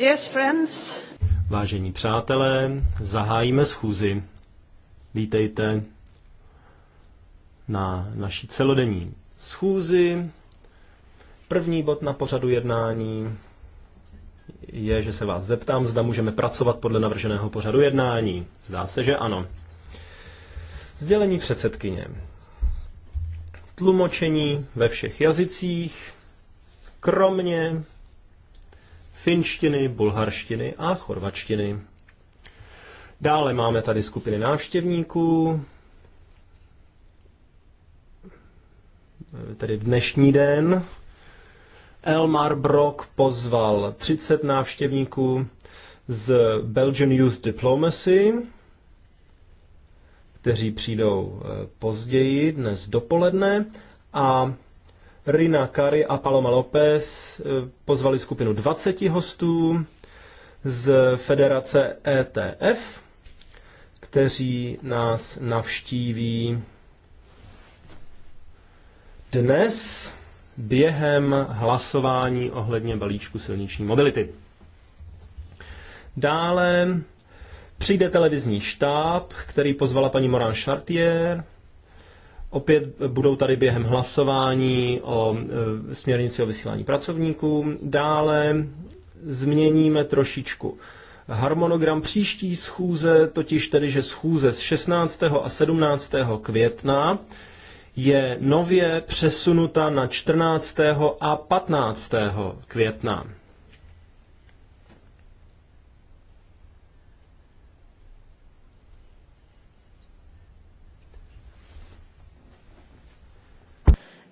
Yes, friends. Vážení přátelé, zahájíme schůzi. Vítejte na naší celodenní schůzi. První bod na pořadu jednání je, že se vás zeptám, zda můžeme pracovat podle navrženého pořadu jednání. Zdá se, že ano. Sdělení předsedkyně. Tlumočení ve všech jazycích, kromě finštiny, bulharštiny a chorvačtiny. Dále máme tady skupiny návštěvníků, tedy v dnešní den. Elmar Brock pozval 30 návštěvníků z Belgian Youth Diplomacy, kteří přijdou eh, později dnes dopoledne a Rina Kari a Paloma López eh, pozvali skupinu 20 hostů z federace ETF, kteří nás navštíví dnes během hlasování ohledně balíčku silniční mobility. Dále přijde televizní štáb, který pozvala paní Moran Chartier, Opět budou tady během hlasování o e, směrnici o vysílání pracovníků. Dále změníme trošičku harmonogram příští schůze, totiž tedy, že schůze z 16. a 17. května je nově přesunuta na 14. a 15. května.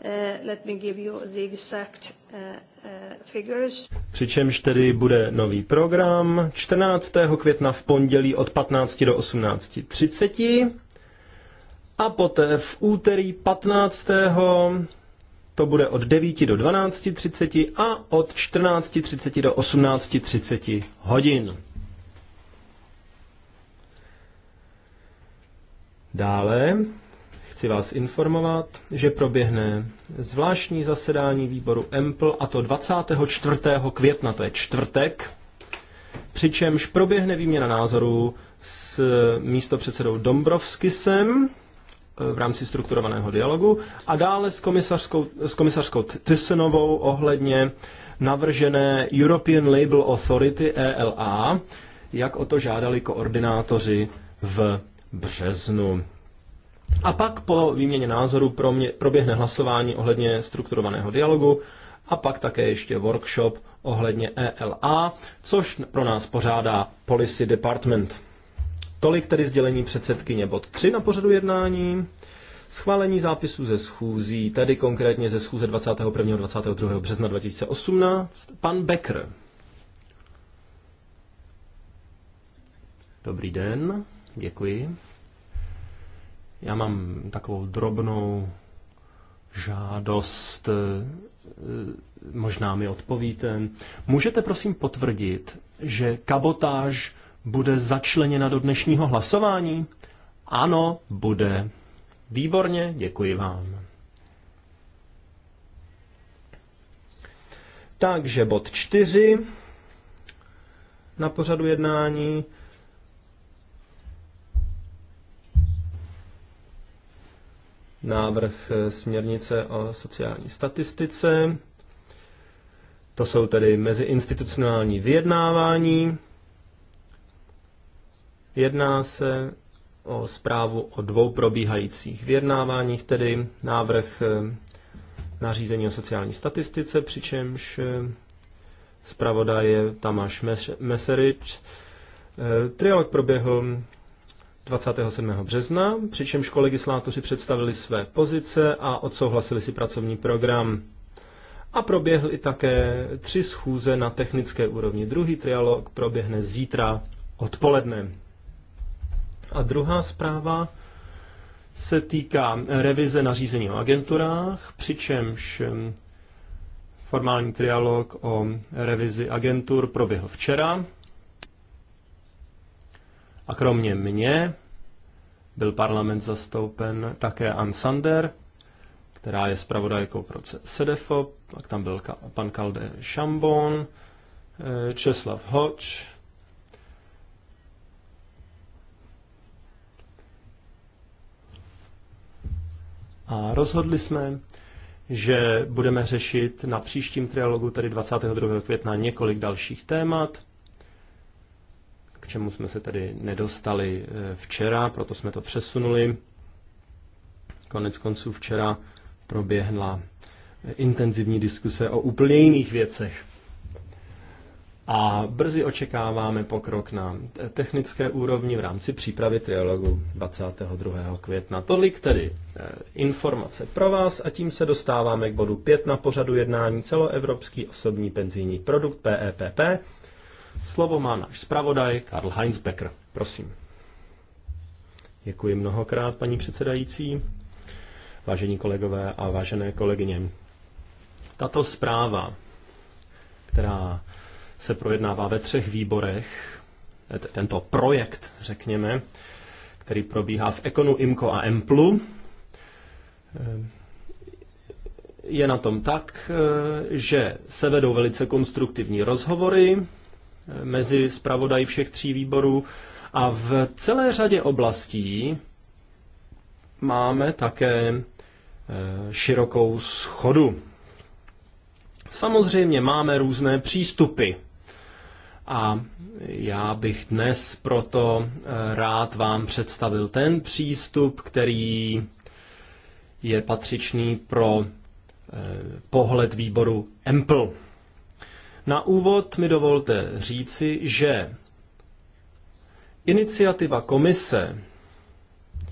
Uh, let me give you the exact uh, uh, figures. Přičemž tedy bude nový program 14. května v pondělí od 15 do 18.30 a poté v úterý 15. to bude od 9 do 12.30 a od 14.30 do 18.30 hodin. Dále Chci vás informovat, že proběhne zvláštní zasedání výboru EMPL a to 24. května, to je čtvrtek, přičemž proběhne výměna názorů s místopředsedou Dombrovskisem eh, v rámci strukturovaného dialogu a dále s komisařskou, s komisařskou Tysenovou ohledně navržené European Label Authority ELA, jak o to žádali koordinátoři v březnu. A pak po výměně názoru pro mě, proběhne hlasování ohledně strukturovaného dialogu a pak také ještě workshop ohledně ELA, což pro nás pořádá Policy Department. Tolik tedy sdělení předsedkyně bod 3 na pořadu jednání. Schválení zápisu ze schůzí, tedy konkrétně ze schůze 21. a 22. března 2018, pan Becker. Dobrý den, děkuji. Já mám takovou drobnou žádost, eh, eh, možná mi odpovíte. Můžete prosím potvrdit, že kabotáž bude začleněna do dnešního hlasování? Ano, bude. Výborně, děkuji vám. Takže bod čtyři na pořadu jednání návrh eh, směrnice o sociální statistice. To jsou tedy meziinstitucionální vyjednávání. Jedná se o zprávu o dvou probíhajících vyjednáváních, tedy návrh eh, nařízení o sociální statistice, přičemž eh, zpravodaj je Tamáš Meserič. Trialog proběhl 27. března, přičemž kolegislátoři představili své pozice a odsouhlasili si pracovní program. A proběhly také tři schůze na technické úrovni. Druhý trialog proběhne zítra odpoledne. A druhá zpráva se týká revize nařízení o agenturách, přičemž formální trialog o revizi agentur proběhl včera a kromě mě byl parlament zastoupen také Sander, která je zpravodajkou pro SEDEFOP, pak tam byl pan Kalde Šambon, eh, Česlav Hoč, A rozhodli jsme, že budeme řešit na příštím trialogu, tedy 22. května, několik dalších témat čemu jsme se tedy nedostali eh, včera, proto jsme to přesunuli. Konec konců včera proběhla eh, intenzivní diskuse o úplně jiných věcech. A brzy očekáváme pokrok na technické úrovni v rámci přípravy trialogu 22. května. Tolik tedy eh, informace pro vás a tím se dostáváme k bodu 5 na pořadu jednání celoevropský osobní penzijní produkt PEPP, e Slovo má náš zpravodaj Karl Heinz Becker. Prosím. Děkuji mnohokrát, paní předsedající, vážení kolegové a vážené kolegyně. Tato zpráva, která se projednává ve třech výborech, tento projekt, řekněme, který probíhá v Ekonu, Imko a Emplu, eh, je na tom tak, eh, že se vedou velice konstruktivní rozhovory mezi zpravodají všech tří výborů a v celé řadě oblastí máme také eh, širokou schodu. Samozřejmě máme různé přístupy a já bych dnes proto eh, rád vám představil ten přístup, který je patřičný pro eh, pohled výboru EMPL. Na úvod mi dovolte říci, že iniciativa komise eh,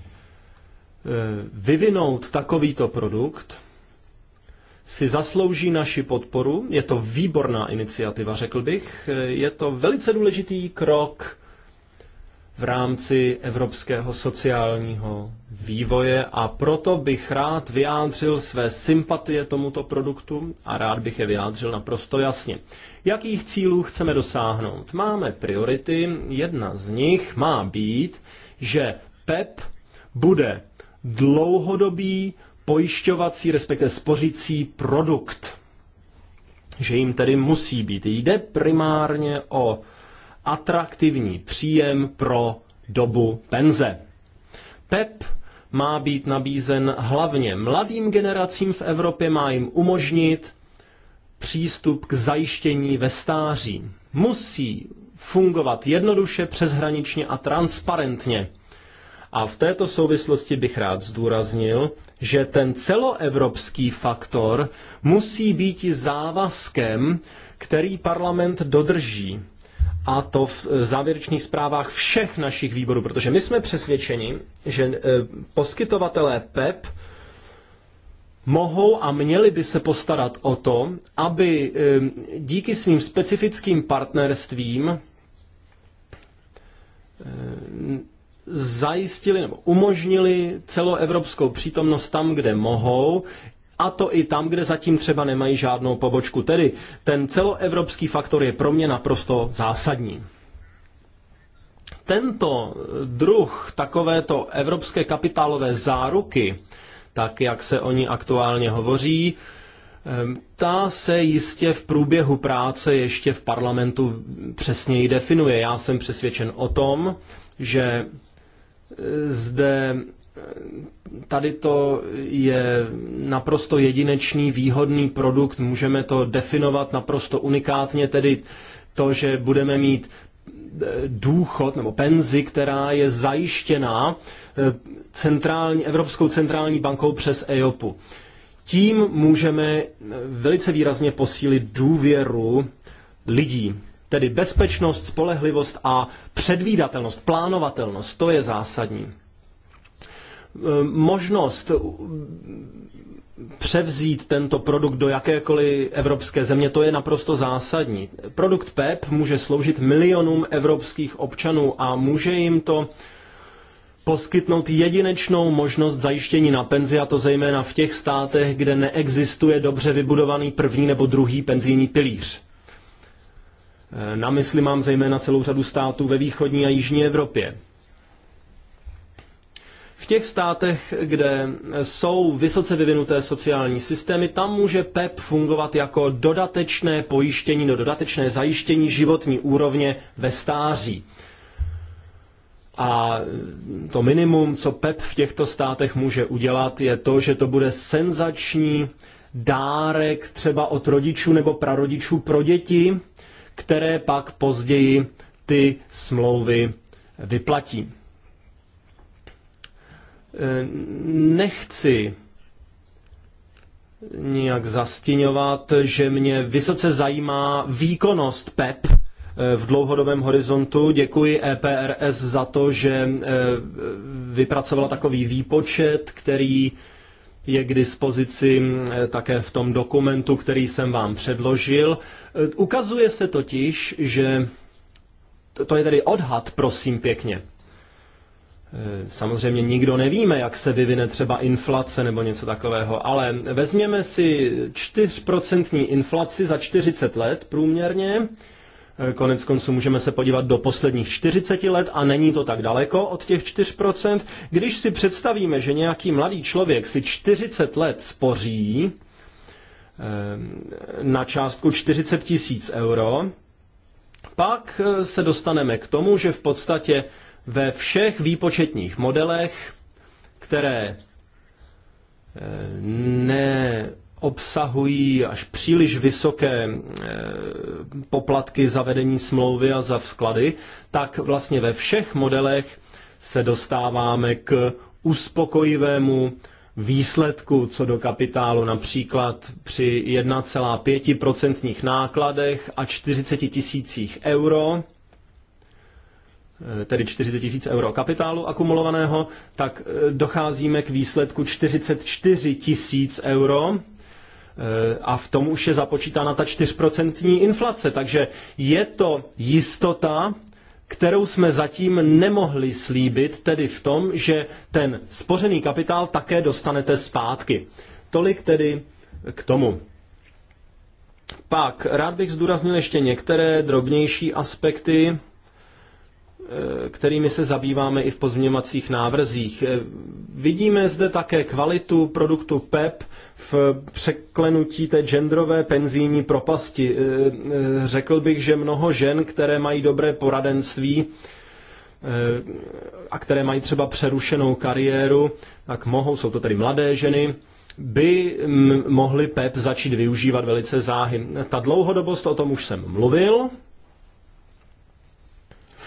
vyvinout takovýto produkt si zaslouží naši podporu. Je to výborná iniciativa, řekl bych. Eh, je to velice důležitý krok v rámci evropského sociálního vývoje a proto bych rád vyjádřil své sympatie tomuto produktu a rád bych je vyjádřil naprosto jasně. Jakých cílů chceme dosáhnout? Máme priority, jedna z nich má být, že PEP bude dlouhodobý pojišťovací, respektive spořící produkt. Že jim tedy musí být. Jde primárně o atraktivní příjem pro dobu penze. PEP má být nabízen hlavně mladým generacím v Evropě, má jim umožnit přístup k zajištění ve stáří. Musí fungovat jednoduše, přeshraničně a transparentně. A v této souvislosti bych rád zdůraznil, že ten celoevropský faktor musí být i závazkem, který parlament dodrží a to v závěrečných zprávách všech našich výborů, protože my jsme přesvědčeni, že e, poskytovatelé PEP e mohou a měli by se postarat o to, aby e, díky svým specifickým partnerstvím zajistili nebo umožnili celoevropskou přítomnost tam, kde mohou, a to i tam, kde zatím třeba nemají žádnou pobočku. Tedy ten celoevropský faktor je pro mě naprosto zásadní. Tento druh takovéto evropské kapitálové záruky, tak jak se o ní aktuálně hovoří, ta se jistě v průběhu práce ještě v parlamentu přesněji definuje. Já jsem přesvědčen o tom, že e, zde tady to je naprosto jedinečný, výhodný produkt, můžeme to definovat naprosto unikátně, tedy to, že budeme mít eh, důchod nebo penzi, která je zajištěná eh, centrální, Evropskou centrální bankou přes EOPu. Tím můžeme eh, velice výrazně posílit důvěru lidí tedy bezpečnost, spolehlivost a předvídatelnost, plánovatelnost, to je zásadní. Eh, možnost převzít tento produkt do jakékoliv evropské země, to je naprosto zásadní. Produkt PEP e může sloužit milionům evropských občanů a může jim to poskytnout jedinečnou možnost zajištění na penzi, a to zejména v těch státech, kde neexistuje dobře vybudovaný první nebo druhý penzijní pilíř. Eh, na mysli mám zejména celou řadu států ve východní a jižní Evropě. V těch státech, kde jsou vysoce vyvinuté sociální systémy, tam může PEP e fungovat jako dodatečné pojištění, do dodatečné zajištění životní úrovně ve stáří. A to minimum, co PEP e v těchto státech může udělat, je to, že to bude senzační dárek třeba od rodičů nebo prarodičů pro děti, které pak později ty smlouvy vyplatí. Eh, nechci nijak zastiňovat, že mě vysoce zajímá výkonnost PEP e eh, v dlouhodobém horizontu. Děkuji EPRS za to, že eh, vypracovala takový výpočet, který je k dispozici také v tom dokumentu, který jsem vám předložil. Ukazuje se totiž, že to je tedy odhad, prosím pěkně. Eh, samozřejmě nikdo nevíme, jak se vyvine třeba inflace nebo něco takového, ale vezměme si 4% inflaci za 40 let průměrně. Eh, konec konců můžeme se podívat do posledních 40 let a není to tak daleko od těch 4%. Když si představíme, že nějaký mladý člověk si 40 let spoří eh, na částku 40 tisíc euro, pak se dostaneme k tomu, že v podstatě ve všech výpočetních modelech, které eh, neobsahují až příliš vysoké eh, poplatky za vedení smlouvy a za vklady, tak vlastně ve všech modelech se dostáváme k uspokojivému výsledku co do kapitálu, například při 1,5% nákladech a 40 tisících euro Eh, tedy 40 tisíc euro kapitálu akumulovaného, tak eh, docházíme k výsledku 44 tisíc euro eh, a v tom už je započítána ta 4% inflace. Takže je to jistota, kterou jsme zatím nemohli slíbit, tedy v tom, že ten spořený kapitál také dostanete zpátky. Tolik tedy k tomu. Pak rád bych zdůraznil ještě některé drobnější aspekty Eh, kterými se zabýváme i v pozměňovacích návrzích. Eh, vidíme zde také kvalitu produktu PEP e v překlenutí té genderové penzijní propasti. Eh, řekl bych, že mnoho žen, které mají dobré poradenství a které mají třeba přerušenou kariéru, tak mohou, jsou to tedy mladé ženy, by mm, mohly PEP e začít využívat velice záhy. Ta dlouhodobost, o tom už jsem mluvil,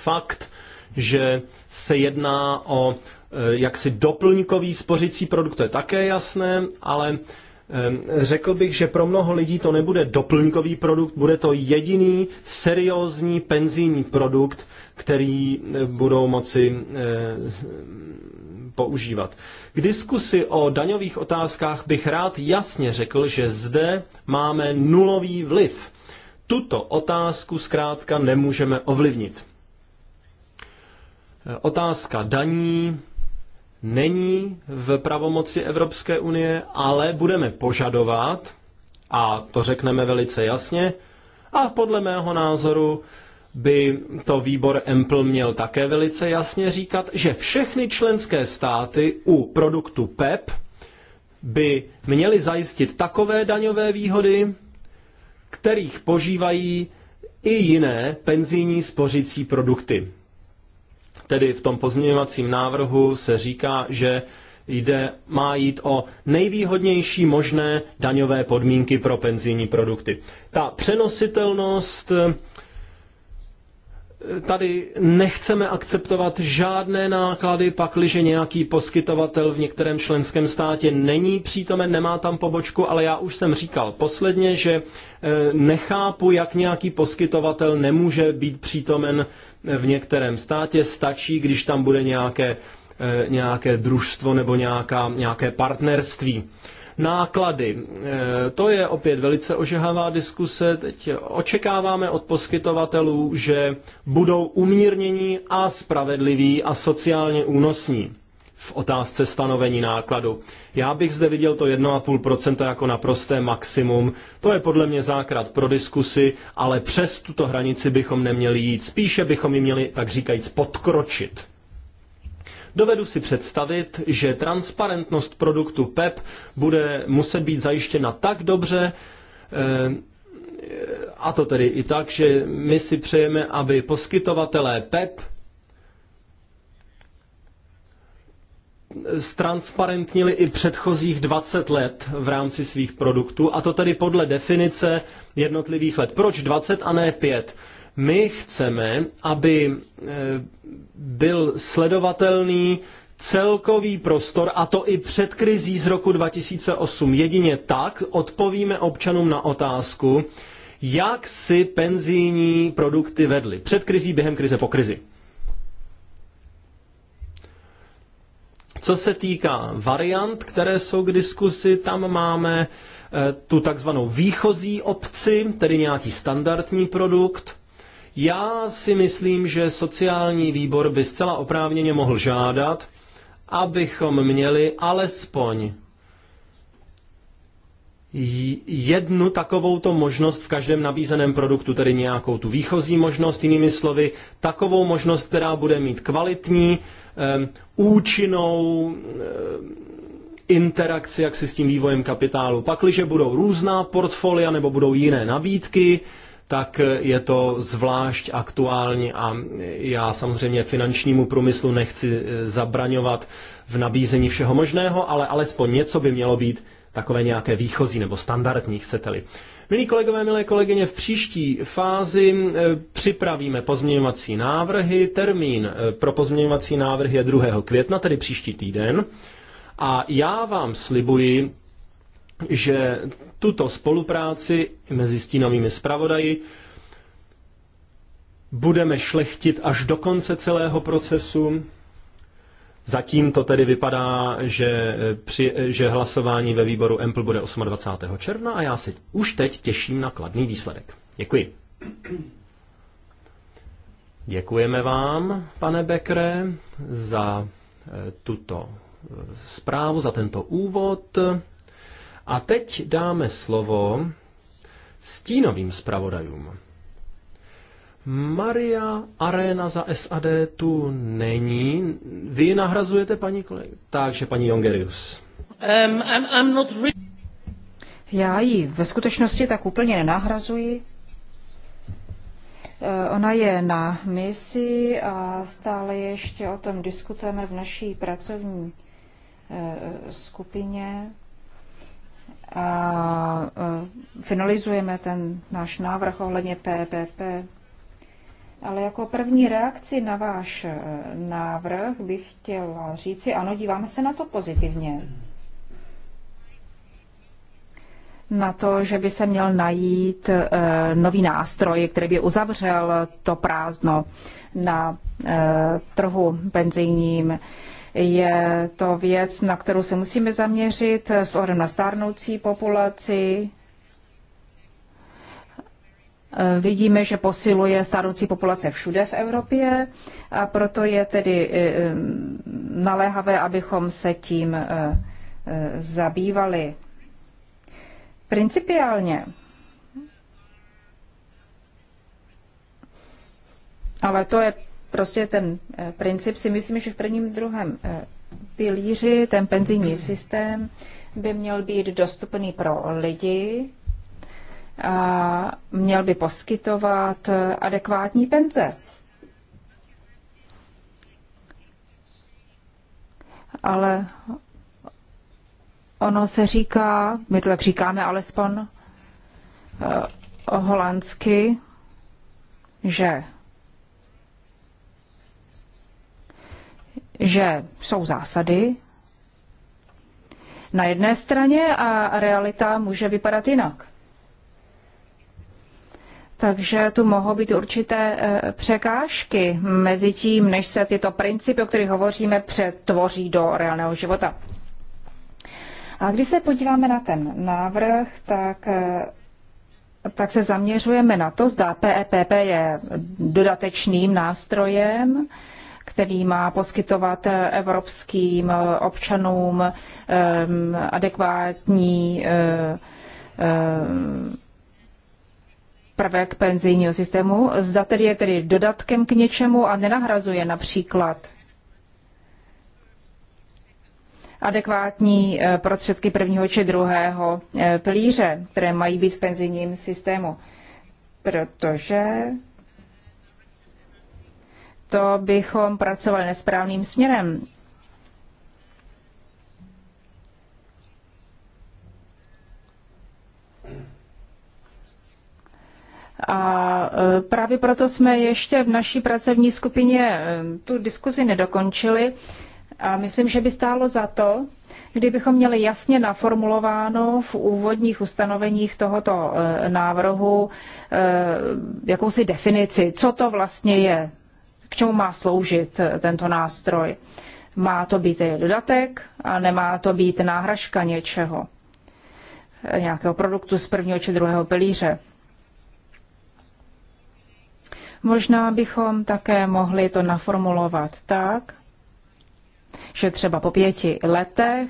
fakt, že se jedná o eh, jaksi doplňkový spořicí produkt, to je také jasné, ale eh, Řekl bych, že pro mnoho lidí to nebude doplňkový produkt, bude to jediný seriózní penzijní produkt, který eh, budou moci používat. K diskusi o daňových otázkách bych rád jasně řekl, že zde máme nulový vliv. Tuto otázku zkrátka nemůžeme ovlivnit. Otázka daní není v pravomoci Evropské unie, ale budeme požadovat, a to řekneme velice jasně, a podle mého názoru by to výbor EMPL měl také velice jasně říkat, že všechny členské státy u produktu PEP e by měly zajistit takové daňové výhody, kterých požívají i jiné penzijní spořicí produkty. Tedy v tom pozměňovacím návrhu se říká, že jde, má jít o nejvýhodnější možné daňové podmínky pro penzijní produkty. Ta přenositelnost tady nechceme akceptovat žádné náklady, pakliže nějaký poskytovatel v některém členském státě není přítomen, nemá tam pobočku, ale já už jsem říkal posledně, že e, nechápu, jak nějaký poskytovatel nemůže být přítomen e, v některém státě, stačí, když tam bude nějaké, e, nějaké družstvo nebo nějaká, nějaké partnerství. Náklady. Eh, to je opět velice ožehavá diskuse. Teď očekáváme od poskytovatelů, že budou umírnění a spravedliví a sociálně únosní v otázce stanovení nákladu. Já bych zde viděl to 1,5% jako naprosté maximum. To je podle mě základ pro diskusy, ale přes tuto hranici bychom neměli jít. Spíše bychom ji měli, tak říkajíc, podkročit. Dovedu si představit, že transparentnost produktu PEP e bude muset být zajištěna tak dobře, eh, a to tedy i tak, že my si přejeme, aby poskytovatelé PEP e ztransparentnili i předchozích 20 let v rámci svých produktů, a to tedy podle definice jednotlivých let. Proč 20 a ne 5? My chceme, aby eh, byl sledovatelný celkový prostor, a to i před krizí z roku 2008. Jedině tak odpovíme občanům na otázku, jak si penzijní produkty vedly. Před krizí, během krize, po krizi. Co se týká variant, které jsou k diskusi, tam máme eh, tu takzvanou výchozí obci, tedy nějaký standardní produkt, já si myslím, že sociální výbor by zcela oprávněně mohl žádat, abychom měli alespoň jednu takovouto možnost v každém nabízeném produktu, tedy nějakou tu výchozí možnost, jinými slovy, takovou možnost, která bude mít kvalitní, účinnou interakci jak si s tím vývojem kapitálu. Pakliže budou různá portfolia nebo budou jiné nabídky, tak je to zvlášť aktuální a já samozřejmě finančnímu průmyslu nechci eh, zabraňovat v nabízení všeho možného, ale alespoň něco by mělo být takové nějaké výchozí nebo standardní, chcete-li. Milí kolegové, milé kolegyně, v příští fázi eh, připravíme pozměňovací návrhy. Termín eh, pro pozměňovací návrhy je 2. května, tedy příští týden. A já vám slibuji, že tuto spolupráci mezi stínovými zpravodaji budeme šlechtit až do konce celého procesu. Zatím to tedy vypadá, že, při, že hlasování ve výboru EMPL bude 28. června a já se už teď těším na kladný výsledek. Děkuji. Děkujeme vám, pane Bekre, za eh, tuto eh, zprávu, za tento úvod. A teď dáme slovo stínovým zpravodajům. Maria Arena za SAD tu není. Vy nahrazujete, paní kolegy. Takže paní Jongerius. Um, I'm, I'm not Já ji ve skutečnosti tak úplně nenahrazuji. Eh, ona je na misi a stále ještě o tom diskutujeme v naší pracovní eh, skupině a e, finalizujeme ten náš návrh ohledně PPP. Ale jako první reakci na váš e, návrh bych chtěla říci, ano, díváme se na to pozitivně. Na to, že by se měl najít e, nový nástroj, který by uzavřel to prázdno na trhu penzijním. Je to věc, na kterou se musíme zaměřit s ohledem na stárnoucí populaci. Vidíme, že posiluje stárnoucí populace všude v Evropě a proto je tedy eh, eh, naléhavé, abychom se tím eh, zabývali. Principiálně Ale to je prostě ten eh, princip si myslím, že v prvním, druhém eh, pilíři ten penzijní systém by měl být dostupný pro lidi a měl by poskytovat eh, adekvátní penze. Ale ono se říká, my to tak říkáme alespoň holandsky, že že jsou zásady na jedné straně a realita může vypadat jinak. Takže tu mohou být určité eh, překážky mezi tím, než se tyto principy, o kterých hovoříme, přetvoří do reálného života. A když se podíváme na ten návrh, tak, eh, tak se zaměřujeme na to, zda PEPP e je dodatečným nástrojem, který má poskytovat eh, evropským eh, občanům ehm, adekvátní eh, ehm, prvek penzijního systému, zda tedy je tedy dodatkem k něčemu a nenahrazuje například adekvátní prostředky prvního či druhého pilíře, které mají být v penzijním systému. Protože to bychom pracovali nesprávným směrem. A e, právě proto jsme ještě v naší pracovní skupině e, tu diskuzi nedokončili. A myslím, že by stálo za to, kdybychom měli jasně naformulováno v úvodních ustanoveních tohoto e, návrhu jakousi definici, co to vlastně je k čemu má sloužit eh, tento nástroj. Má to být je dodatek a nemá to být náhražka něčeho, eh, nějakého produktu z prvního či druhého pilíře. Možná bychom také mohli to naformulovat tak, že třeba po pěti letech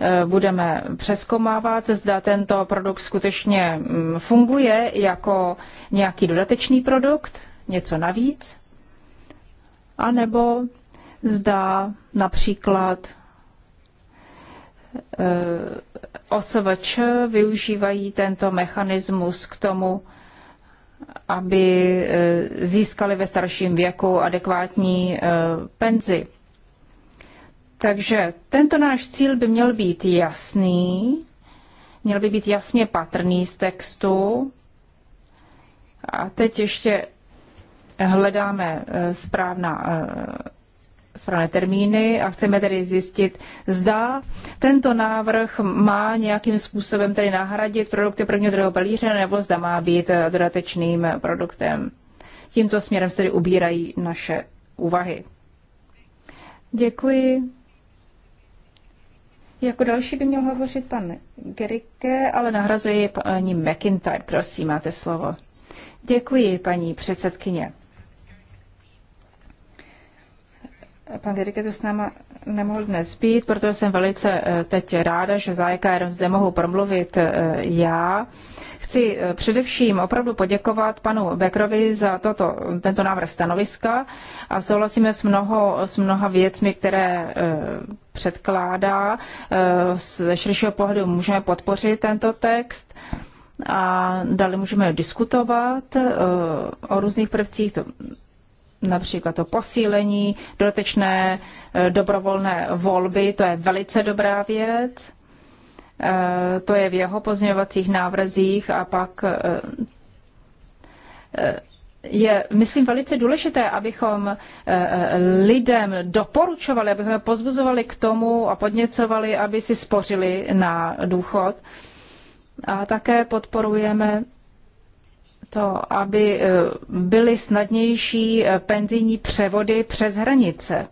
eh, budeme přeskomávat, zda tento produkt skutečně mm, funguje jako nějaký dodatečný produkt, něco navíc, a nebo zda například eh, OSVČ využívají tento mechanismus k tomu, aby eh, získali ve starším věku adekvátní eh, penzi. Takže tento náš cíl by měl být jasný, měl by být jasně patrný z textu. A teď ještě hledáme eh, správná, eh, správné termíny a chceme tedy zjistit, zda tento návrh má nějakým způsobem tedy nahradit produkty prvního druhého pilíře, nebo zda má být eh, dodatečným produktem. Tímto směrem se tedy ubírají naše úvahy. Děkuji. Jako další by měl hovořit pan Gerike, ale nahrazuje paní McIntyre. Prosím, máte slovo. Děkuji, paní předsedkyně. Pan Gerike tu s náma nemohl dnes být, protože jsem velice eh, teď ráda, že za EKR zde mohu promluvit eh, já. Chci eh, především opravdu poděkovat panu Bekrovi za toto, tento návrh stanoviska a souhlasíme s, mnoho, s mnoha věcmi, které předkládá. Z širšího pohledu můžeme podpořit tento text a dále můžeme diskutovat o různých prvcích. To například to posílení, dodatečné eh, dobrovolné volby, to je velice dobrá věc. Eh, to je v jeho pozměňovacích návrzích a pak eh, je, myslím, velice důležité, abychom lidem doporučovali, abychom je pozbuzovali k tomu a podněcovali, aby si spořili na důchod. A také podporujeme to, aby e, byly snadnější e, penzijní převody přes hranice.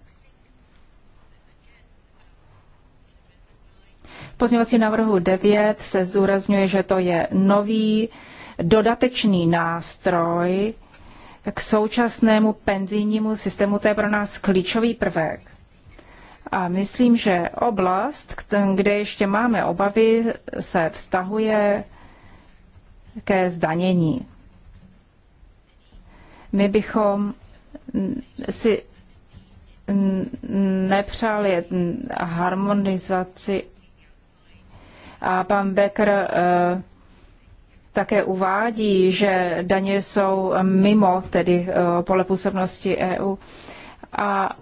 Pozněvací návrhu 9 se zdůrazňuje, že to je nový dodatečný nástroj k současnému penzijnímu systému. To je pro nás klíčový prvek. A myslím, že oblast, kde ještě máme obavy, se vztahuje ke zdanění. My bychom si nepřáli harmonizaci a pan Becker eh, také uvádí, že daně jsou mimo, tedy eh, pole působnosti EU. A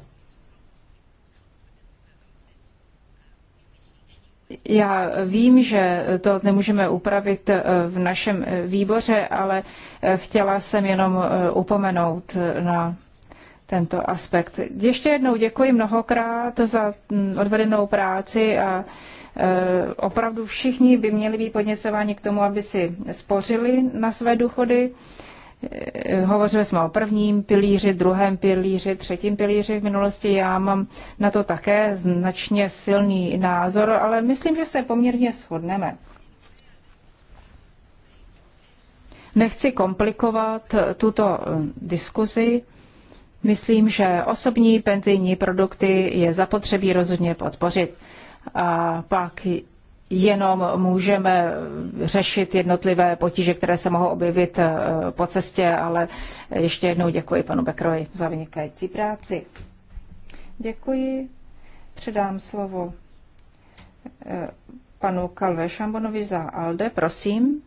já vím, že to nemůžeme upravit eh, v našem eh, výboře, ale eh, chtěla jsem jenom upomenout na tento aspekt. Ještě jednou děkuji mnohokrát za mm, odvedenou práci a opravdu všichni by měli být podněcováni k tomu, aby si spořili na své důchody. Eh, hovořili jsme o prvním pilíři, druhém pilíři, třetím pilíři v minulosti. Já mám na to také značně silný názor, ale myslím, že se poměrně shodneme. Nechci komplikovat eh, tuto eh, diskuzi. Myslím, že osobní penzijní produkty je zapotřebí rozhodně podpořit. A pak jenom můžeme řešit jednotlivé potíže, které se mohou objevit eh, po cestě, ale ještě jednou děkuji panu Bekroji za vynikající práci. Děkuji. Předám slovo eh, panu Kalve Šambonovi za ALDE, prosím.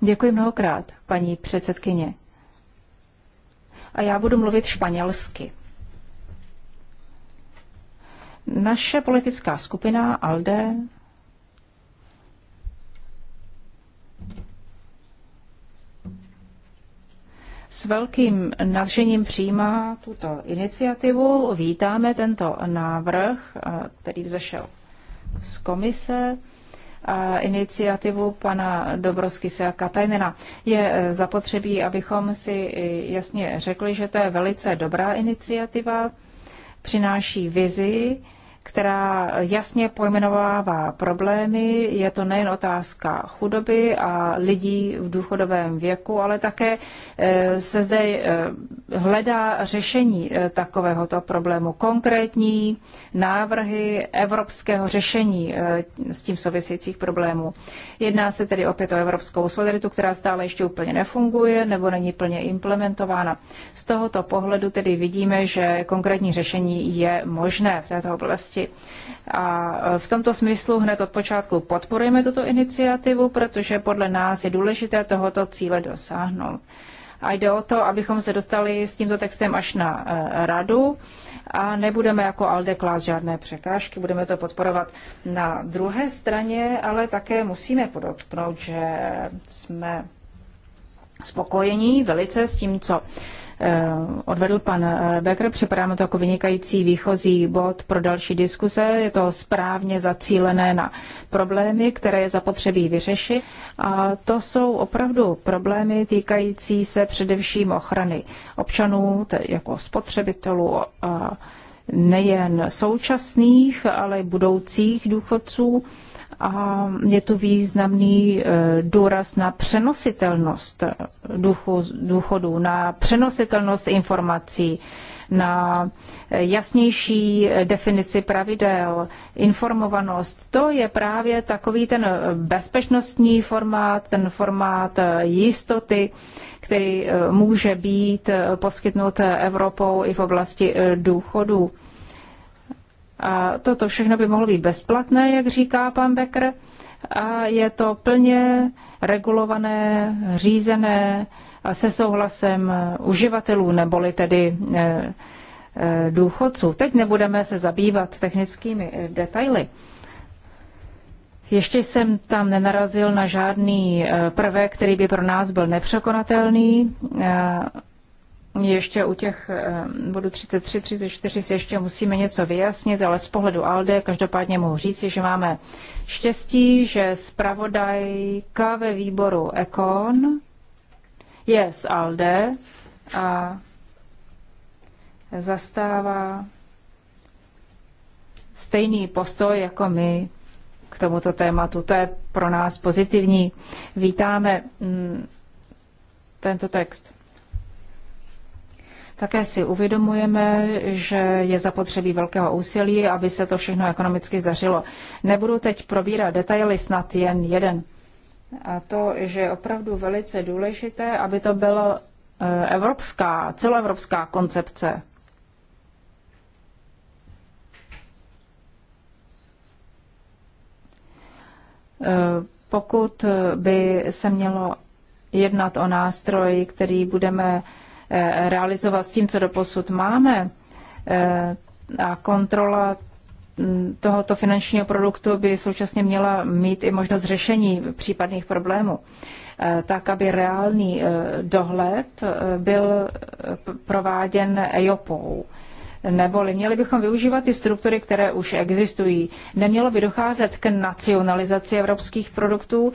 Děkuji mnohokrát, paní předsedkyně. A já budu mluvit španělsky. Naše politická skupina ALDE s velkým nadšením přijímá tuto iniciativu. Vítáme tento návrh, eh, který vzešel z komise a iniciativu pana Dobrovskise a Katajnina. Je eh, zapotřebí, abychom si jasně řekli, že to je velice dobrá iniciativa, přináší vizi, která jasně pojmenovává problémy. Je to nejen otázka chudoby a lidí v důchodovém věku, ale také eh, se zde eh, hledá řešení eh, takovéhoto problému. Konkrétní návrhy evropského řešení s tím souvisejících problémů. Jedná se tedy opět o evropskou solidaritu, která stále ještě úplně nefunguje nebo není plně implementována. Z tohoto pohledu tedy vidíme, že konkrétní řešení je možné v této oblasti oblasti. A e, v tomto smyslu hned od počátku podporujeme tuto iniciativu, protože podle nás je důležité tohoto cíle dosáhnout. A jde o to, abychom se dostali s tímto textem až na e, radu a nebudeme jako Alde klás žádné překážky, budeme to podporovat. Na druhé straně ale také musíme podotknout, že jsme spokojení velice s tím, co Eh, odvedl pan eh, Becker. Připadá mi to jako vynikající výchozí bod pro další diskuse. Je to správně zacílené na problémy, které je zapotřebí vyřešit. A to jsou opravdu problémy týkající se především ochrany občanů, jako spotřebitelů, nejen současných, ale i budoucích důchodců a je tu významný e, důraz na přenositelnost e, důchodů, na přenositelnost informací, na e, jasnější definici pravidel, informovanost. To je právě takový ten bezpečnostní formát, ten formát jistoty, který může být poskytnut Evropou i v oblasti důchodů. A toto všechno by mohlo být bezplatné, jak říká pan Becker. A je to plně regulované, řízené a se souhlasem uživatelů, neboli tedy eh, eh, důchodců. Teď nebudeme se zabývat technickými eh, detaily. Ještě jsem tam nenarazil na žádný prvek, který by pro nás byl nepřekonatelný ještě u těch bodů 33, 34 si ještě musíme něco vyjasnit, ale z pohledu ALDE každopádně mohu říci, že máme štěstí, že zpravodajka ve výboru EKON je z ALDE a zastává stejný postoj jako my k tomuto tématu. To je pro nás pozitivní. Vítáme mm, tento text. Také si uvědomujeme, že je zapotřebí velkého úsilí, aby se to všechno ekonomicky zařilo. Nebudu teď probírat detaily, snad jen jeden. A to, že je opravdu velice důležité, aby to byla eh, evropská, celoevropská koncepce. Eh, pokud by se mělo jednat o nástroj, který budeme Eh, realizovat s tím, co doposud máme. Eh, a kontrola mm, tohoto finančního produktu by současně měla mít i možnost řešení případných problémů, eh, tak aby reálný dohled byl prováděn EIOPou. Neboli měli bychom využívat ty struktury, které už existují. Nemělo by docházet k nacionalizaci evropských produktů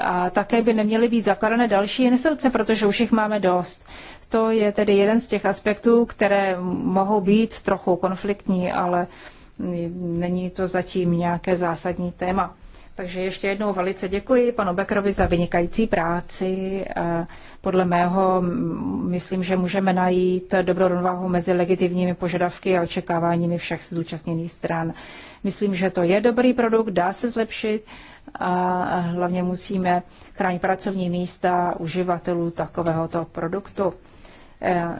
a také by neměly být zakladané další instituce, protože už jich máme dost. To je tedy jeden z těch aspektů, které mohou být trochu konfliktní, ale není to zatím nějaké zásadní téma. Takže ještě jednou velice děkuji panu Beckerovi za vynikající práci. Podle mého myslím, že můžeme najít dobrou rovnováhu mezi legitimními požadavky a očekáváními všech zúčastněných stran. Myslím, že to je dobrý produkt, dá se zlepšit a hlavně musíme chránit pracovní místa uživatelů takovéhoto produktu. Eh,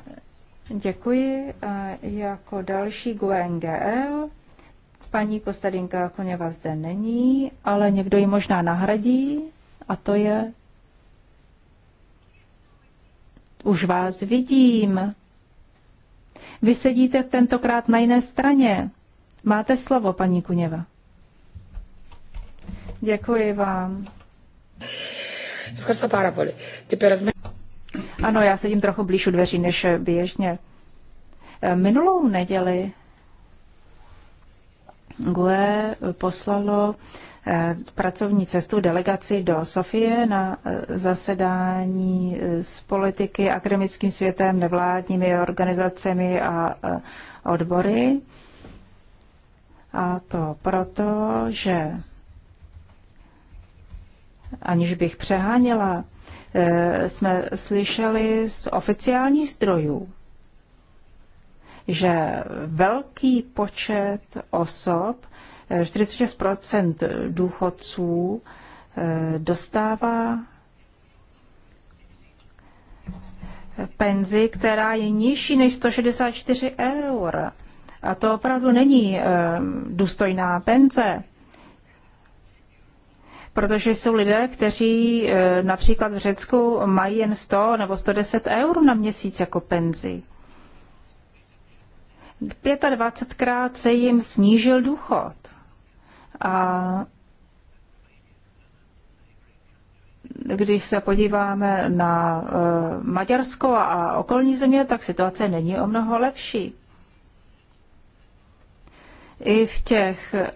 děkuji. Eh, jako další GUNGL paní Kostadinka Koněva zde není, ale někdo ji možná nahradí a to je... Už vás vidím. Vy sedíte tentokrát na jiné straně. Máte slovo, paní Kuněva. Děkuji vám. Ano, já sedím trochu blíž u dveří než běžně. Eh, minulou neděli GUE poslalo eh, pracovní cestu delegaci do Sofie na eh, zasedání s politiky, akademickým světem, nevládními organizacemi a odbory. A to proto, že aniž bych přeháněla, Eh, jsme slyšeli z oficiálních zdrojů, že velký počet osob, eh, 46 důchodců, eh, dostává penzi, která je nižší než 164 eur. A to opravdu není důstojná penze protože jsou lidé, kteří e, například v Řecku mají jen 100 nebo 110 eur na měsíc jako penzi. 25krát se jim snížil důchod. A když se podíváme na e, Maďarsko a okolní země, tak situace není o mnoho lepší. I v těch e,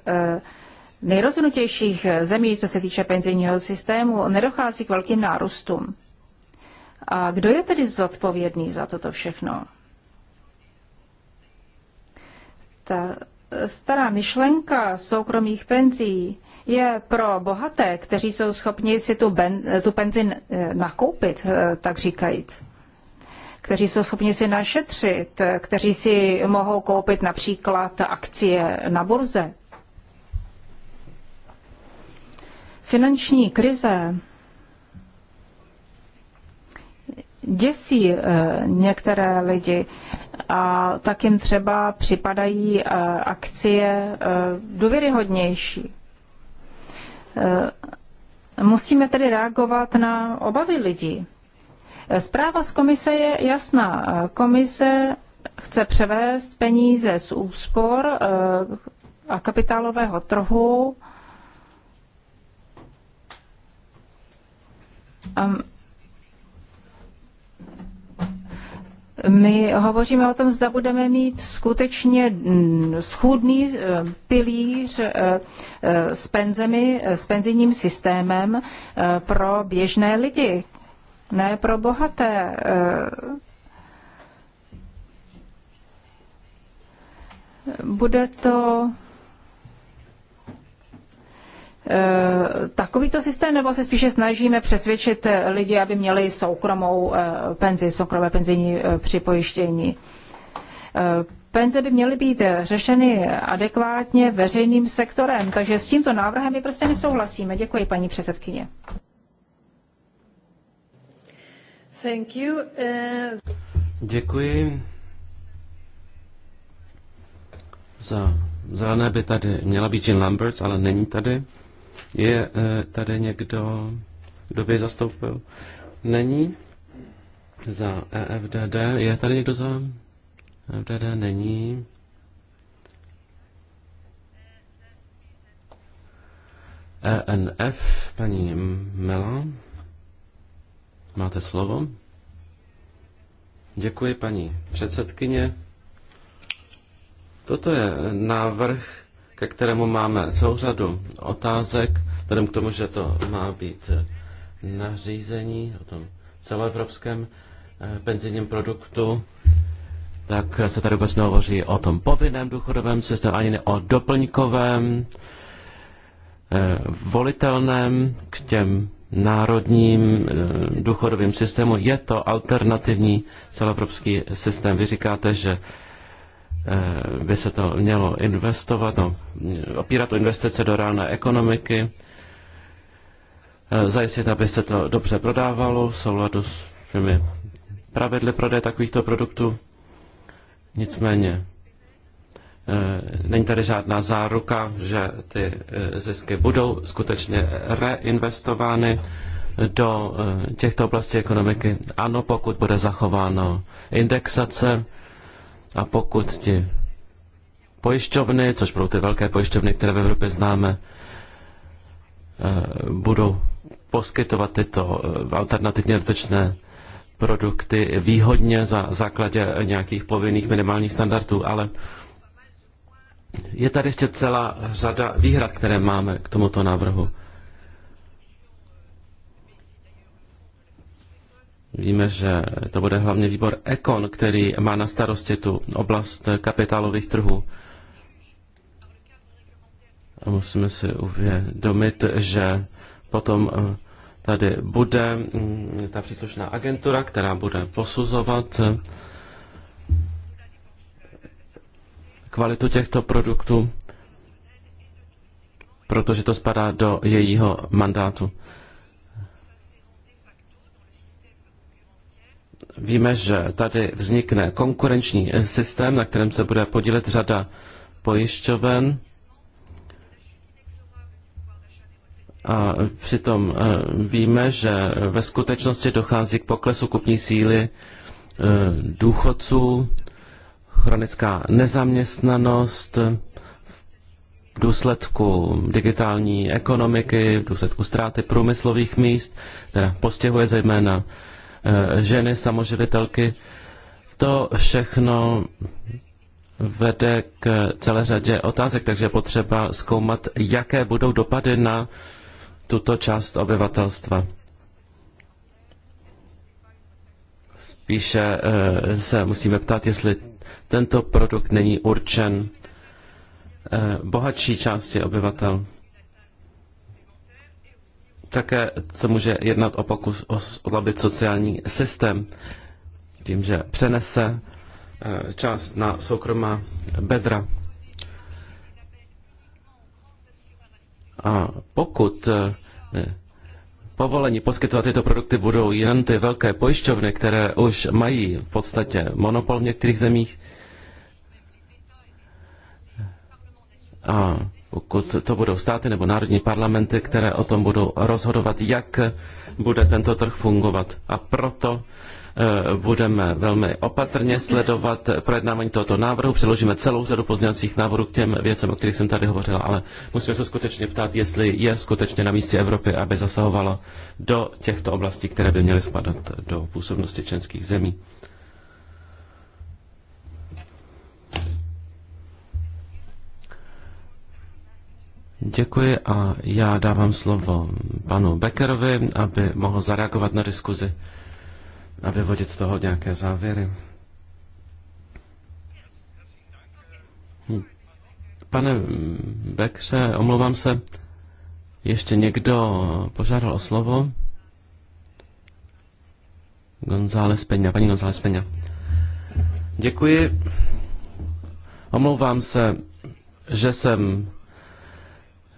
nejrozhodnutějších zemí, co se týče penzijního systému, nedochází k velkým nárůstům. A kdo je tedy zodpovědný za toto všechno? Ta stará myšlenka soukromých penzí je pro bohaté, kteří jsou schopni si tu, ben, tu penzi eh, nakoupit, eh, tak říkajíc, kteří jsou schopni si našetřit, eh, kteří si mohou koupit například akcie na burze. Finanční krize děsí eh, některé lidi a tak jim třeba připadají eh, akcie eh, důvěryhodnější. Musíme tedy reagovat na obavy lidí. Zpráva z komise je jasná. Komise chce převést peníze z úspor a kapitálového trhu Um, my hovoříme o tom, zda budeme mít skutečně mm, schůdný eh, pilíř eh, eh, s, penzemi, s penzijním systémem pro běžné lidi, ne pro bohaté. Bude to Eh, takovýto systém, nebo se spíše snažíme přesvědčit lidi, aby měli soukromou eh, penzi, soukromé penzijní eh, připojištění. Penze by měly být řešeny adekvátně veřejným sektorem, takže s tímto návrhem my prostě nesouhlasíme. Děkuji, paní předsedkyně. Thank you. Uh... Děkuji. Za zelené by tady měla být Jean Lambert, ale není tady. Je eh, tady někdo, kdo by zastoupil? Není. Za EFDD. Je tady někdo za EFDD? Není. ENF, paní Mela, máte slovo. Děkuji, paní předsedkyně. Toto je návrh, ke kterému máme celou řadu otázek, vzhledem k tomu, že to má být eh, nařízení o tom celoevropském eh, penzijním produktu, tak se tady vůbec nehovoří o tom povinném důchodovém systému, ani ne o doplňkovém, eh, volitelném k těm národním důchodovým systému. Je to alternativní celoevropský systém. Vy říkáte, že Eh, by se to mělo investovat, no, opírat o investice do reálné ekonomiky, eh, zajistit, aby se to dobře prodávalo v souladu s těmi pravidly prodeje takovýchto produktů. Nicméně eh, není tady žádná záruka, že ty zisky budou skutečně reinvestovány do těchto oblastí ekonomiky. Ano, pokud bude zachováno indexace, a pokud ti pojišťovny, což budou ty velké pojišťovny, které v Evropě známe, eh, budou poskytovat tyto eh, alternativně dotečné produkty výhodně za základě nějakých povinných minimálních standardů, ale je tady ještě celá řada výhrad, které máme k tomuto návrhu. Víme, že to bude hlavně výbor Ekon, který má na starosti tu oblast kapitálových trhů. A musíme si uvědomit, že potom eh, tady bude mm, ta příslušná agentura, která bude posuzovat eh, kvalitu těchto produktů, protože to spadá do jejího mandátu. Víme, že tady vznikne konkurenční systém, na kterém se bude podílet řada pojišťoven. A přitom eh, víme, že ve skutečnosti dochází k poklesu kupní síly eh, důchodců, chronická nezaměstnanost v důsledku digitální ekonomiky, v důsledku ztráty průmyslových míst, která postihuje zejména Eh, ženy samoživitelky. To všechno vede k celé řadě otázek, takže je potřeba zkoumat, jaké budou dopady na tuto část obyvatelstva. Spíše eh, se musíme ptát, jestli tento produkt není určen eh, bohatší části obyvatel. Také se může jednat o pokus oslabit sociální systém tím, že přenese eh, část na soukromá bedra. A pokud eh, povolení poskytovat tyto produkty budou jen ty velké pojišťovny, které už mají v podstatě monopol v některých zemích, a pokud to budou státy nebo národní parlamenty, které o tom budou rozhodovat, jak bude tento trh fungovat. A proto eh, budeme velmi opatrně sledovat projednávání tohoto návrhu. Přeložíme celou řadu pozměňovacích návrhů k těm věcem, o kterých jsem tady hovořila, ale musíme se skutečně ptát, jestli je skutečně na místě Evropy, aby zasahovala do těchto oblastí, které by měly spadat do působnosti členských zemí. Děkuji a já dávám slovo panu Beckerovi, aby mohl zareagovat na diskuzi a vyvodit z toho nějaké závěry. Hm. Pane Bekře, omlouvám se, ještě někdo požádal o slovo? González Peňa, paní González Peňa. Děkuji. Omlouvám se, že jsem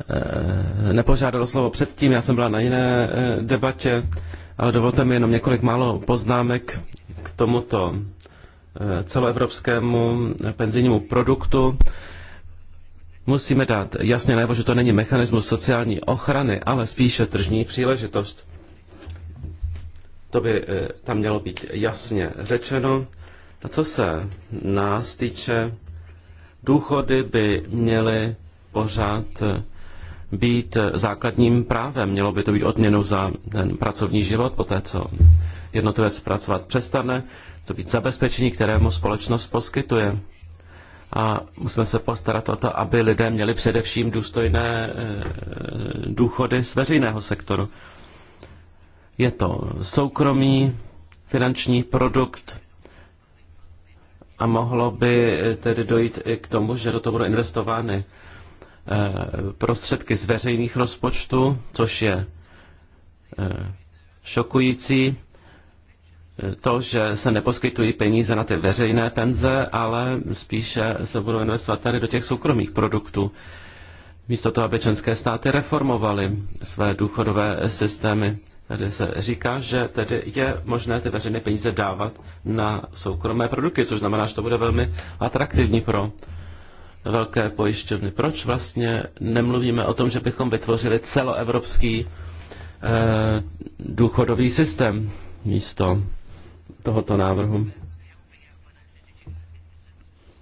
Eh, nepožádal slovo předtím, já jsem byla na jiné eh, debatě, ale dovolte mi jenom několik málo poznámek k tomuto eh, celoevropskému penzijnímu produktu. Musíme dát jasně najevo, že to není mechanismus sociální ochrany, ale spíše tržní příležitost. To by tam mělo být jasně řečeno. A co se nás týče, důchody by měly pořád být základním právem, mělo by to být odměnou za ten pracovní život, poté co jednotlivec pracovat přestane, to být zabezpečení, kterému společnost poskytuje. A musíme se postarat o to, aby lidé měli především důstojné eh, důchody z veřejného sektoru. Je to soukromý finanční produkt a mohlo by tedy dojít i k tomu, že do toho budou investovány Eh, prostředky z veřejných rozpočtů, což je eh, šokující. To, že se neposkytují peníze na ty veřejné penze, ale spíše se budou investovat tady do těch soukromých produktů. Místo toho, aby členské státy reformovaly své důchodové systémy. Tady se říká, že tedy je možné ty veřejné peníze dávat na soukromé produkty, což znamená, že to bude velmi atraktivní pro velké pojišťovny. Proč vlastně nemluvíme o tom, že bychom vytvořili celoevropský eh, důchodový systém místo tohoto návrhu?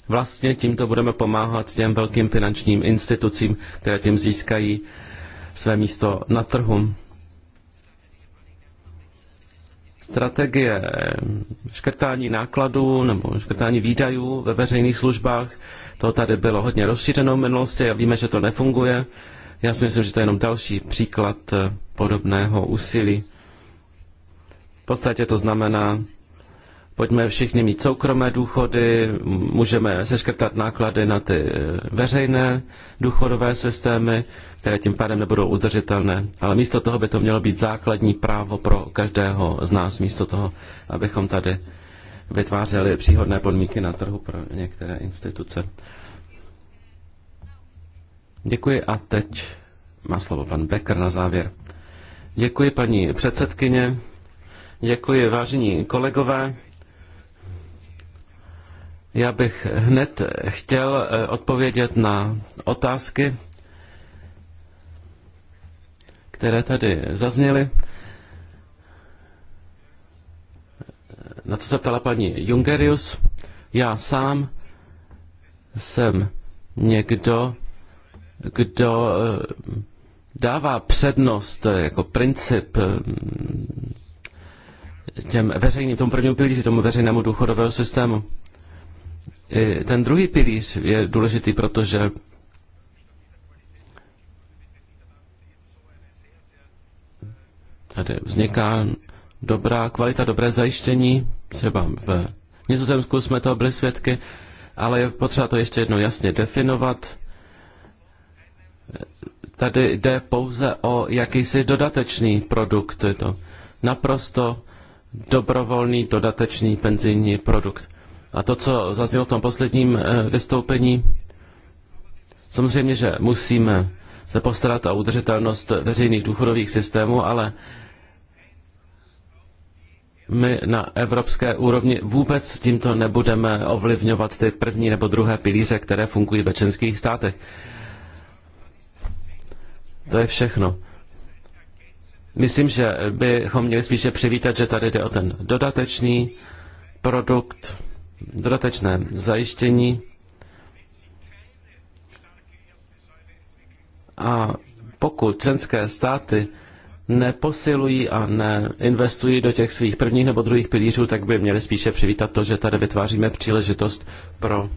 Vlastně tímto budeme pomáhat těm velkým finančním institucím, které tím získají své místo na trhu. Strategie škrtání nákladů nebo škrtání výdajů ve veřejných službách to tady bylo hodně rozšířeno v minulosti a víme, že to nefunguje. Já si myslím, že to je jenom další příklad eh, podobného úsilí. V podstatě to znamená, pojďme všichni mít soukromé důchody, můžeme seškrtat náklady na ty eh, veřejné důchodové systémy, které tím pádem nebudou udržitelné. Ale místo toho by to mělo být základní právo pro každého z nás, místo toho, abychom tady vytvářely příhodné podmínky na trhu pro některé instituce. Děkuji a teď má slovo pan Becker na závěr. Děkuji paní předsedkyně, děkuji vážení kolegové. Já bych hned chtěl eh, odpovědět na otázky, které tady zazněly. na co se ptala paní Jungerius. Já sám jsem někdo, kdo eh, dává přednost eh, jako princip eh, těm veřejným, tomu prvnímu pilíři, tomu veřejnému důchodového systému. I ten druhý pilíř je důležitý, protože tady vzniká dobrá kvalita, dobré zajištění. Třeba v Nizozemsku jsme toho byli svědky, ale je potřeba to ještě jednou jasně definovat. Tady jde pouze o jakýsi dodatečný produkt. Je to naprosto dobrovolný dodatečný penzijní produkt. A to, co zaznělo v tom posledním eh, vystoupení, samozřejmě, že musíme se postarat o udržitelnost veřejných důchodových systémů, ale my na evropské úrovni vůbec tímto nebudeme ovlivňovat ty první nebo druhé pilíře, které fungují ve členských státech. To je všechno. Myslím, že bychom měli spíše přivítat, že tady jde o ten dodatečný produkt, dodatečné zajištění. A pokud členské státy neposilují a neinvestují do těch svých prvních nebo druhých pilířů, tak by měli spíše přivítat to, že tady vytváříme příležitost pro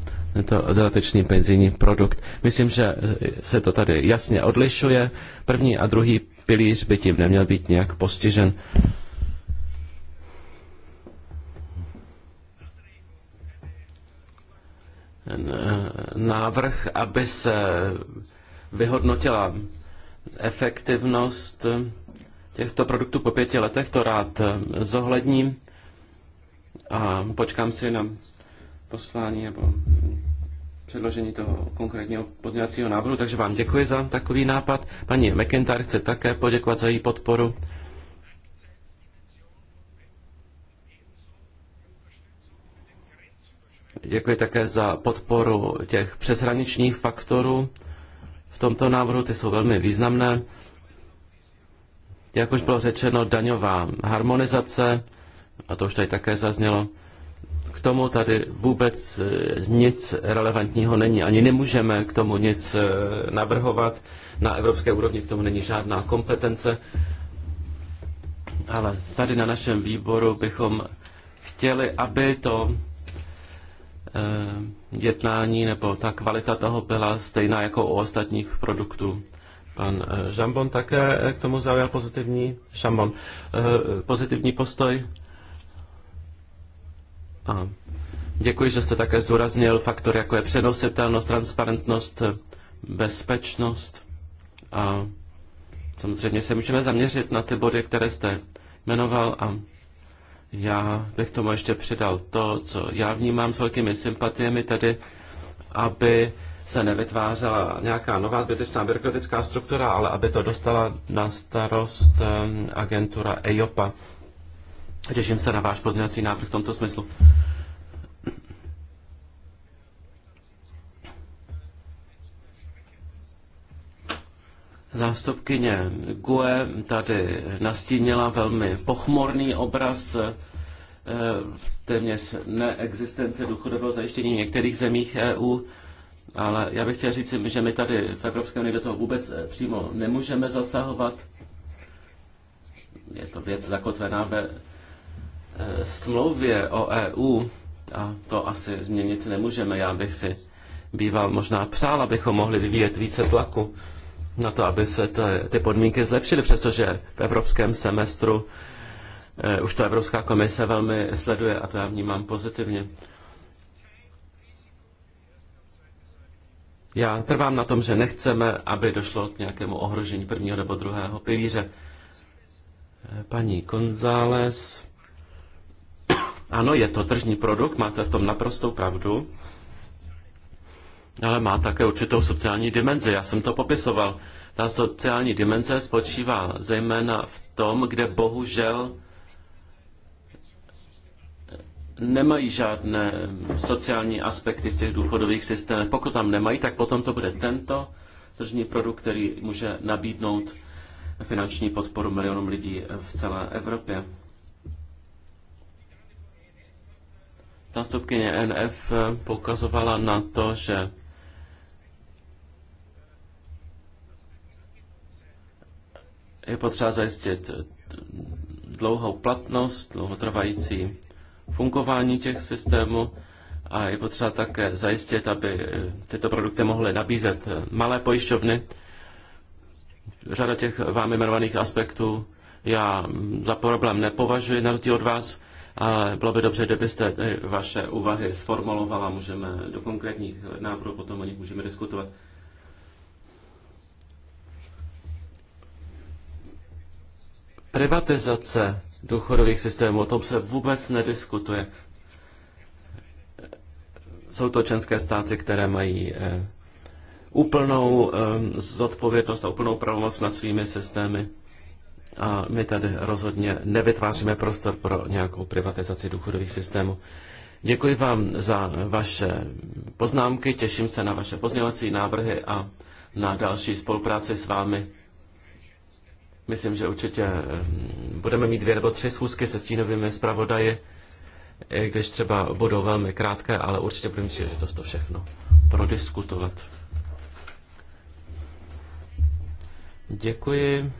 to dodatečný penzijní produkt. Myslím, že se to tady jasně odlišuje. První a druhý pilíř by tím neměl být nějak postižen. Eh, návrh, aby se vyhodnotila efektivnost těchto produktů po pěti letech, to rád eh, zohledním a počkám si na poslání nebo předložení toho konkrétního pozměňovacího návrhu, takže vám děkuji za takový nápad. Paní McIntyre chce také poděkovat za její podporu. Děkuji také za podporu těch přeshraničních faktorů v tomto návrhu, ty jsou velmi významné. Jak už bylo řečeno, daňová harmonizace, a to už tady také zaznělo, k tomu tady vůbec eh, nic relevantního není. Ani nemůžeme k tomu nic eh, navrhovat. Na evropské úrovni k tomu není žádná kompetence. Ale tady na našem výboru bychom chtěli, aby to eh, jednání nebo ta kvalita toho byla stejná jako u ostatních produktů. Pan eh, Žambon také eh, k tomu zaujal pozitivní, Šambon, eh, pozitivní postoj. A děkuji, že jste také zdůraznil faktor, jako je přenositelnost, transparentnost, bezpečnost. A samozřejmě se můžeme zaměřit na ty body, které jste jmenoval a já bych tomu ještě přidal to, co já vnímám s velkými sympatiemi, tedy aby se nevytvářela nějaká nová zbytečná byrokratická struktura, ale aby to dostala na starost agentura EIOPA. Těším se na váš pozměňovací návrh v tomto smyslu. Zástupkyně GUE tady nastínila velmi pochmorný obraz eh, téměř neexistence důchodového zajištění v některých zemích EU. Ale já bych chtěl říct, že my tady v Evropské unii do toho vůbec eh, přímo nemůžeme zasahovat. Je to věc zakotvená ve eh, smlouvě o EU a to asi změnit nemůžeme. Já bych si býval možná přál, abychom mohli vyvíjet více tlaku na to, aby se ty, ty podmínky zlepšily, přestože v evropském semestru eh, už to Evropská komise velmi sleduje a to já vnímám pozitivně. Já trvám na tom, že nechceme, aby došlo k nějakému ohrožení prvního nebo druhého pilíře. Paní González. Ano, je to tržní produkt, máte v tom naprostou pravdu, ale má také určitou sociální dimenzi. Já jsem to popisoval. Ta sociální dimenze spočívá zejména v tom, kde bohužel nemají žádné sociální aspekty v těch důchodových systémech. Pokud tam nemají, tak potom to bude tento tržní produkt, který může nabídnout finanční podporu milionům lidí v celé Evropě. Nástupkyně NF poukazovala na to, že je potřeba zajistit dlouhou platnost, dlouhotrvající fungování těch systémů a je potřeba také zajistit, aby eh, tyto produkty mohly nabízet eh, malé pojišťovny. Řada těch vám jmenovaných aspektů já mm, za problém nepovažuji, na rozdíl od vás, ale bylo by dobře, kdybyste eh, vaše úvahy sformulovala, můžeme do konkrétních návrhů potom o nich můžeme diskutovat. Privatizace důchodových systémů. O tom se vůbec nediskutuje. Jsou to členské státy, které mají eh, úplnou eh, zodpovědnost a úplnou pravomoc nad svými systémy. A my tady rozhodně nevytváříme prostor pro nějakou privatizaci důchodových systémů. Děkuji vám za vaše poznámky, těším se na vaše pozměňovací návrhy a na další spolupráci s vámi. Myslím, že určitě eh, budeme mít dvě nebo tři schůzky se stínovými zpravodaji, když třeba budou velmi krátké, ale určitě budeme příležitost to všechno prodiskutovat. Děkuji.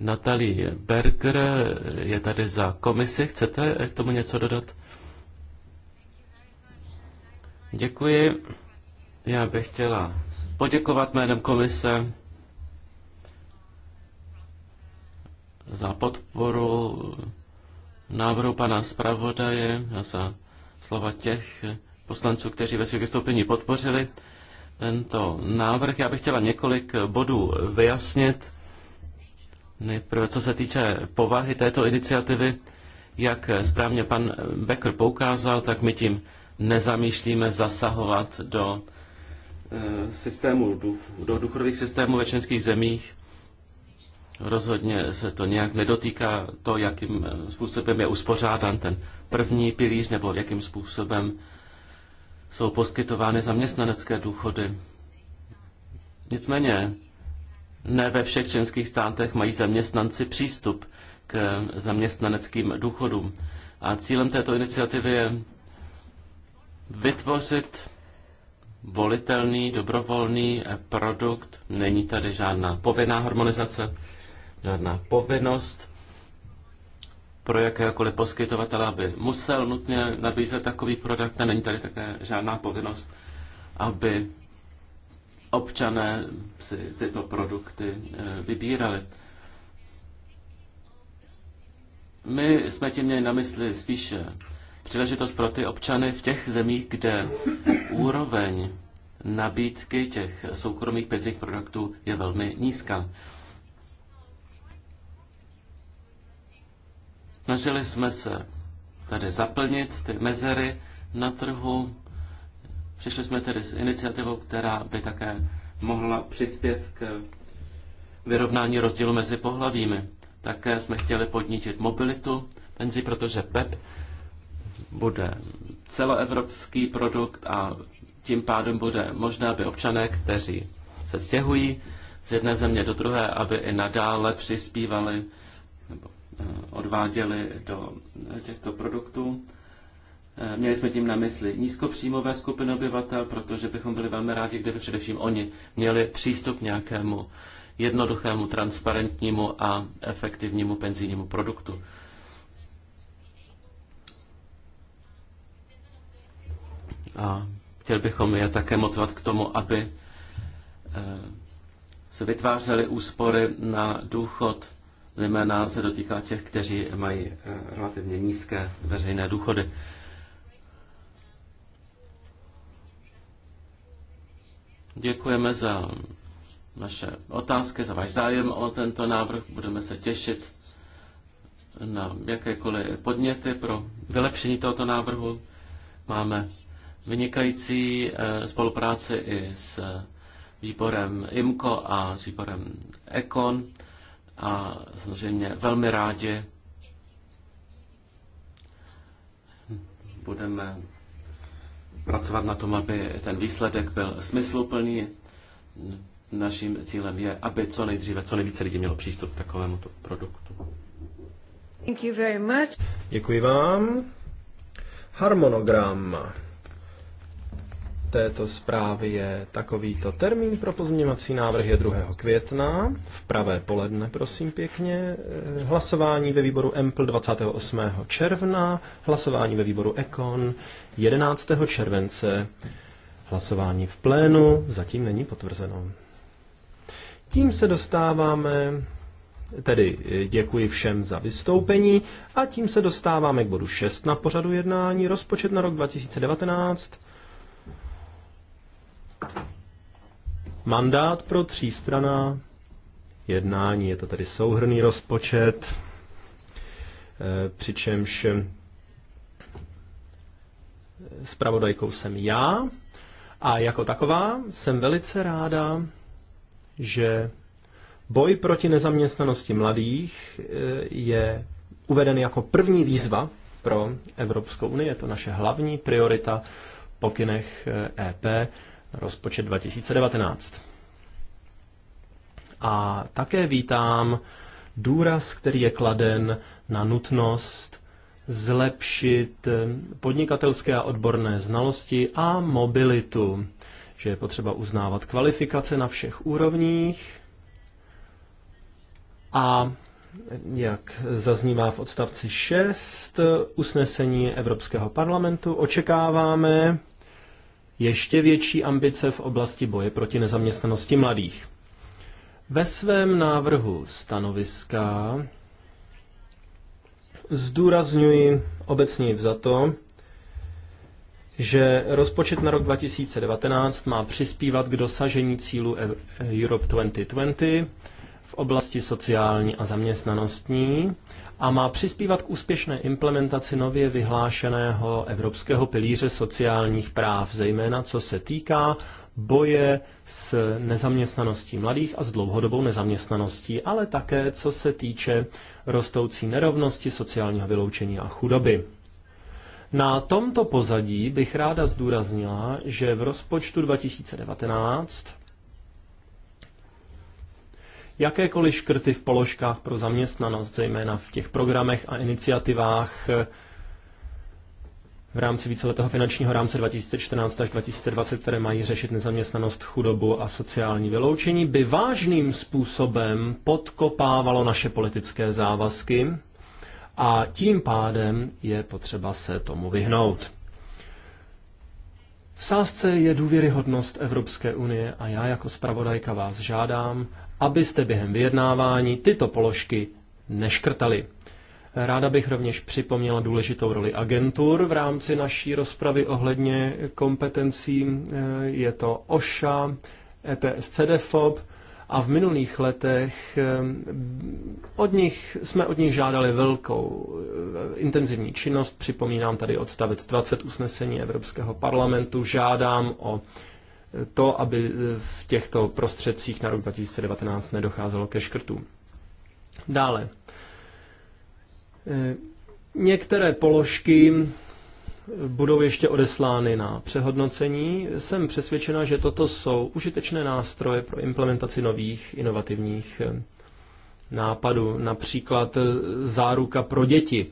Natalie Berger je tady za komisi. Chcete k tomu něco dodat? Děkuji. Já bych chtěla poděkovat jménem komise za podporu návrhu pana zpravodaje a za slova těch poslanců, kteří ve svých vystoupení podpořili tento návrh. Já bych chtěla několik bodů vyjasnit. Nejprve, co se týče povahy této iniciativy, jak správně pan Becker poukázal, tak my tím nezamýšlíme zasahovat do, eh, systému, do důchodových systémů ve členských zemích Rozhodně se to nějak nedotýká to, jakým způsobem je uspořádán ten první pilíř nebo jakým způsobem jsou poskytovány zaměstnanecké důchody. Nicméně ne ve všech členských státech mají zaměstnanci přístup k zaměstnaneckým důchodům. A cílem této iniciativy je vytvořit volitelný, dobrovolný produkt. Není tady žádná povinná harmonizace žádná povinnost pro jakéhokoliv poskytovatele, aby musel nutně nabízet takový produkt a není tady také žádná povinnost, aby občané si tyto produkty eh, vybírali. My jsme tím měli na mysli spíše příležitost pro ty občany v těch zemích, kde úroveň nabídky těch soukromých penzijních produktů je velmi nízká. Snažili jsme se tady zaplnit ty mezery na trhu. Přišli jsme tedy s iniciativou, která by také mohla přispět k vyrovnání rozdílu mezi pohlavími. Také jsme chtěli podnítit mobilitu penzí, protože PEP bude celoevropský produkt a tím pádem bude možné, aby občané, kteří se stěhují z jedné země do druhé, aby i nadále přispívali odváděly do těchto produktů. Eh, měli jsme tím na mysli nízkopříjmové skupiny obyvatel, protože bychom byli velmi rádi, kdyby především oni měli přístup k nějakému jednoduchému, transparentnímu a efektivnímu penzijnímu produktu. A chtěli bychom je také motivovat k tomu, aby eh, se vytvářely úspory na důchod zejména se dotýká těch, kteří mají eh, relativně nízké veřejné důchody. Děkujeme za vaše otázky, za váš zájem o tento návrh. Budeme se těšit na jakékoliv podněty pro vylepšení tohoto návrhu. Máme vynikající eh, spolupráci i s eh, výborem IMCO a s výborem ECON a samozřejmě velmi rádi budeme pracovat na tom, aby ten výsledek byl smysluplný. Naším cílem je, aby co nejdříve, co nejvíce lidí mělo přístup k takovému produktu. Thank you very much. Děkuji vám. Harmonogram této zprávy je takovýto termín pro pozměňovací návrh je 2. května, v pravé poledne, prosím pěkně. Eh, hlasování ve výboru EMPL 28. června, hlasování ve výboru EKON 11. července, hlasování v plénu zatím není potvrzeno. Tím se dostáváme, tedy eh, děkuji všem za vystoupení a tím se dostáváme k bodu 6 na pořadu jednání, rozpočet na rok 2019 Mandát pro třístraná jednání, je to tedy souhrný rozpočet, eh, přičemž spravodajkou eh, jsem já a jako taková jsem velice ráda, že boj proti nezaměstnanosti mladých eh, je uveden jako první výzva pro Evropskou unii, je to naše hlavní priorita pokynech EP e rozpočet 2019. A také vítám důraz, který je kladen na nutnost zlepšit eh, podnikatelské a odborné znalosti a mobilitu, že je potřeba uznávat kvalifikace na všech úrovních a jak zaznívá v odstavci 6 usnesení Evropského parlamentu, očekáváme, ještě větší ambice v oblasti boje proti nezaměstnanosti mladých. Ve svém návrhu stanoviska zdůrazňuji obecně to, že rozpočet na rok 2019 má přispívat k dosažení cílu e- Europe 2020 v oblasti sociální a zaměstnanostní a má přispívat k úspěšné implementaci nově vyhlášeného Evropského pilíře sociálních práv, zejména co se týká boje s nezaměstnaností mladých a s dlouhodobou nezaměstnaností, ale také co se týče rostoucí nerovnosti, sociálního vyloučení a chudoby. Na tomto pozadí bych ráda zdůraznila, že v rozpočtu 2019 Jakékoliv škrty v položkách pro zaměstnanost, zejména v těch programech a iniciativách eh, v rámci víceletého finančního rámce 2014 až 2020, které mají řešit nezaměstnanost, chudobu a sociální vyloučení, by vážným způsobem podkopávalo naše politické závazky a tím pádem je potřeba se tomu vyhnout. V sázce je důvěryhodnost Evropské unie a já jako zpravodajka vás žádám, abyste během vyjednávání tyto položky neškrtali. Ráda bych rovněž připomněla důležitou roli agentur v rámci naší rozpravy ohledně kompetencí. Eh, je to OŠA, ETS CDFOB a v minulých letech eh, od nich, jsme od nich žádali velkou eh, intenzivní činnost. Připomínám tady odstavec 20 usnesení Evropského parlamentu. Žádám o to, aby v těchto prostředcích na rok 2019 nedocházelo ke škrtům. Dále. Eh, některé položky budou ještě odeslány na přehodnocení. Jsem přesvědčena, že toto jsou užitečné nástroje pro implementaci nových inovativních eh, nápadů, například eh, záruka pro děti.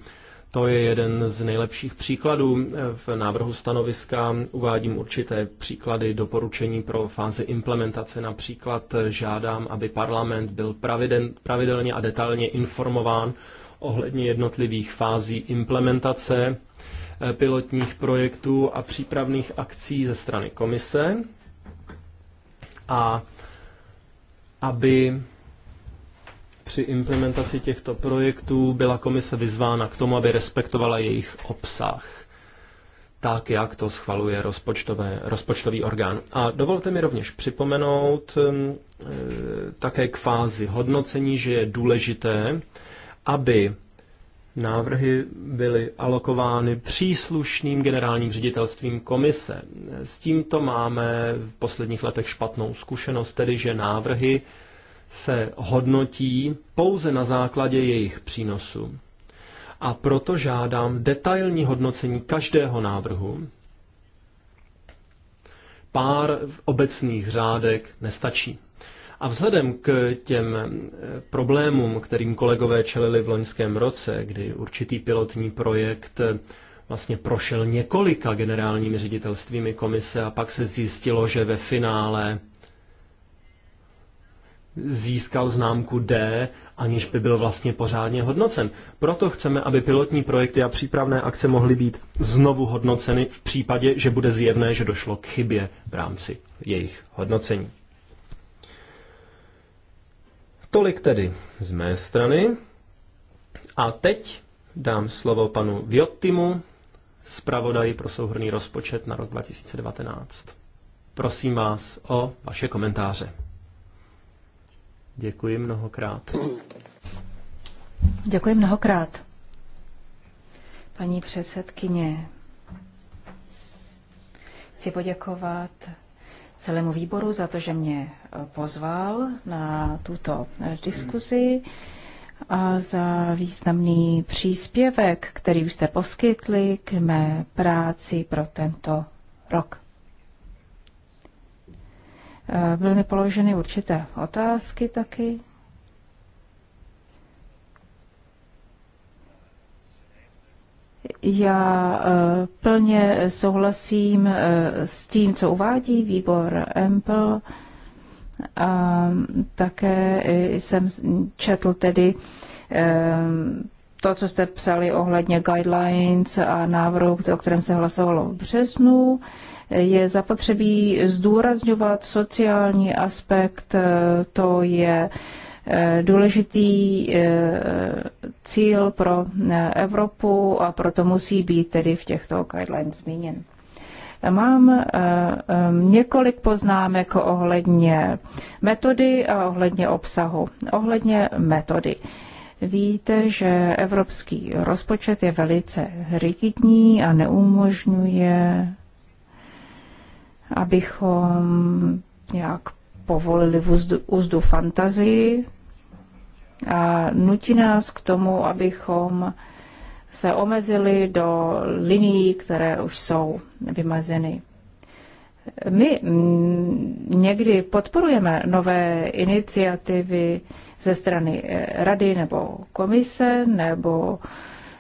To je jeden z nejlepších příkladů. V návrhu stanoviska uvádím určité příklady doporučení pro fázi implementace. Například žádám, aby parlament byl pravidelně a detailně informován ohledně jednotlivých fází implementace eh, pilotních projektů a přípravných akcí ze strany komise a aby při implementaci těchto projektů byla komise vyzvána k tomu, aby respektovala jejich obsah tak, jak to schvaluje rozpočtové, rozpočtový orgán. A dovolte mi rovněž připomenout um, eh, také k fázi hodnocení, že je důležité, aby návrhy byly alokovány příslušným generálním ředitelstvím komise. S tímto máme v posledních letech špatnou zkušenost, tedy že návrhy se hodnotí pouze na základě jejich přínosu. A proto žádám detailní hodnocení každého návrhu. Pár obecných řádek nestačí. A vzhledem k těm eh, problémům, kterým kolegové čelili v loňském roce, kdy určitý pilotní projekt eh, vlastně prošel několika generálními ředitelstvími komise a pak se zjistilo, že ve finále získal známku D, aniž by byl vlastně pořádně hodnocen. Proto chceme, aby pilotní projekty a přípravné akce mohly být znovu hodnoceny v případě, že bude zjevné, že došlo k chybě v rámci jejich hodnocení. Tolik tedy z mé strany. A teď dám slovo panu Viottimu, zpravodaji pro souhrný rozpočet na rok 2019. Prosím vás o vaše komentáře. Děkuji mnohokrát. Děkuji mnohokrát. Paní předsedkyně, chci poděkovat celému výboru za to, že mě eh, pozval na tuto eh, diskuzi a za významný příspěvek, který už jste poskytli k mé práci pro tento rok. Eh, byly mi položeny určité otázky taky. Já eh, plně souhlasím eh, s tím, co uvádí výbor EMPL. A také jsem četl tedy to, co jste psali ohledně guidelines a návrhu, o kterém se hlasovalo v březnu je zapotřebí zdůrazňovat sociální aspekt, to je eh, důležitý eh, cíl pro eh, Evropu a proto musí být tedy v těchto guidelines zmíněn. Mám několik poznámek ohledně metody a ohledně obsahu. Ohledně metody. Víte, že evropský rozpočet je velice rigidní a neumožňuje abychom nějak povolili uzdu, uzdu fantazii a nutí nás k tomu, abychom se omezili do linií, které už jsou vymazeny. My někdy podporujeme nové iniciativy ze strany eh, rady nebo komise nebo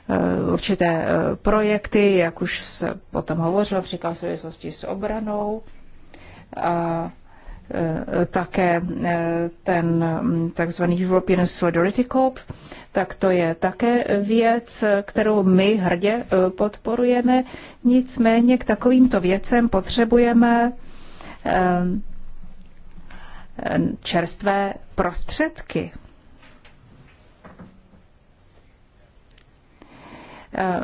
Eh, určité eh, projekty, jak už se potom hovořilo, příklad v souvislosti s obranou. A eh, také ten mm, takzvaný European Solidarity Corp, tak to je také věc, kterou my hrdě podporujeme. Nicméně k takovýmto věcem potřebujeme čerstvé prostředky. Eh,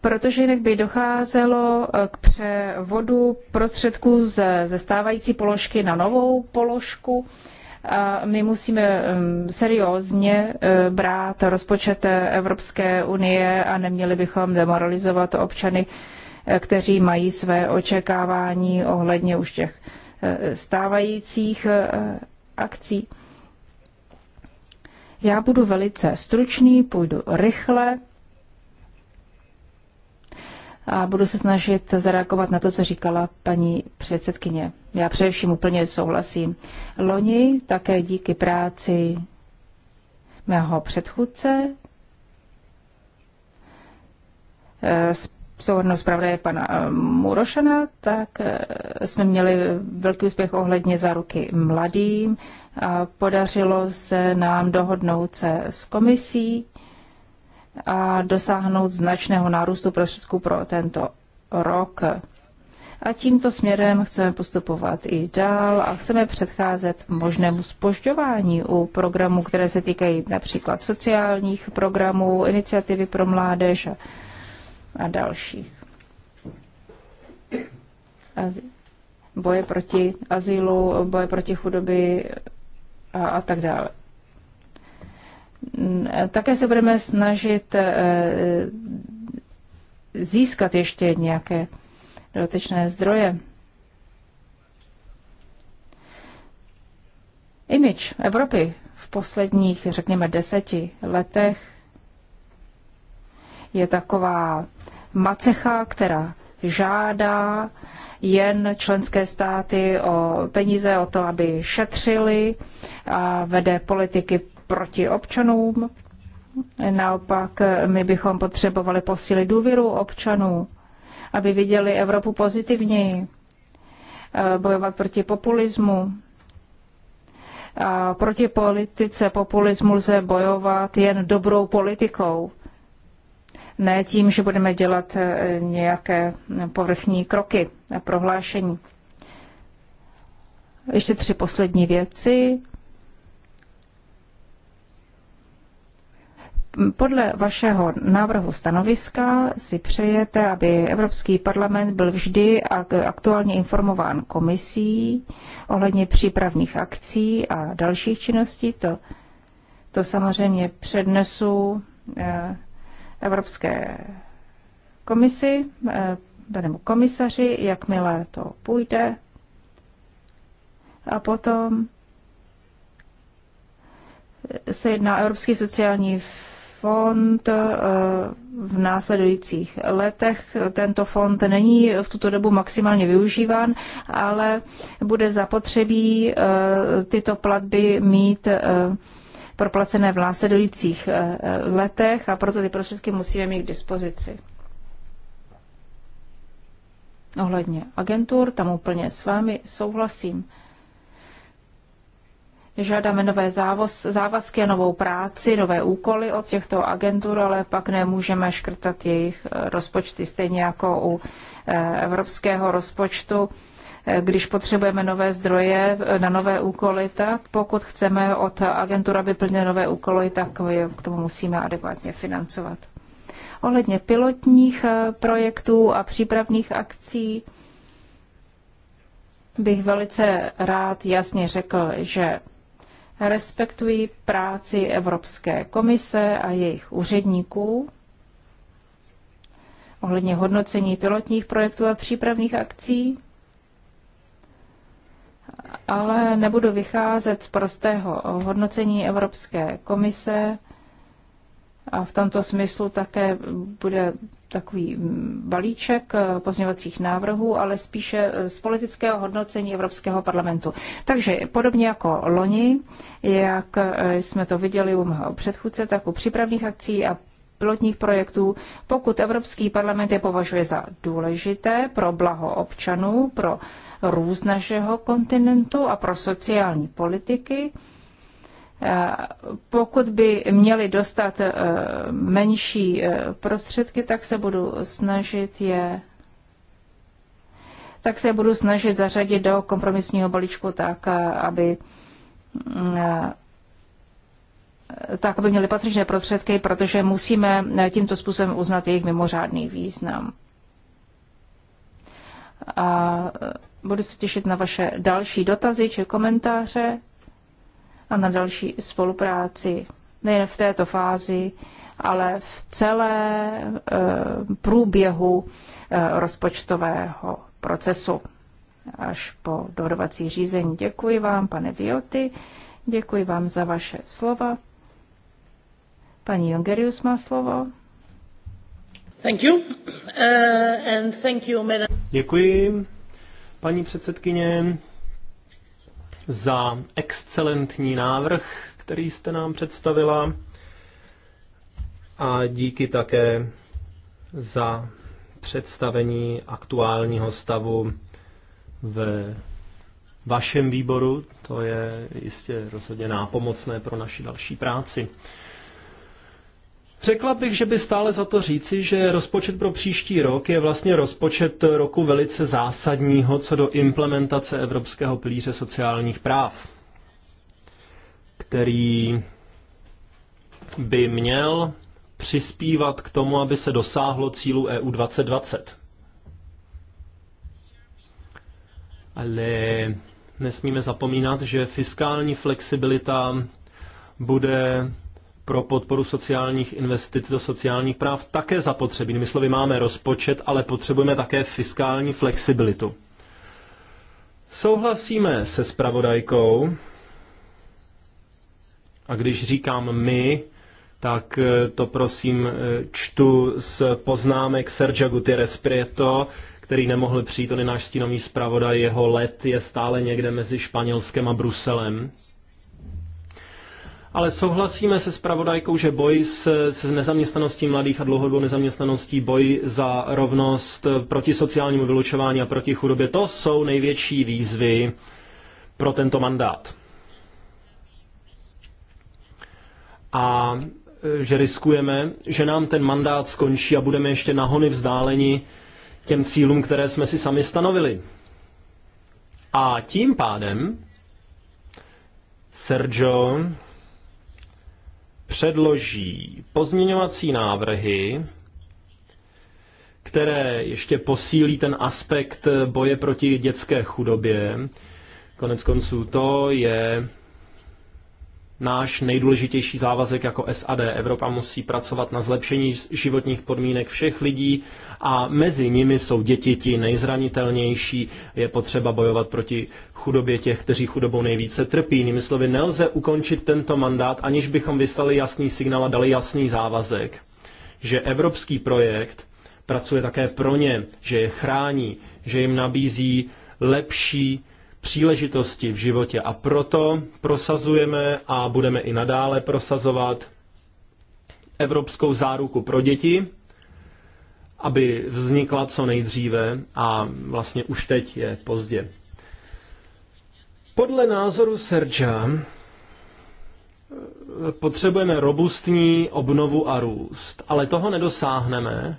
protože jinak by docházelo eh, k převodu prostředků ze, ze stávající položky na novou položku. A eh, my musíme mm, seriózně brát rozpočet Evropské unie a neměli bychom demoralizovat občany, kteří mají své očekávání ohledně už těch stávajících akcí. Já budu velice stručný, půjdu rychle a budu se snažit zareagovat na to, co říkala paní předsedkyně. Já především úplně souhlasím. Loni také díky práci mého předchůdce, eh, souhrnou zpravodaje pana eh, Murošana, tak eh, jsme měli velký úspěch ohledně záruky mladým. Podařilo se nám dohodnout se s komisí a dosáhnout značného nárůstu prostředků pro tento rok. A tímto směrem chceme postupovat i dál a chceme předcházet možnému spožďování u programů, které se týkají například sociálních programů, iniciativy pro mládež a, a dalších. Boje proti azylu, boje proti chudobě a, a tak dále. Také se budeme snažit e, získat ještě nějaké dotyčné zdroje. Image Evropy v posledních, řekněme, deseti letech je taková macecha, která žádá jen členské státy o peníze, o to, aby šetřili a vede politiky proti občanům. Naopak my bychom potřebovali posílit důvěru občanů, aby viděli Evropu pozitivněji, eh, bojovat proti populismu. A proti politice populismu lze bojovat jen dobrou politikou. Ne tím, že budeme dělat eh, nějaké povrchní kroky a prohlášení. Ještě tři poslední věci. Podle vašeho návrhu stanoviska si přejete, aby Evropský parlament byl vždy aktuálně informován komisí ohledně přípravných akcí a dalších činností. To, to samozřejmě přednesu eh, Evropské komisi, eh, danému komisaři, jakmile to půjde. A potom se jedná Evropský sociální fond eh, v následujících letech. Tento fond není v tuto dobu maximálně využíván, ale bude zapotřebí eh, tyto platby mít eh, proplacené v následujících letech a proto ty prostředky musíme mít k dispozici. Ohledně agentur, tam úplně s vámi souhlasím. Žádáme nové závaz, závazky a novou práci, nové úkoly od těchto agentur, ale pak nemůžeme škrtat jejich eh, rozpočty, stejně jako u eh, evropského rozpočtu eh, když potřebujeme nové zdroje na nové úkoly, tak pokud chceme od agentura aby nové úkoly, tak k tomu musíme adekvátně financovat. Ohledně pilotních projektů a přípravných akcí bych velice rád jasně řekl, že respektují práci Evropské komise a jejich úředníků ohledně hodnocení pilotních projektů a přípravných akcí, ale nebudu vycházet z prostého hodnocení Evropské komise a v tomto smyslu také bude takový balíček eh, pozměňovacích návrhů, ale spíše eh, z politického hodnocení Evropského parlamentu. Takže podobně jako loni, jak eh, jsme to viděli u mého předchůdce, tak u přípravných akcí a pilotních projektů, pokud Evropský parlament je považuje za důležité pro blaho občanů, pro růst našeho kontinentu a pro sociální politiky, Eh, pokud by měli dostat eh, menší eh, prostředky, tak se budu snažit je tak se budu snažit zařadit do kompromisního balíčku tak, aby mm, tak, aby měli patřičné prostředky, protože musíme tímto způsobem uznat jejich mimořádný význam. A budu se těšit na vaše další dotazy či komentáře a na další spolupráci nejen v této fázi, ale v celé eh, průběhu eh, rozpočtového procesu až po dohodovací řízení. Děkuji vám, pane Vioty, děkuji vám za vaše slova. Paní Jongerius má slovo. Thank you. Uh, and thank you, madam. Děkuji, paní předsedkyně za excelentní návrh, který jste nám představila a díky také za představení aktuálního stavu ve vašem výboru. To je jistě rozhodně nápomocné pro naši další práci. Řekla bych, že by stále za to říci, že rozpočet pro příští rok je vlastně rozpočet roku velice zásadního co do implementace Evropského pilíře sociálních práv, který by měl přispívat k tomu, aby se dosáhlo cílu EU 2020. Ale nesmíme zapomínat, že fiskální flexibilita bude pro podporu sociálních investic do sociálních práv také zapotřebí. Jinými slovy, máme rozpočet, ale potřebujeme také fiskální flexibilitu. Souhlasíme se spravodajkou, a když říkám my, tak eh, to prosím eh, čtu z poznámek Sergio Gutierrez Prieto, který nemohl přijít, on je náš stínový zpravodaj, jeho let je stále někde mezi Španělskem a Bruselem. Ale souhlasíme se spravodajkou, že boj s, s nezaměstnaností mladých a dlouhodobou nezaměstnaností, boj za rovnost proti sociálnímu vylučování a proti chudobě, to jsou největší výzvy pro tento mandát. A e, že riskujeme, že nám ten mandát skončí a budeme ještě nahony vzdáleni těm cílům, které jsme si sami stanovili. A tím pádem, Sergio, předloží pozměňovací návrhy, které ještě posílí ten aspekt boje proti dětské chudobě. Konec konců to je náš nejdůležitější závazek jako SAD. Evropa musí pracovat na zlepšení životních podmínek všech lidí a mezi nimi jsou děti ti nejzranitelnější. Je potřeba bojovat proti chudobě těch, kteří chudobou nejvíce trpí. Jinými slovy, nelze ukončit tento mandát, aniž bychom vyslali jasný signál a dali jasný závazek, že evropský projekt pracuje také pro ně, že je chrání, že jim nabízí lepší příležitosti v životě a proto prosazujeme a budeme i nadále prosazovat evropskou záruku pro děti, aby vznikla co nejdříve a vlastně už teď je pozdě. Podle názoru Serča potřebujeme robustní obnovu a růst, ale toho nedosáhneme,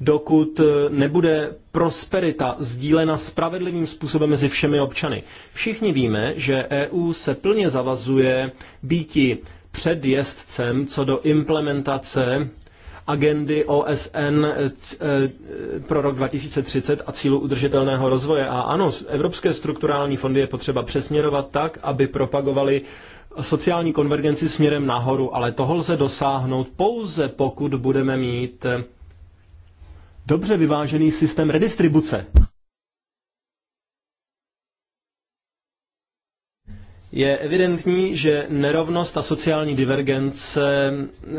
dokud eh, nebude prosperita sdílena spravedlivým způsobem mezi všemi občany. Všichni víme, že EU se plně zavazuje býti předjezdcem co do implementace agendy OSN eh, eh, pro rok 2030 a cílu udržitelného rozvoje. A ano, evropské strukturální fondy je potřeba přesměrovat tak, aby propagovali sociální konvergenci směrem nahoru, ale toho lze dosáhnout pouze pokud budeme mít dobře vyvážený systém redistribuce. Je evidentní, že nerovnost a sociální divergence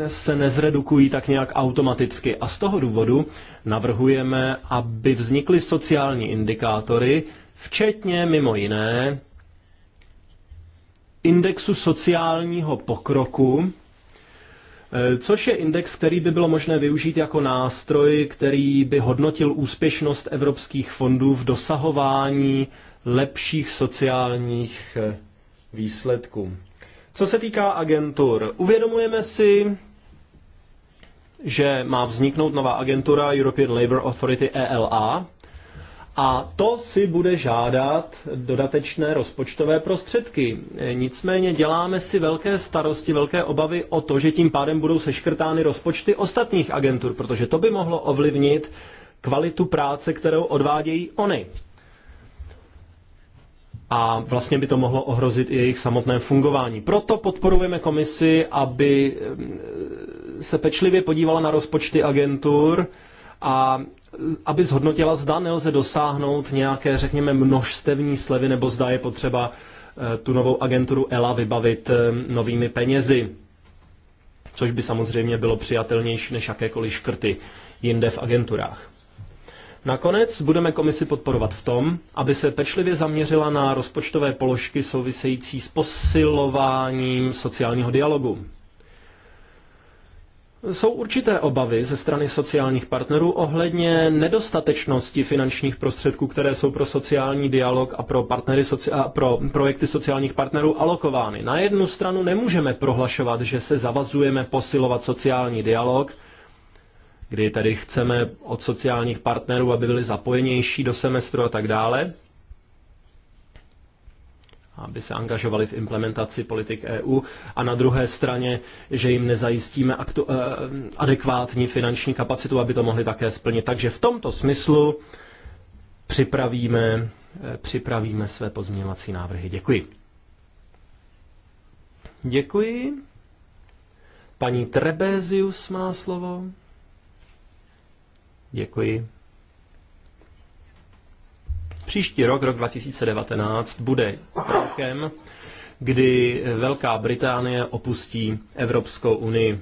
se nezredukují tak nějak automaticky a z toho důvodu navrhujeme, aby vznikly sociální indikátory, včetně mimo jiné indexu sociálního pokroku, Eh, což je index, který by bylo možné využít jako nástroj, který by hodnotil úspěšnost evropských fondů v dosahování lepších sociálních eh, výsledků. Co se týká agentur, uvědomujeme si, že má vzniknout nová agentura European Labour Authority ELA, a to si bude žádat dodatečné rozpočtové prostředky. Nicméně děláme si velké starosti, velké obavy o to, že tím pádem budou seškrtány rozpočty ostatních agentur, protože to by mohlo ovlivnit kvalitu práce, kterou odvádějí oni. A vlastně by to mohlo ohrozit i jejich samotné fungování. Proto podporujeme komisi, aby eh, se pečlivě podívala na rozpočty agentur, a aby zhodnotila, zda nelze dosáhnout nějaké, řekněme, množstevní slevy, nebo zda je potřeba e, tu novou agenturu ELA vybavit e, novými penězi, což by samozřejmě bylo přijatelnější než jakékoliv škrty jinde v agenturách. Nakonec budeme komisi podporovat v tom, aby se pečlivě zaměřila na rozpočtové položky související s posilováním sociálního dialogu. Jsou určité obavy ze strany sociálních partnerů ohledně nedostatečnosti finančních prostředků, které jsou pro sociální dialog a pro, partnery a pro projekty sociálních partnerů alokovány. Na jednu stranu nemůžeme prohlašovat, že se zavazujeme posilovat sociální dialog, kdy tedy chceme od sociálních partnerů, aby byli zapojenější do semestru a tak dále aby se angažovali v implementaci politik EU a na druhé straně, že jim nezajistíme aktu- eh, adekvátní finanční kapacitu, aby to mohli také splnit. Takže v tomto smyslu připravíme, eh, připravíme své pozměňovací návrhy. Děkuji. Děkuji. Paní Trebezius má slovo. Děkuji. Příští rok, rok 2019, bude rokem, kdy Velká Británie opustí Evropskou unii.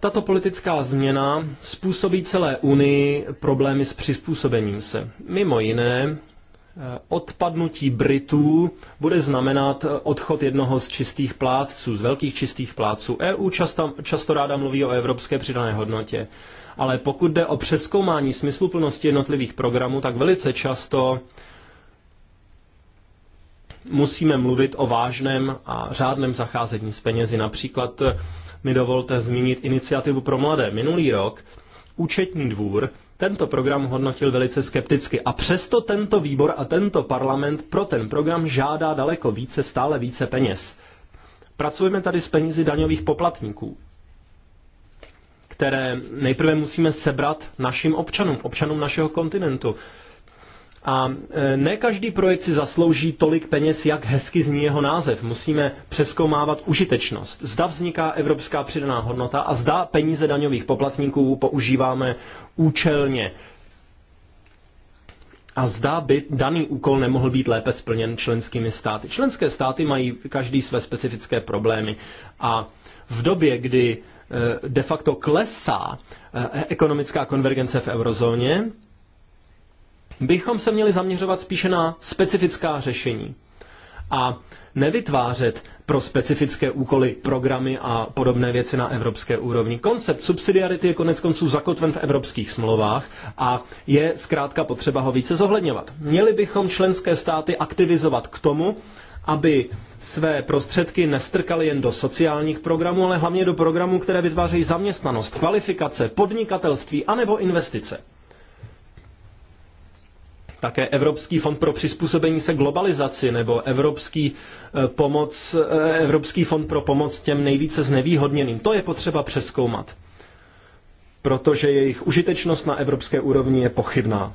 Tato politická změna způsobí celé Unii problémy s přizpůsobením se. Mimo jiné, Eh, odpadnutí Britů bude znamenat eh, odchod jednoho z čistých plátců, z velkých čistých plátců. EU často, často ráda mluví o evropské přidané hodnotě, ale pokud jde o přeskoumání smysluplnosti jednotlivých programů, tak velice často musíme mluvit o vážném a řádném zacházení s penězi. Například eh, mi dovolte zmínit iniciativu pro mladé. Minulý rok účetní dvůr tento program hodnotil velice skepticky. A přesto tento výbor a tento parlament pro ten program žádá daleko více, stále více peněz. Pracujeme tady s penězi daňových poplatníků, které nejprve musíme sebrat našim občanům, občanům našeho kontinentu. A e, ne každý projekt si zaslouží tolik peněz, jak hezky zní jeho název. Musíme přeskoumávat užitečnost. Zda vzniká evropská přidaná hodnota a zda peníze daňových poplatníků používáme účelně. A zda by daný úkol nemohl být lépe splněn členskými státy. Členské státy mají každý své specifické problémy. A v době, kdy e, de facto klesá e, ekonomická konvergence v eurozóně, bychom se měli zaměřovat spíše na specifická řešení a nevytvářet pro specifické úkoly programy a podobné věci na evropské úrovni. Koncept subsidiarity je konec konců zakotven v evropských smlouvách a je zkrátka potřeba ho více zohledňovat. Měli bychom členské státy aktivizovat k tomu, aby své prostředky nestrkali jen do sociálních programů, ale hlavně do programů, které vytvářejí zaměstnanost, kvalifikace, podnikatelství anebo investice. Také Evropský fond pro přizpůsobení se globalizaci nebo Evropský, eh, pomoc, eh, Evropský fond pro pomoc těm nejvíce znevýhodněným. To je potřeba přeskoumat, protože jejich užitečnost na evropské úrovni je pochybná.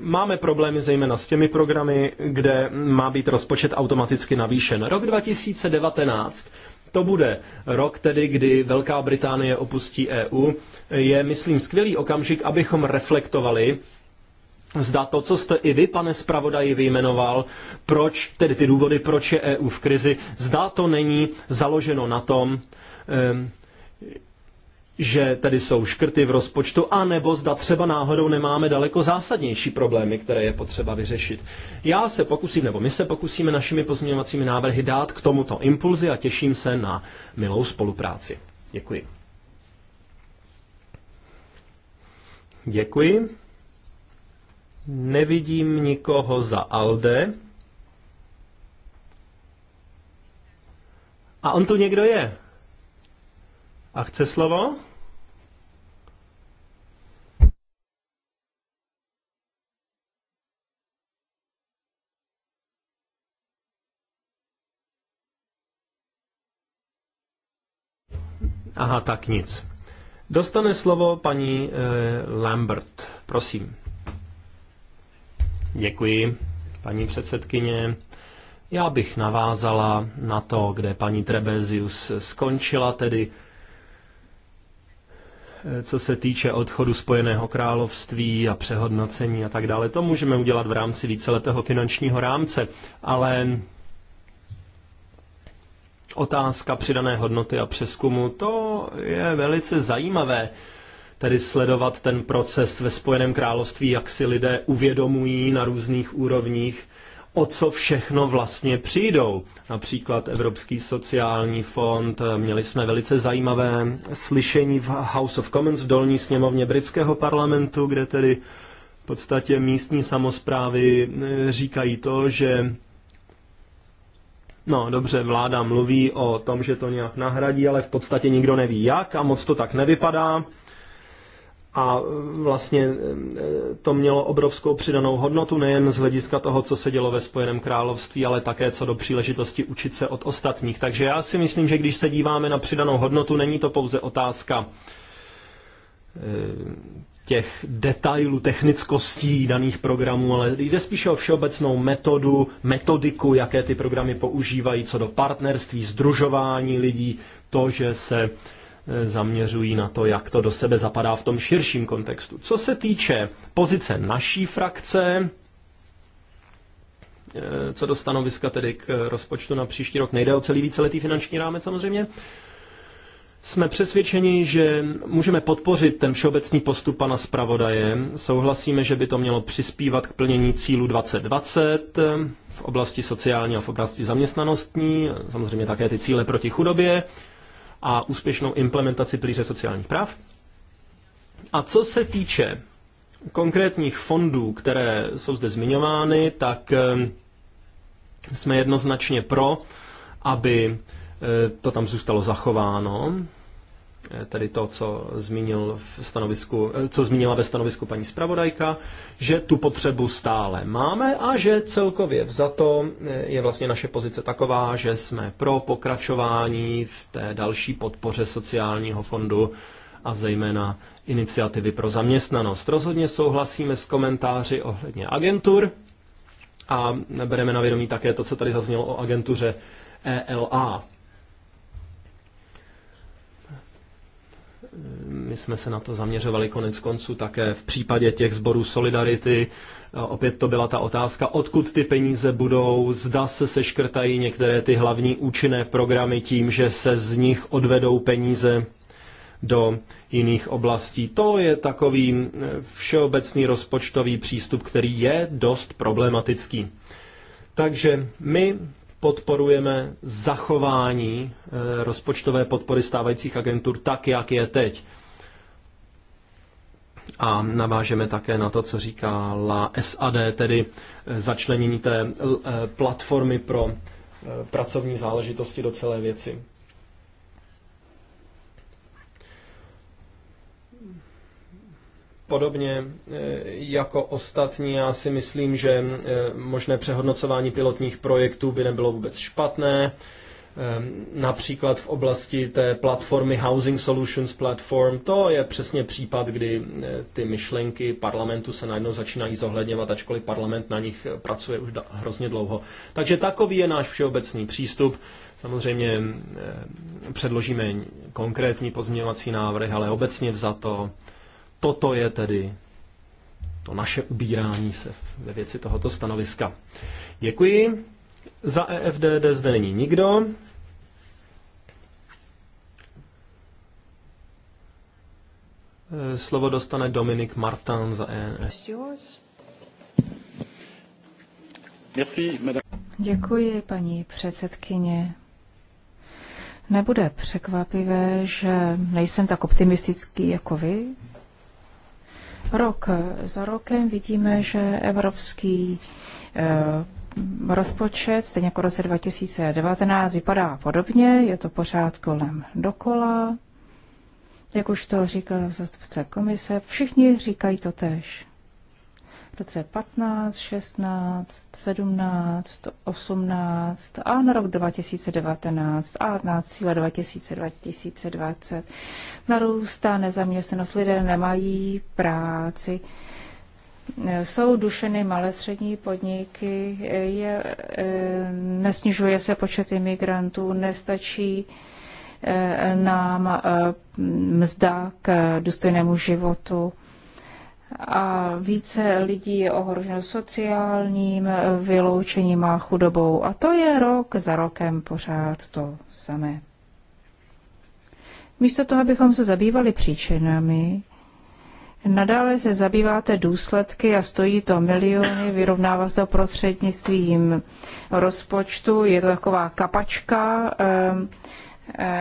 Máme problémy zejména s těmi programy, kde má být rozpočet automaticky navýšen. Rok 2019 to bude rok tedy, kdy Velká Británie opustí EU. Je, myslím, skvělý okamžik, abychom reflektovali Zda to, co jste i vy, pane zpravodaji, vyjmenoval, proč, tedy ty důvody, proč je EU v krizi, zda to není založeno na tom, že tedy jsou škrty v rozpočtu, anebo zda třeba náhodou nemáme daleko zásadnější problémy, které je potřeba vyřešit. Já se pokusím, nebo my se pokusíme našimi pozměňovacími návrhy dát k tomuto impulzi a těším se na milou spolupráci. Děkuji. Děkuji. Nevidím nikoho za Alde. A on tu někdo je. A chce slovo? Aha, tak nic. Dostane slovo paní e, Lambert. Prosím. Děkuji, paní předsedkyně. Já bych navázala na to, kde paní Trebezius skončila, tedy eh, co se týče odchodu Spojeného království a přehodnocení a tak dále. To můžeme udělat v rámci víceletého finančního rámce, ale otázka přidané hodnoty a přeskumu, to je velice zajímavé tedy sledovat ten proces ve Spojeném království, jak si lidé uvědomují na různých úrovních, o co všechno vlastně přijdou. Například Evropský sociální fond, eh, měli jsme velice zajímavé slyšení v House of Commons v dolní sněmovně britského parlamentu, kde tedy v podstatě místní samozprávy eh, říkají to, že No dobře, vláda mluví o tom, že to nějak nahradí, ale v podstatě nikdo neví jak a moc to tak nevypadá a e, vlastně e, to mělo obrovskou přidanou hodnotu nejen z hlediska toho, co se dělo ve Spojeném království, ale také co do příležitosti učit se od ostatních. Takže já si myslím, že když se díváme na přidanou hodnotu, není to pouze otázka e, těch detailů, technickostí daných programů, ale jde spíše o všeobecnou metodu, metodiku, jaké ty programy používají, co do partnerství, združování lidí, to, že se Eh, zaměřují na to, jak to do sebe zapadá v tom širším kontextu. Co se týče pozice naší frakce, eh, co do stanoviska tedy k rozpočtu na příští rok, nejde o celý víceletý finanční rámec samozřejmě, jsme přesvědčeni, že můžeme podpořit ten všeobecný postup pana zpravodaje. Souhlasíme, že by to mělo přispívat k plnění cílu 2020 eh, v oblasti sociální a v oblasti zaměstnanostní, samozřejmě také ty cíle proti chudobě, a úspěšnou implementaci pilíře sociálních práv. A co se týče konkrétních fondů, které jsou zde zmiňovány, tak eh, jsme jednoznačně pro, aby eh, to tam zůstalo zachováno, Eh, tedy to, co, zmínil v stanovisku, eh, co zmínila ve stanovisku paní zpravodajka, že tu potřebu stále máme a že celkově to eh, je vlastně naše pozice taková, že jsme pro pokračování v té další podpoře sociálního fondu a zejména iniciativy pro zaměstnanost. Rozhodně souhlasíme s komentáři ohledně agentur a bereme na vědomí také to, co tady zaznělo o agentuře ELA. My jsme se na to zaměřovali konec konců také v případě těch sborů Solidarity. Opět to byla ta otázka, odkud ty peníze budou, zda se seškrtají některé ty hlavní účinné programy tím, že se z nich odvedou peníze do jiných oblastí. To je takový eh, všeobecný rozpočtový přístup, který je dost problematický. Takže my podporujeme zachování eh, rozpočtové podpory stávajících agentur tak, jak je teď. A navážeme také na to, co říkala SAD, tedy eh, začlenění té eh, platformy pro pracovní záležitosti do celé věci. Podobně e, jako ostatní, já si myslím, že e, možné přehodnocování pilotních projektů by nebylo vůbec špatné. E, například v oblasti té platformy Housing Solutions Platform, to je přesně případ, kdy ty myšlenky parlamentu se najednou začínají zohledňovat, ačkoliv parlament na nich pracuje už hrozně dlouho. Takže takový je náš všeobecný přístup. Samozřejmě předložíme konkrétní pozměňovací návrh, ale obecně za to toto je tedy to naše ubírání se ve věci tohoto stanoviska. Děkuji. Za EFDD zde není nikdo. E, slovo dostane Dominik Martin za ENS. Děkuji, paní předsedkyně. Nebude překvapivé, že nejsem tak optimistický jako vy, Rok za rokem vidíme, že evropský eh, rozpočet, stejně jako roce 2019, vypadá podobně, je to pořád kolem dokola. Jak už to říkal zastupce komise, všichni říkají to tež roce 15, 16, 17, 18 a na rok 2019 a na cíle 2020. Narůstá nezaměstnanost, lidé nemají práci. Jsou dušeny malé střední podniky, je, e, nesnižuje se počet imigrantů, nestačí e, nám e, mzda k důstojnému životu a více lidí je ohroženo sociálním vyloučením a chudobou. A to je rok za rokem pořád to samé. Místo toho, abychom se zabývali příčinami, nadále se zabýváte důsledky a stojí to miliony, vyrovnává se to prostřednictvím rozpočtu, je to taková kapačka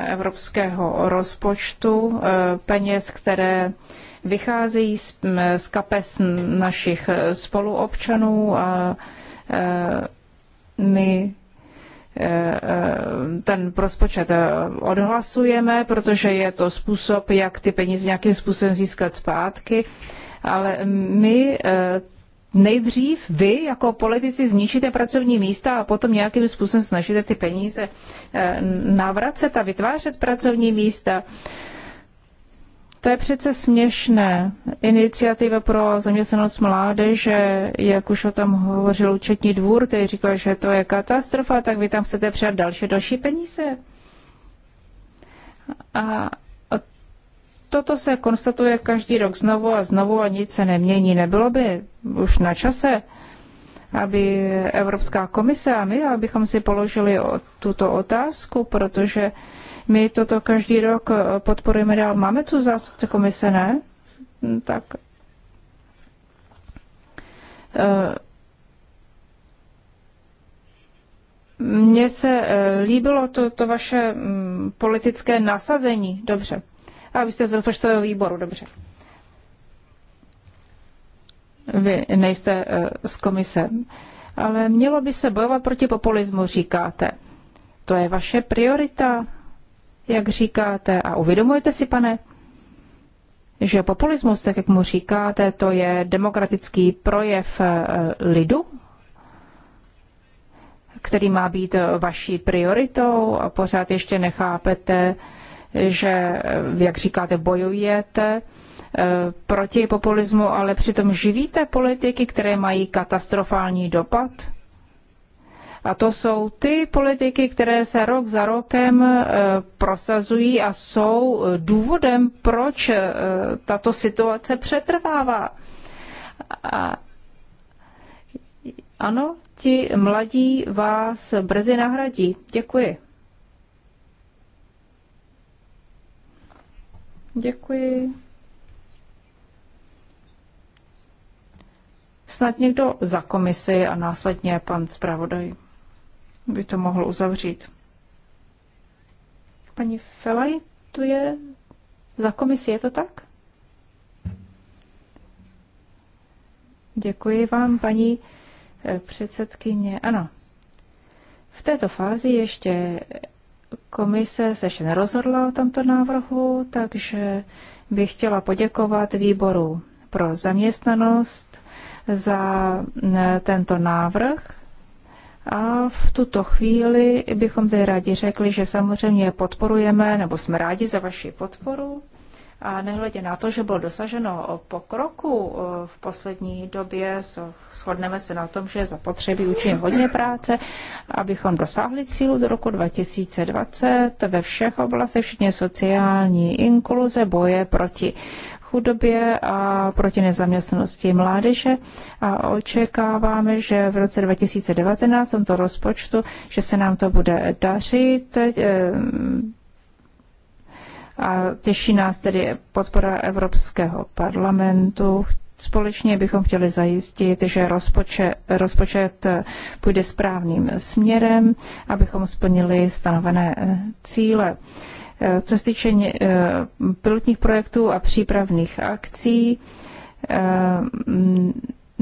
evropského rozpočtu, peněz, které vycházejí z, z kapes našich spoluobčanů a e, my e, e, ten rozpočet odhlasujeme, protože je to způsob, jak ty peníze nějakým způsobem získat zpátky, ale my nejdřív vy jako politici zničíte pracovní místa a potom nějakým způsobem snažíte ty peníze navracet a vytvářet pracovní místa. To je přece směšné. Iniciativa pro zaměstnanost mládeže, jak už o tom hovořil účetní dvůr, který říkal, že to je katastrofa, tak vy tam chcete přidat další, další peníze. A toto se konstatuje každý rok znovu a znovu a nic se nemění. Nebylo by už na čase, aby Evropská komise a my, abychom si položili tuto otázku, protože my toto každý rok eh, podporujeme dál. Máme tu zástupce komise, ne? Hm, tak eh, mně se eh, líbilo to, to vaše hm, politické nasazení. Dobře. A vy jste z rozpočtového výboru, dobře. Vy nejste z komise. Ale mělo by se bojovat proti populismu, říkáte. To je vaše priorita jak říkáte, a uvědomujete si, pane, že populismus, tak jak mu říkáte, to je demokratický projev eh, lidu, který má být eh, vaší prioritou a pořád ještě nechápete, že, eh, jak říkáte, bojujete proti populismu, ale přitom živíte politiky, které mají katastrofální dopad a to jsou ty politiky, které se rok za rokem eh, prosazují a jsou eh, důvodem, proč eh, tato situace přetrvává. A ano, ti mladí vás brzy nahradí. Děkuji. Děkuji. Snad někdo za komisi a následně pan zpravodaj by to mohl uzavřít. Paní Felaj, tu je za komisi, je to tak? Děkuji vám, paní eh, předsedkyně. Ano. V této fázi ještě komise se ještě nerozhodla o tomto návrhu, takže bych chtěla poděkovat výboru pro zaměstnanost za eh, tento návrh a v tuto chvíli bychom tedy rádi řekli, že samozřejmě podporujeme, nebo jsme rádi za vaši podporu. A nehledě na to, že bylo dosaženo pokroku v poslední době, shodneme se na tom, že zapotřebí učinit hodně práce, abychom dosáhli cílu do roku 2020 ve všech oblastech, včetně sociální inkluze, boje proti chudobě a proti nezaměstnanosti mládeže a očekáváme, že v roce 2019 v tomto rozpočtu, že se nám to bude dařit. Eh, a těší nás tedy podpora Evropského parlamentu. Společně bychom chtěli zajistit, že rozpočet, rozpočet půjde správným směrem, abychom splnili stanovené eh, cíle. Eh, co se týče eh, pilotních projektů a přípravných akcí, eh,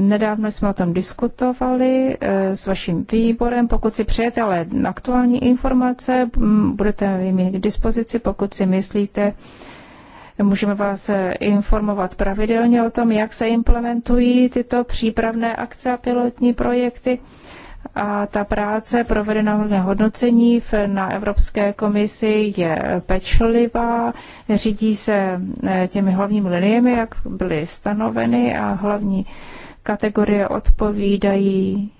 Nedávno jsme o tom diskutovali s vaším výborem. Pokud si přejete ale aktuální informace, budete je mít k dispozici. Pokud si myslíte, můžeme vás informovat pravidelně o tom, jak se implementují tyto přípravné akce a pilotní projekty a ta práce provedená v hodnocení na Evropské komisi je pečlivá, řídí se e, těmi hlavními liniemi, jak byly stanoveny a hlavní kategorie odpovídají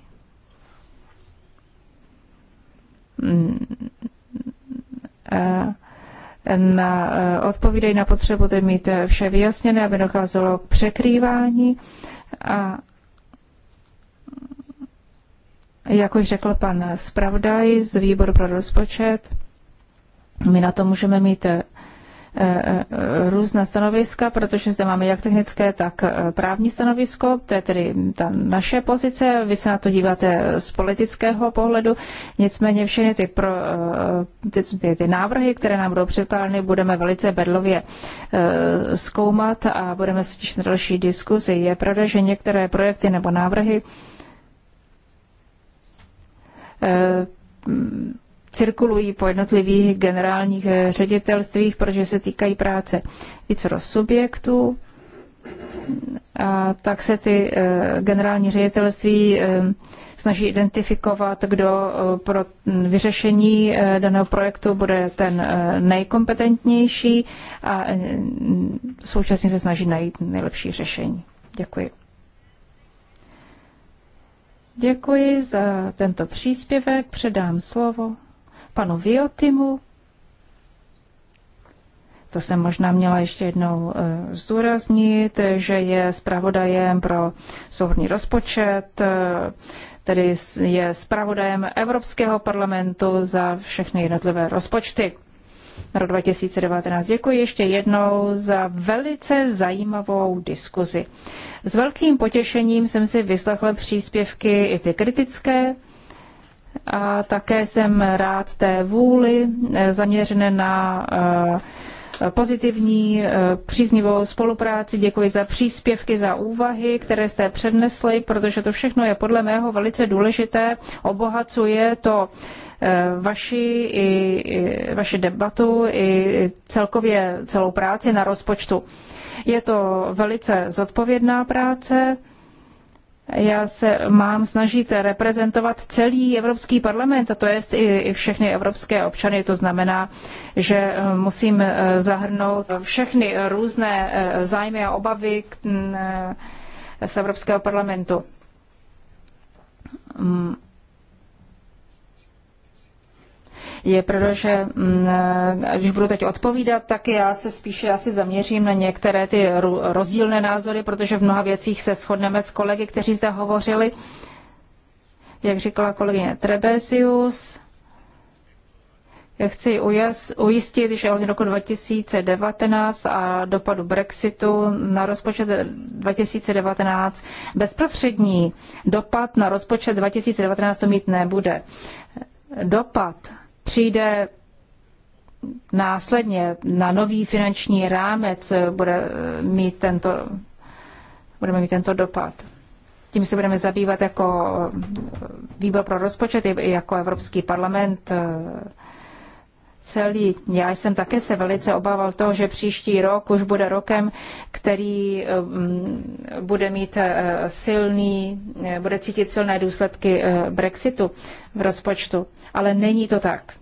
mm, e, na, e, odpovídají na potřebu mít vše vyjasněné, aby docházelo k překrývání a jak už řekl pan zpravodaj z výboru pro rozpočet, my na to můžeme mít eh, eh, různá stanoviska, protože zde máme jak technické, tak eh, právní stanovisko, to je tedy ta naše pozice, vy se na to díváte z politického pohledu, nicméně všechny ty, pro, ty, ty, ty návrhy, které nám budou předkládány, budeme velice bedlově zkoumat a budeme se těšit na další diskuzi. Je pravda, že některé projekty nebo návrhy Eh, cirkulují po jednotlivých generálních eh, ředitelstvích, protože se týkají práce vícero subjektů. A tak se ty eh, generální ředitelství snaží identifikovat, kdo pro vyřešení daného projektu bude ten nejkompetentnější a současně se snaží najít nejlepší řešení. Děkuji. Děkuji za tento příspěvek. Předám slovo panu Viotimu. To jsem možná měla ještě jednou eh, zdůraznit, že je zpravodajem pro souhodný rozpočet, eh, tedy je zpravodajem Evropského parlamentu za všechny jednotlivé rozpočty na rok 2019. Děkuji ještě jednou za velice zajímavou diskuzi. S velkým potěšením jsem si vyslechla příspěvky i ty kritické, a také jsem rád té vůli eh, zaměřené na eh, pozitivní, eh, příznivou spolupráci. Děkuji za příspěvky, za úvahy, které jste přednesli, protože to všechno je podle mého velice důležité. Obohacuje to Eh, vaši, i, vaši debatu i celkově celou práci na rozpočtu. Je to velice zodpovědná práce. Já se mám snažit reprezentovat celý Evropský parlament, a to je i, i všechny evropské občany. To znamená, že eh, musím eh, zahrnout všechny různé zájmy a obavy z Evropského parlamentu mm. je proto, že mm, eh, když budu teď odpovídat, tak já se spíše asi zaměřím na některé ty rozdílné názory, protože v mnoha věcích se shodneme s kolegy, kteří zde hovořili. Jak říkala kolegyně Trebesius, já chci ujistit, že od roku 2019 a dopadu Brexitu na rozpočet 2019 bezprostřední dopad na rozpočet 2019 to mít nebude. Dopad přijde následně na nový finanční rámec eh, bude eh, mít tento, budeme mít tento dopad. Tím se budeme zabývat jako eh, výbor pro rozpočet, jako Evropský parlament celý. Já jsem také se velice obával toho, že příští rok už bude rokem, který mm, bude mít eh, silný, eh, bude cítit silné důsledky eh, Brexitu v rozpočtu. Ale není to tak.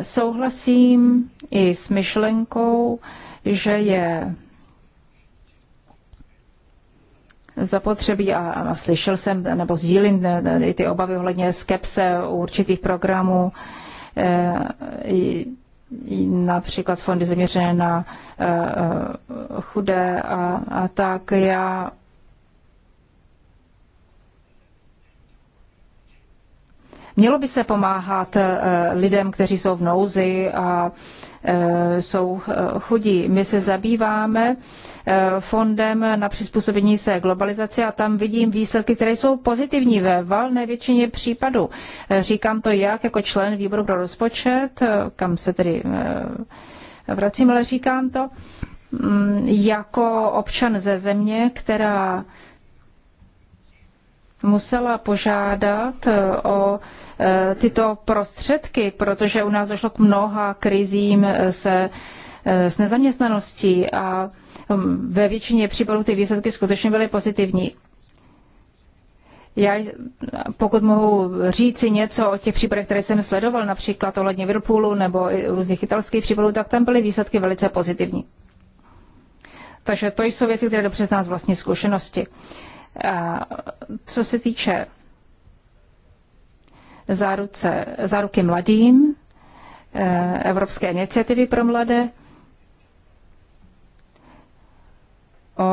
Souhlasím i s myšlenkou, že je zapotřebí a, a slyšel jsem nebo sdílím ne, ty obavy ohledně skepse určitých programů, Eh, například fondy zaměřené na eh, chudé a, a tak. Já Mělo by se pomáhat eh, lidem, kteří jsou v nouzi a Eh, jsou eh, chudí. My se zabýváme eh, fondem na přizpůsobení se globalizaci a tam vidím výsledky, které jsou pozitivní ve valné většině případů. Říkám to jak jako člen výboru pro rozpočet, kam se tedy vracím, ale říkám to mm, jako občan ze země, která musela požádat o Eh, tyto prostředky, protože u nás došlo k mnoha krizím eh, se eh, s nezaměstnaností a hm, ve většině případů ty výsledky skutečně byly pozitivní. Já, pokud mohu říci něco o těch případech, které jsem sledoval, například ohledně Whirlpoolu nebo i různých italských případů, tak tam byly výsledky velice pozitivní. Takže to jsou věci, které dobře z nás vlastní zkušenosti. A co se týče záruce, záruky mladým, eh, Evropské iniciativy pro mladé, o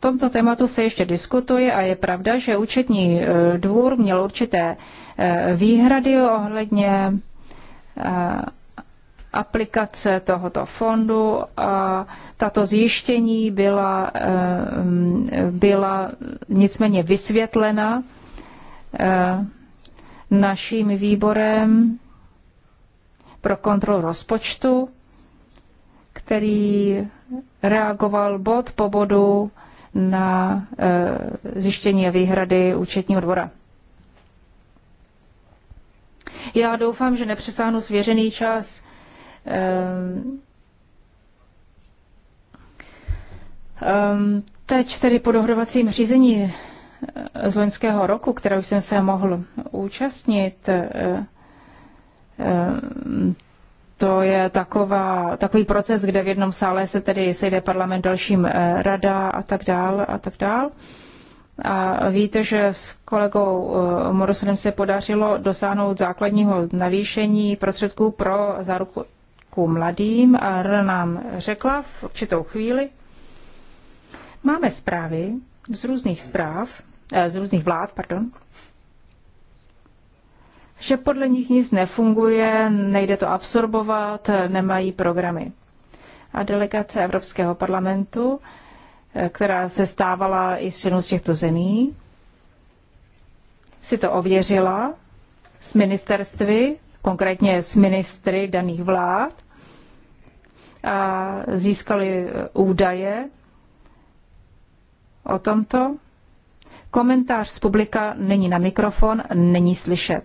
tomto tématu se ještě diskutuje a je pravda, že účetní eh, dvůr měl určité eh, výhrady ohledně aplikace tohoto fondu a tato zjištění byla, byla nicméně vysvětlena Eh, naším výborem pro kontrolu rozpočtu, který reagoval bod po bodu na eh, zjištění a výhrady účetního dvora. Já doufám, že nepřesáhnu svěřený čas. Eh, teď tedy po dohodovacím řízení z loňského roku, kterou jsem se mohl účastnit, eh, eh, to je taková, takový proces, kde v jednom sále se tedy sejde parlament, dalším eh, rada a tak dál a tak dál. A víte, že s kolegou Morosem se podařilo dosáhnout základního navýšení prostředků pro záruku mladým a Rana nám řekla v určitou chvíli, máme zprávy, z různých zpráv, eh, z různých vlád, pardon, že podle nich nic nefunguje, nejde to absorbovat, nemají programy. A delegace Evropského parlamentu, eh, která se stávala i z členů z těchto zemí, si to ověřila s ministerstvy, konkrétně s ministry daných vlád, a získali eh, údaje o tomto. Komentář z publika není na mikrofon, není slyšet.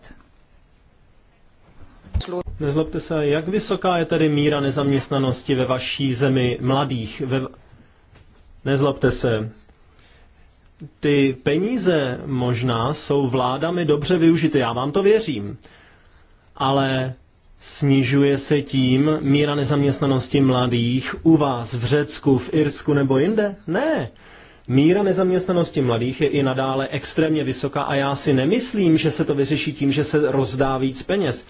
Nezlobte se, jak vysoká je tedy míra nezaměstnanosti ve vaší zemi mladých? Ve... Nezlobte se, ty peníze možná jsou vládami dobře využity, já vám to věřím, ale snižuje se tím míra nezaměstnanosti mladých u vás v Řecku, v Irsku nebo jinde? Ne. Míra nezaměstnanosti mladých je i nadále extrémně vysoká a já si nemyslím, že se to vyřeší tím, že se rozdá víc peněz.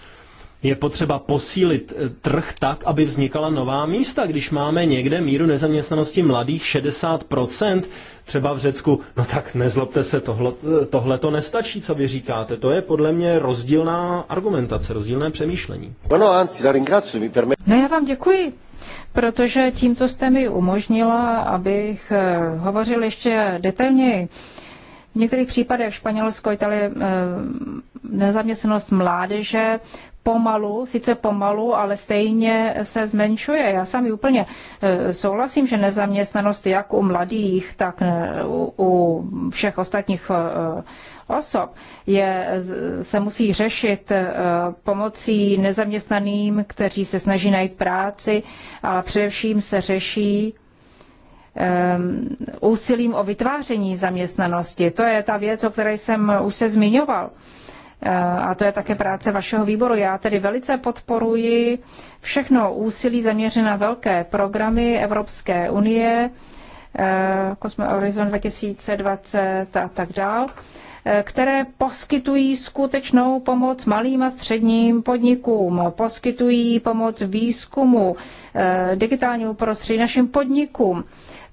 Je potřeba posílit eh, trh tak, aby vznikala nová místa. Když máme někde míru nezaměstnanosti mladých 60%, třeba v Řecku, no tak nezlobte se, tohle, eh, tohle to nestačí, co vy říkáte. To je podle mě rozdílná argumentace, rozdílné přemýšlení. No, já vám děkuji protože tímto jste mi umožnila, abych eh, hovořil ještě detailněji v některých případech Španělsko, Itálie, eh, nezaměstnanost mládeže pomalu, sice pomalu, ale stejně se zmenšuje. Já sami úplně eh, souhlasím, že nezaměstnanost jak u mladých, tak eh, u všech ostatních osob je, se musí řešit pomocí nezaměstnaným, kteří se snaží najít práci, ale především se řeší Ehm, úsilím o vytváření zaměstnanosti. To je ta věc, o které jsem už se zmiňoval. Eh, a to je také práce vašeho výboru. Já tedy velice podporuji všechno úsilí zaměřené na velké programy Evropské unie, eh, Cosmo Horizon 2020 a tak dál, eh, které poskytují skutečnou pomoc malým a středním podnikům, poskytují pomoc výzkumu, digitálnímu prostředí, našim podnikům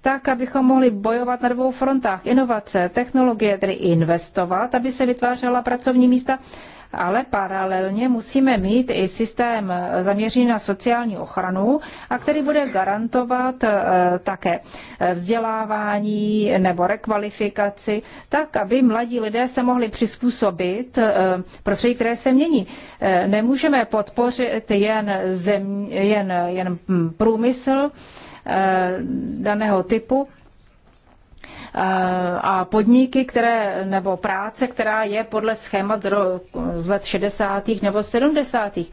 tak abychom mohli bojovat na dvou frontách. Inovace, technologie, tedy investovat, aby se vytvářela pracovní místa, ale paralelně musíme mít i systém zaměřený na sociální ochranu a který bude garantovat eh, také eh, vzdělávání nebo rekvalifikaci, tak, aby mladí lidé se mohli přizpůsobit eh, prostředí, které se mění. Nemůžeme podpořit jen, zem, jen, jen průmysl, Eh, daného typu eh, a podniky, které, nebo práce, která je podle schémat z let 60. nebo 70. Eh,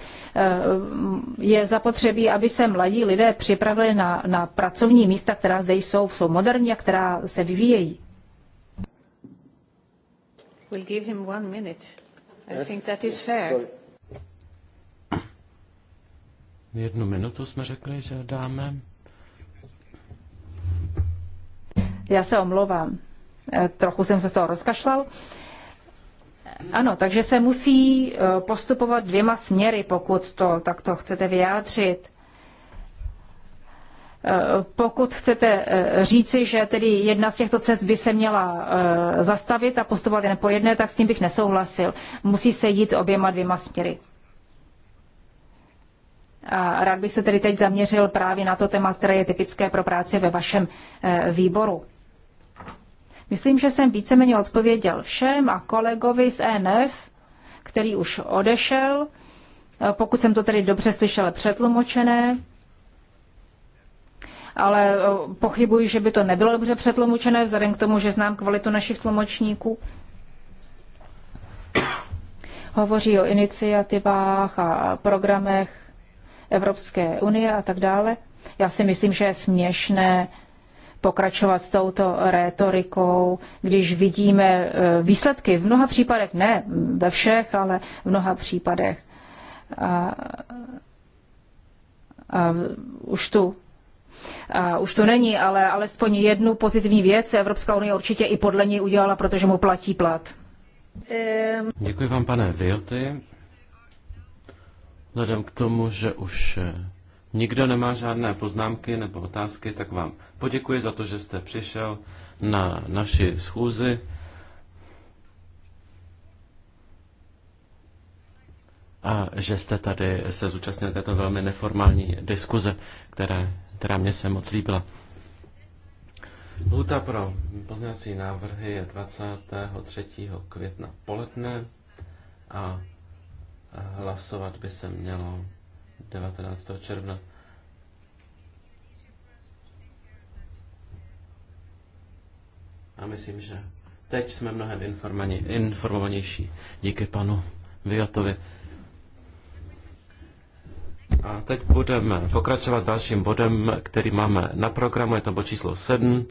je zapotřebí, aby se mladí lidé připravili na, na pracovní místa, která zde jsou, jsou moderní a která se vyvíjejí. We'll give him one minute. I think that is fair. Jednu minutu jsme řekli, že dáme. Já se omlouvám. Eh, trochu jsem se z toho rozkašlal. Ano, takže se musí eh, postupovat dvěma směry, pokud to takto chcete vyjádřit. Eh, pokud chcete říci, že tedy jedna z těchto cest by se měla zastavit a postupovat jen po jedné, tak s tím bych nesouhlasil. Musí se jít oběma dvěma směry. A rád bych se tedy teď zaměřil právě na to téma, které je typické pro práci ve vašem výboru. Myslím, že jsem víceméně odpověděl všem a kolegovi z ENF, který už odešel, eh, pokud jsem to tedy dobře slyšel, přetlumočené, ale eh, pochybuji, že by to nebylo dobře přetlumočené, vzhledem k tomu, že znám kvalitu našich tlumočníků. Hovoří o iniciativách a programech Evropské unie a tak dále. Já si myslím, že je směšné pokračovat s touto rétorikou, když vidíme e, výsledky, v mnoha případech, ne ve všech, ale v mnoha případech. A, a už tu a už to není, ale alespoň jednu pozitivní věc Evropská unie určitě i podle něj udělala, protože mu platí plat. Děkuji vám, pane Vilty. Vzhledem k tomu, že už nikdo nemá žádné poznámky nebo otázky, tak vám poděkuji za to, že jste přišel na naši schůzi. a že jste tady se zúčastnil této velmi neformální diskuze, které, která mě se moc líbila. Lhuta pro pozměňovací návrhy je 23. května poledne a hlasovat by se mělo 19. června. A myslím, že teď jsme mnohem informovanější. Díky panu Vyjatovi. A teď budeme pokračovat dalším bodem, který máme na programu, je to bod číslo 7.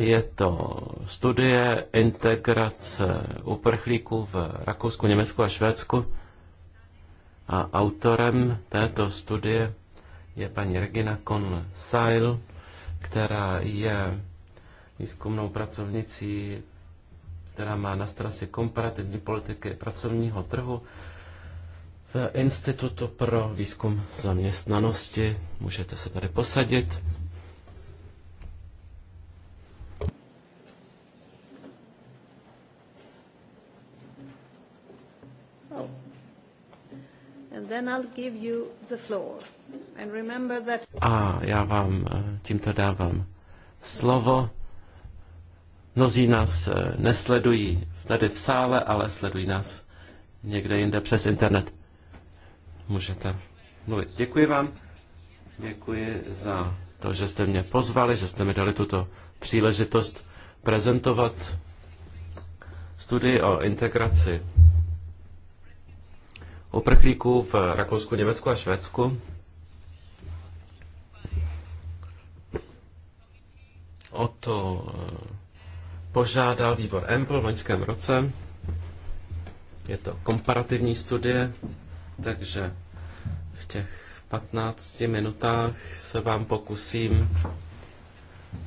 Je to studie integrace uprchlíků v Rakousku, Německu a Švédsku. A autorem této studie je paní Regina Kon Seil, která je výzkumnou pracovnicí, která má na starosti komparativní politiky pracovního trhu v Institutu pro výzkum zaměstnanosti. Můžete se tady posadit. A já vám eh, tímto dávám slovo. Mnozí nás eh, nesledují tady v sále, ale sledují nás někde jinde přes internet. Můžete mluvit. Děkuji vám. Děkuji za to, že jste mě pozvali, že jste mi dali tuto příležitost prezentovat studii o integraci uprchlíků v Rakousku, Německu a Švédsku. O to eh, požádal výbor EMPL v loňském roce. Je to komparativní studie, takže v těch 15 minutách se vám pokusím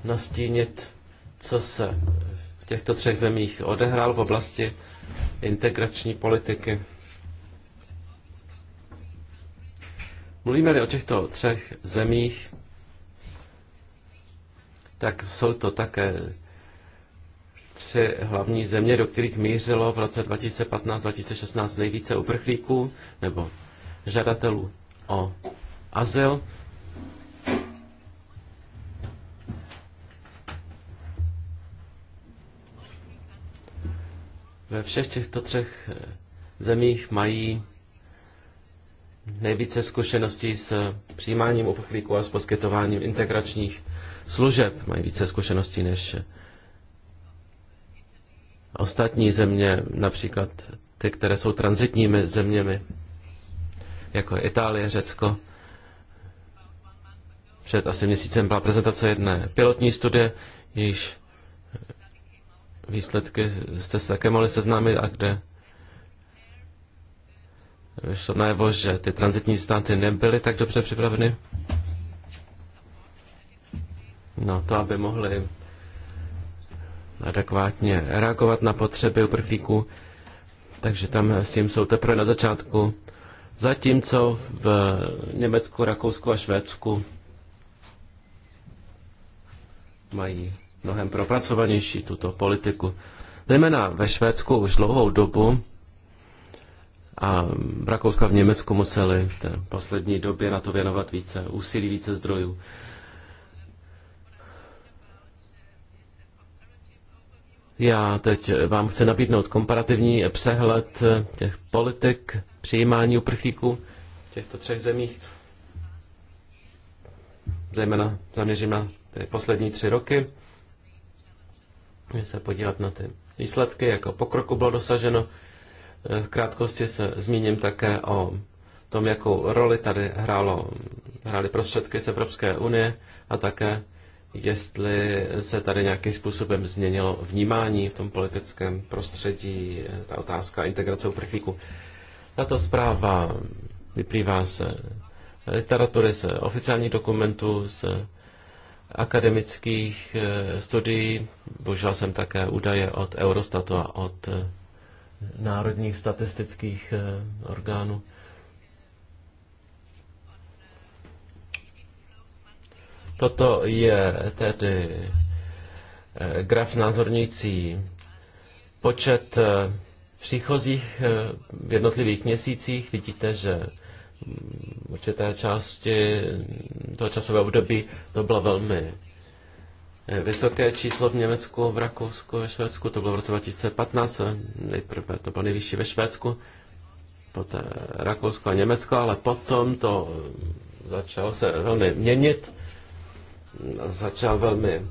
nastínit, co se v těchto třech zemích odehrál v oblasti integrační politiky. Mluvíme-li o těchto třech zemích, tak jsou to také tři hlavní země, do kterých mířilo v roce 2015-2016 nejvíce uprchlíků nebo žadatelů o azyl. Ve všech těchto třech zemích mají nejvíce zkušeností s přijímáním uprchlíků a s poskytováním integračních služeb. Mají více zkušeností než ostatní země, například ty, které jsou transitními zeměmi, jako Itálie, Řecko. Před asi měsícem byla prezentace jedné pilotní studie, již výsledky jste se také mohli seznámit a kde Šlo najevo, že ty transitní státy nebyly tak dobře připraveny. No to, aby mohli adekvátně reagovat na potřeby uprchlíků, takže tam s tím jsou teprve na začátku. Zatímco v Německu, Rakousku a Švédsku mají mnohem propracovanější tuto politiku. Zejména ve Švédsku už dlouhou dobu a v a v Německu museli v té poslední době na to věnovat více úsilí, více zdrojů. Já teď vám chci nabídnout komparativní přehled těch politik přijímání uprchlíků v těchto třech zemích. Zajména zaměřím na ty poslední tři roky. Mě se podívat na ty výsledky, jako pokroku bylo dosaženo. V krátkosti se zmíním také o tom, jakou roli tady hrálo, hrály prostředky z Evropské unie a také jestli se tady nějakým způsobem změnilo vnímání v tom politickém prostředí, ta otázka integrace uprchlíků. Tato zpráva vyplývá z literatury, z oficiálních dokumentů, z akademických eh, studií. Božel jsem také údaje od Eurostatu a od eh, národních statistických eh, orgánů. Toto je tedy eh, graf znázorňující počet eh, příchozích v jednotlivých měsících. Vidíte, že v mm, určité části toho časového období to bylo velmi Eh, vysoké číslo v Německu, v Rakousku, ve Švédsku. To bylo v roce 2015. Eh, nejprve to bylo nejvyšší ve Švédsku, poté Rakousko a Německo, ale potom to eh, začalo se velmi měnit. Začal velmi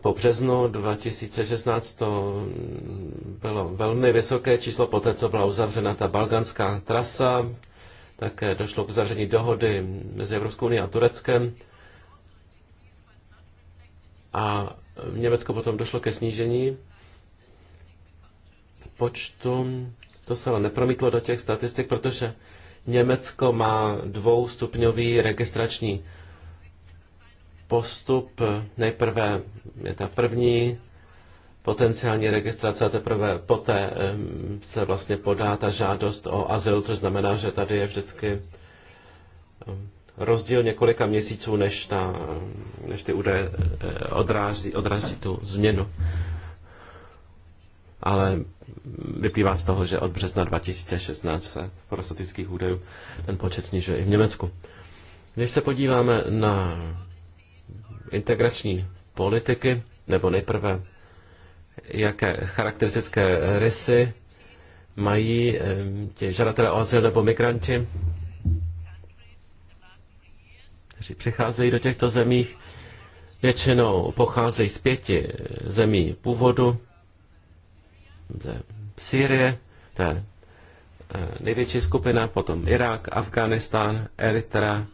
po březnu 2016 to mm, bylo velmi vysoké číslo, poté co byla uzavřena ta balganská trasa, také došlo k uzavření dohody mezi Evropskou unii a Tureckem a v Německu potom došlo ke snížení počtu. To se ale nepromítlo do těch statistik, protože Německo má dvoustupňový registrační postup. Nejprve je ta první potenciální registrace a teprve poté se vlastně podá ta žádost o azyl, což znamená, že tady je vždycky rozdíl několika měsíců, než, ta, než ty údaje eh, odráží, odráží tu změnu. Ale vyplývá z toho, že od března 2016 se podle statických údajů ten počet snižuje i v Německu. Když se podíváme na integrační politiky, nebo nejprve, jaké charakteristické rysy mají eh, ti žadatelé o azyl nebo migranti, kteří přicházejí do těchto zemích, většinou pocházejí z pěti zemí původu, ze Sýrie, to je eh, největší skupina, potom Irák, Afghánistán, Eritrea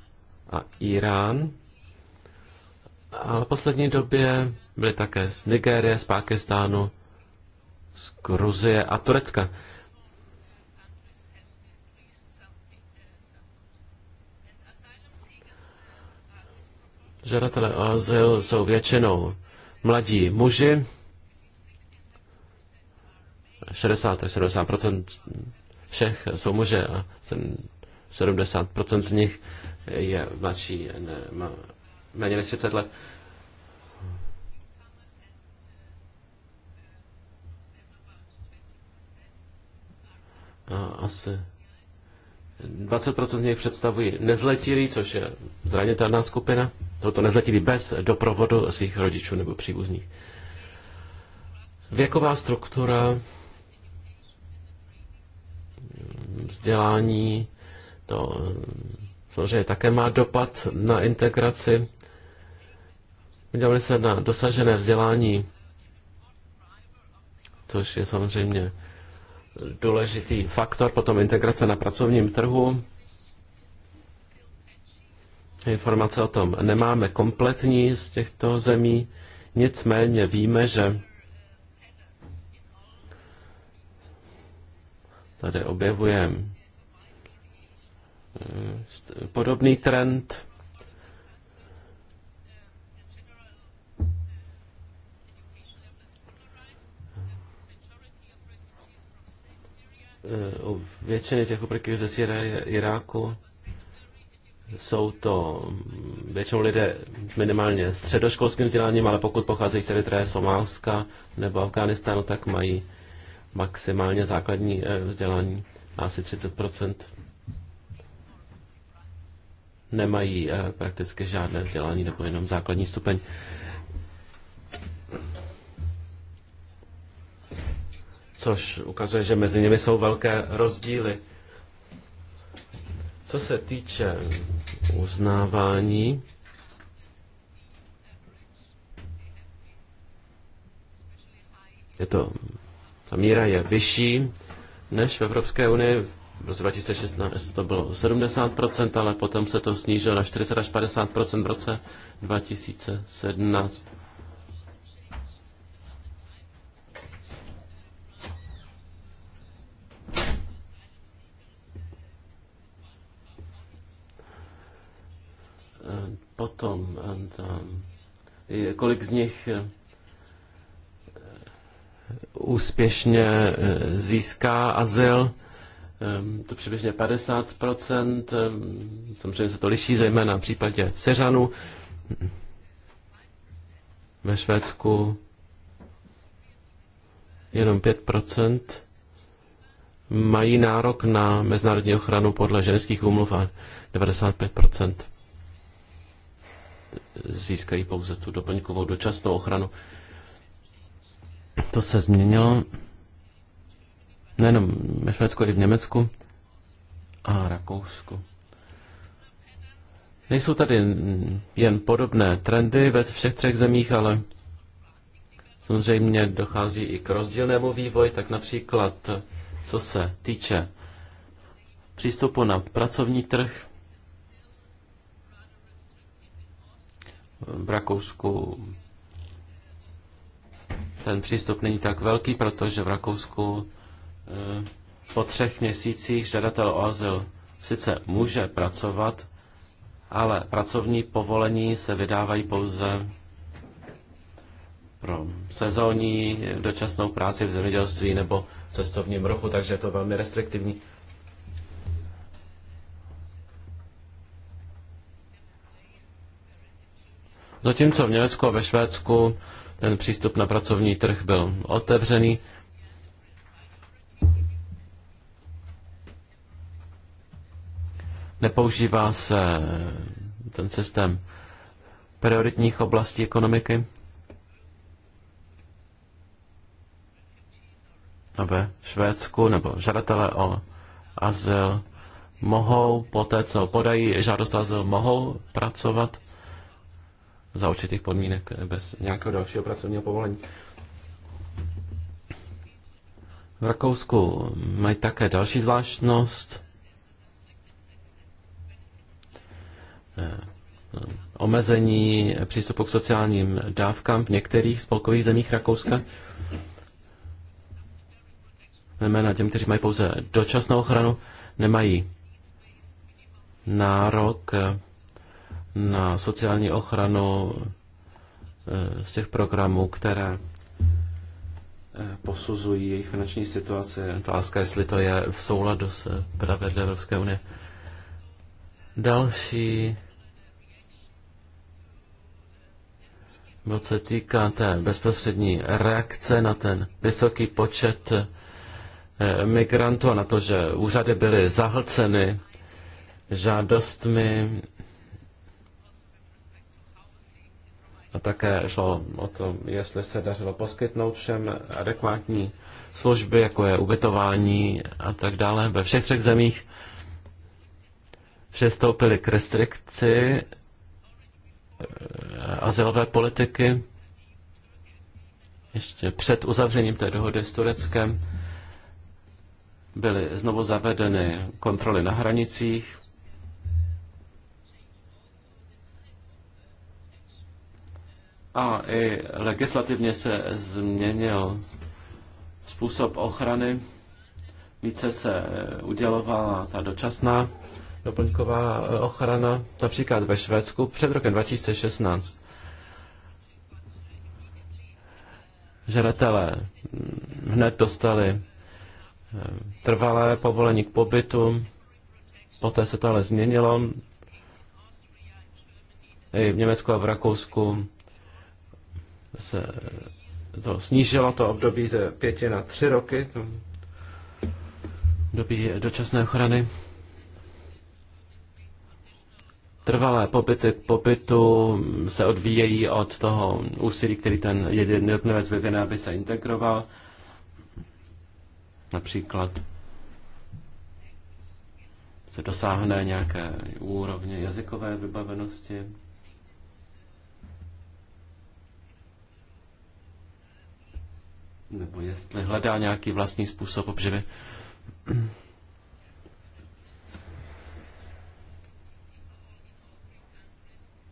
a Irán. A v poslední době byly také z Nigérie, z Pákistánu, z Gruzie a Turecka. Žadatelé o azyl jsou většinou mladí muži, 60 až 70 všech jsou muže a 70 z nich je mladší, ne, méně než 30 let. A asi 20% z nich představují nezletilí, což je zranitelná skupina tohoto nezletilí bez doprovodu svých rodičů nebo příbuzných. Věková struktura vzdělání, to samozřejmě také má dopad na integraci. Udělali se na dosažené vzdělání, což je samozřejmě důležitý faktor potom integrace na pracovním trhu. Informace o tom nemáme kompletní z těchto zemí, nicméně víme, že tady objevujeme eh, podobný trend. Eh, u většiny těch uprchlíků ze Syrie, Iráku jsou to mm, většinou lidé minimálně středoškolským vzděláním, ale pokud pocházejí z Eritreje, Somálska nebo Afganistánu, tak mají maximálně základní eh, vzdělání asi 30 nemají eh, prakticky žádné vzdělání nebo jenom základní stupeň. Což ukazuje, že mezi nimi jsou velké rozdíly. Co se týče uznávání, je to, ta míra je vyšší než v Evropské unii. V roce 2016 to bylo 70%, ale potom se to snížilo na 40 až 50% v roce 2017. potom, um, kolik z nich eh, úspěšně získá azyl, to přibližně 50%, samozřejmě se to liší, zejména v případě Seřanu ve Švédsku jenom 5% mají nárok na mezinárodní ochranu podle ženských úmluv a 95% získají pouze tu doplňkovou dočasnou ochranu. To se změnilo nejenom ve Švédsku, i v Německu a Rakousku. Nejsou tady jen podobné trendy ve všech třech zemích, ale samozřejmě dochází i k rozdílnému vývoji, tak například co se týče přístupu na pracovní trh, v Rakousku ten přístup není tak velký, protože v Rakousku eh, po třech měsících žadatel o azyl sice může pracovat, ale pracovní povolení se vydávají pouze pro sezónní dočasnou práci v zemědělství nebo cestovním ruchu, takže je to velmi restriktivní. Zatímco v Německu a ve Švédsku ten přístup na pracovní trh byl otevřený. Nepoužívá se ten systém prioritních oblastí ekonomiky. A ve Švédsku nebo žadatelé o azyl mohou, po té co podají žádost o azyl, mohou pracovat za určitých podmínek eh, bez nějakého dalšího pracovního povolení. V Rakousku mají také další zvláštnost. Eh, omezení přístupu k sociálním dávkám v některých spolkových zemích Rakouska. Jména těm, kteří mají pouze dočasnou ochranu, nemají nárok eh, na sociální ochranu eh, z těch programů, které eh, posuzují jejich finanční situaci. Otázka, jestli to je v souladu s pravidly Evropské unie. Další co se týká té bezprostřední reakce na ten vysoký počet eh, migrantů a na to, že úřady byly zahlceny žádostmi A také šlo o to, jestli se dařilo poskytnout všem adekvátní služby, jako je ubytování a tak dále. Ve všech třech zemích přistoupili k restrikci eh, azylové politiky ještě před uzavřením té dohody s Tureckem byly znovu zavedeny kontroly na hranicích a i legislativně se změnil způsob ochrany. Více se udělovala ta dočasná doplňková ochrana, například ve Švédsku před rokem 2016. Žadatelé hned dostali eh, trvalé povolení k pobytu, poté se to ale změnilo. I v Německu a v Rakousku se to snížilo to období ze pěti na tři roky, to období dočasné ochrany. Trvalé pobyty k pobytu se odvíjejí od toho úsilí, který ten jednotlivec vyvine, aby se integroval. Například se dosáhne nějaké úrovně jazykové vybavenosti. nebo jestli hledá nějaký vlastní způsob obživy.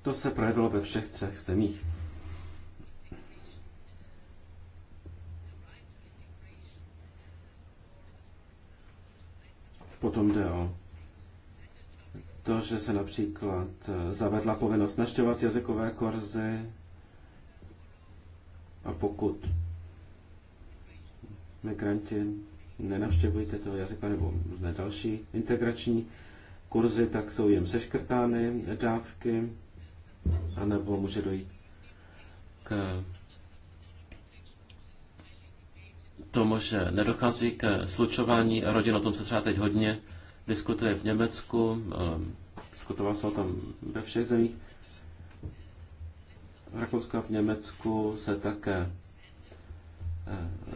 To se projevilo ve všech třech zemích. Potom jde o to, že se například eh, zavedla povinnost naštěvovat jazykové korzy a pokud migranti nenavštěvujte toho jazyka nebo různé další integrační kurzy, tak jsou jim seškrtány dávky, anebo může dojít k tomu, že nedochází k slučování rodin, o tom se třeba teď hodně diskutuje v Německu, eh, diskutoval se o tom ve všech zemích. V Rakousku a v Německu se také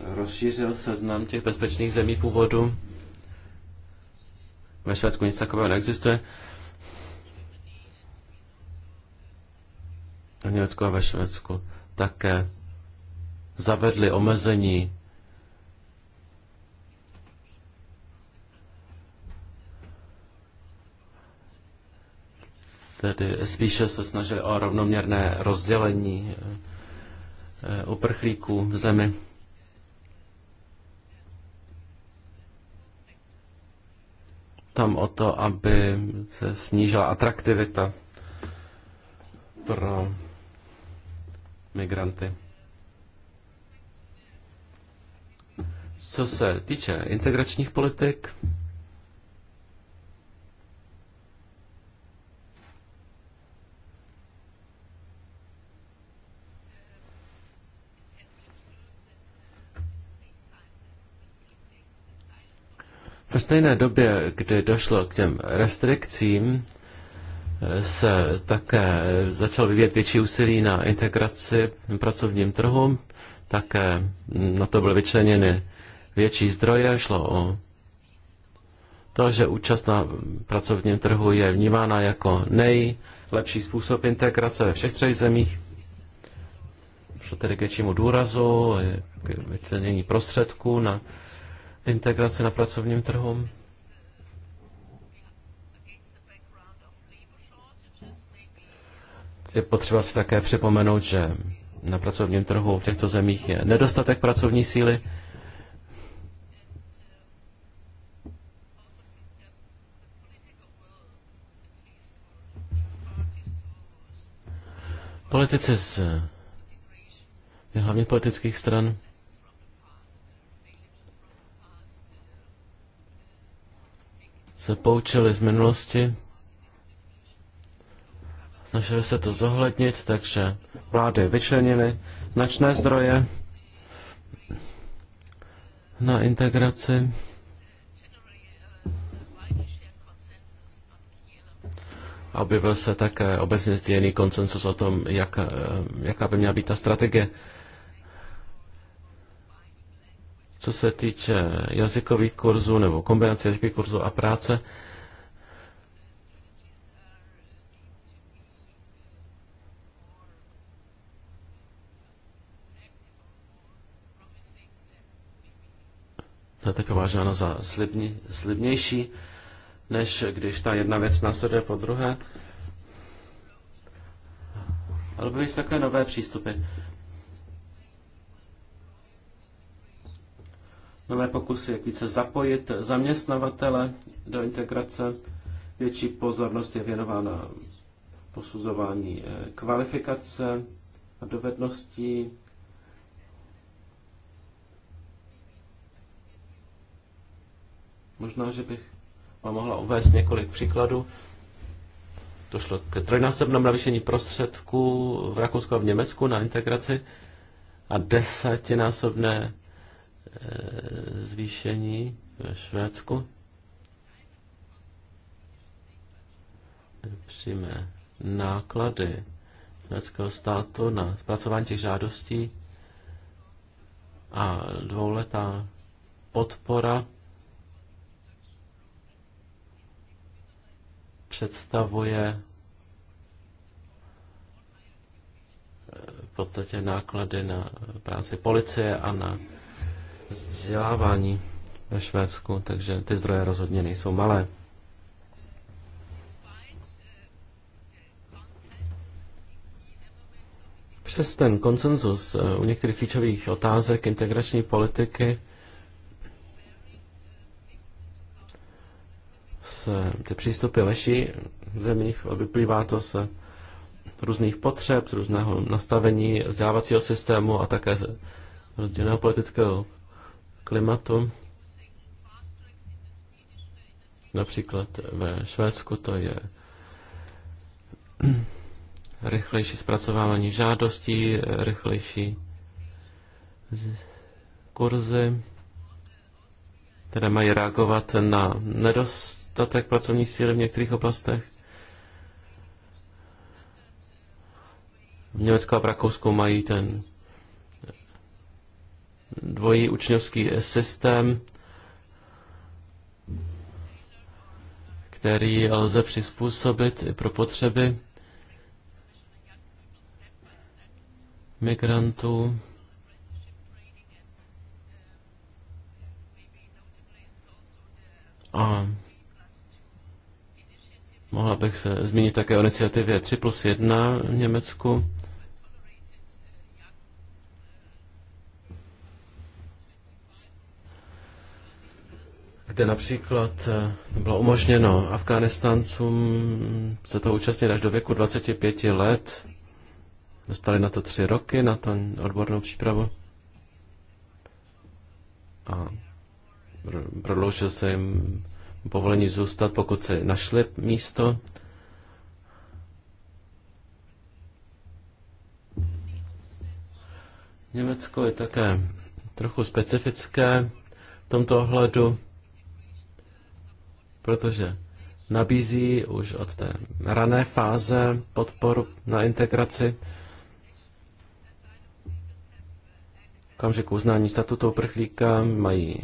rozšířil seznam těch bezpečných zemí původu. Ve Švédsku nic takového neexistuje. V Německu a ve Švédsku také zavedli omezení tedy spíše se snažili o rovnoměrné rozdělení eh, uprchlíků v zemi. tam o to, aby se snížila atraktivita pro migranty. Co se týče integračních politik, Ve stejné době, kdy došlo k těm restrikcím, se také začal vyvíjet větší úsilí na integraci pracovním trhu, také na to byly vyčleněny větší zdroje, šlo o to, že účast na pracovním trhu je vnímána jako nejlepší způsob integrace ve všech třech zemích. Šlo tedy k většímu důrazu, k vyčlenění prostředků na Integrace na pracovním trhu. Je potřeba si také připomenout, že na pracovním trhu v těchto zemích je nedostatek pracovní síly. Politici z hlavně politických stran se poučili z minulosti, snažili se to zohlednit, takže vlády vyčlenily značné zdroje na integraci. objevil se také obecně sdílený koncensus o tom, jak, eh, jaká by měla být ta strategie. Co se týče jazykových kurzů nebo kombinace jazykových kurzů a práce, to je taková žána za slibni, slibnější, než když ta jedna věc následuje po druhé. Ale byly takové nové přístupy. nové pokusy, jak více zapojit zaměstnavatele do integrace. Větší pozornost je věnována posuzování eh, kvalifikace a dovedností. Možná, že bych vám mohla uvést několik příkladů. To šlo k trojnásobnému navýšení prostředků v Rakousku a v Německu na integraci a desetinásobné zvýšení ve Švédsku. Přímé náklady švédského státu na zpracování těch žádostí a dvouletá podpora představuje v podstatě náklady na práci policie a na vzdělávání ve Švédsku, takže ty zdroje rozhodně nejsou malé. Přes ten konsenzus eh, u některých klíčových otázek integrační politiky se ty přístupy leší v zemích, vyplývá to se různých potřeb, z různého nastavení vzdělávacího systému a také z rozdílného politického klimatu. Například ve Švédsku to je rychlejší zpracovávání žádostí, rychlejší kurzy, které mají reagovat na nedostatek pracovní síly v některých oblastech. V Německu a v Rakousku mají ten dvojí učňovský systém, který lze přizpůsobit i pro potřeby migrantů. A mohla bych se zmínit také o iniciativě 3 plus 1 v Německu, kde například eh, bylo umožněno Afghánistáncům se toho účastnit až do věku 25 let. Dostali na to tři roky, na to odbornou přípravu. A prodloužil se jim povolení zůstat, pokud si našli místo. Německo je také trochu specifické v tomto ohledu protože nabízí už od té rané fáze podporu na integraci. Okamžiku uznání statutu uprchlíka mají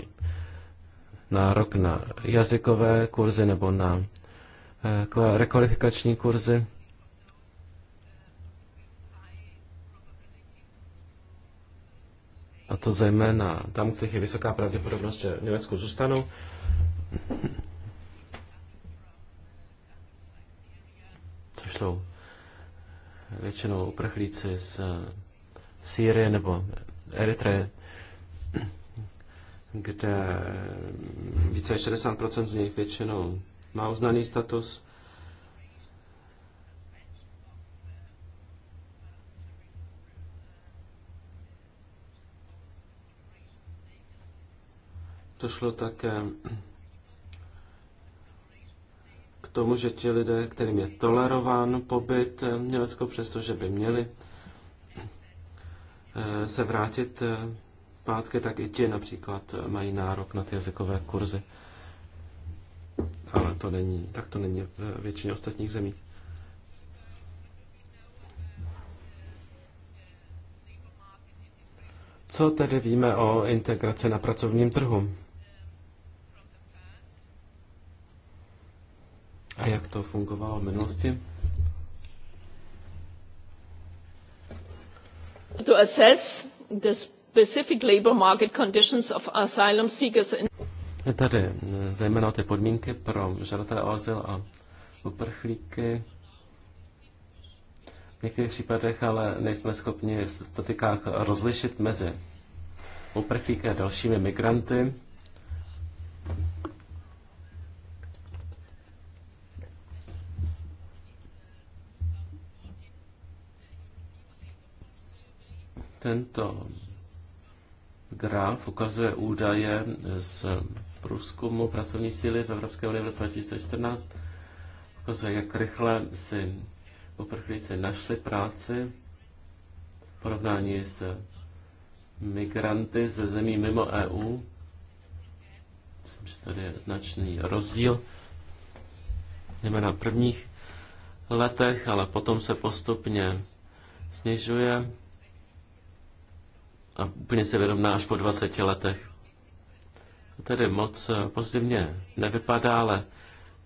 nárok na jazykové kurzy nebo na eh, rekvalifikační kurzy. A to zejména tam, kde je vysoká pravděpodobnost, že v Německu zůstanou. jsou většinou uprchlíci z Sýrie nebo Eritreje, kde více než 60% z nich většinou má uznaný status. To šlo také tomu, že ti lidé, kterým je tolerován pobyt v eh, Německu, přestože by měli eh, se vrátit eh, zpátky, tak i ti například mají nárok na ty jazykové kurzy. Ale to není, tak to není v většině ostatních zemí. Co tedy víme o integraci na pracovním trhu? A jak to fungovalo v minulosti? To assess the specific labor market conditions of asylum seekers in Tady zejména ty podmínky pro žadatele o azyl a uprchlíky. V některých případech ale nejsme schopni v statikách rozlišit mezi uprchlíky a dalšími migranty. Tento graf ukazuje údaje z průzkumu pracovní síly v Evropské unii v roce 2014. Ukazuje, jak rychle si uprchlíci našli práci v porovnání s migranty ze zemí mimo EU. Myslím, že tady je značný rozdíl. Jdeme na prvních letech, ale potom se postupně snižuje a úplně se vyrovná až po 20 letech. Tedy moc pozitivně nevypadá, ale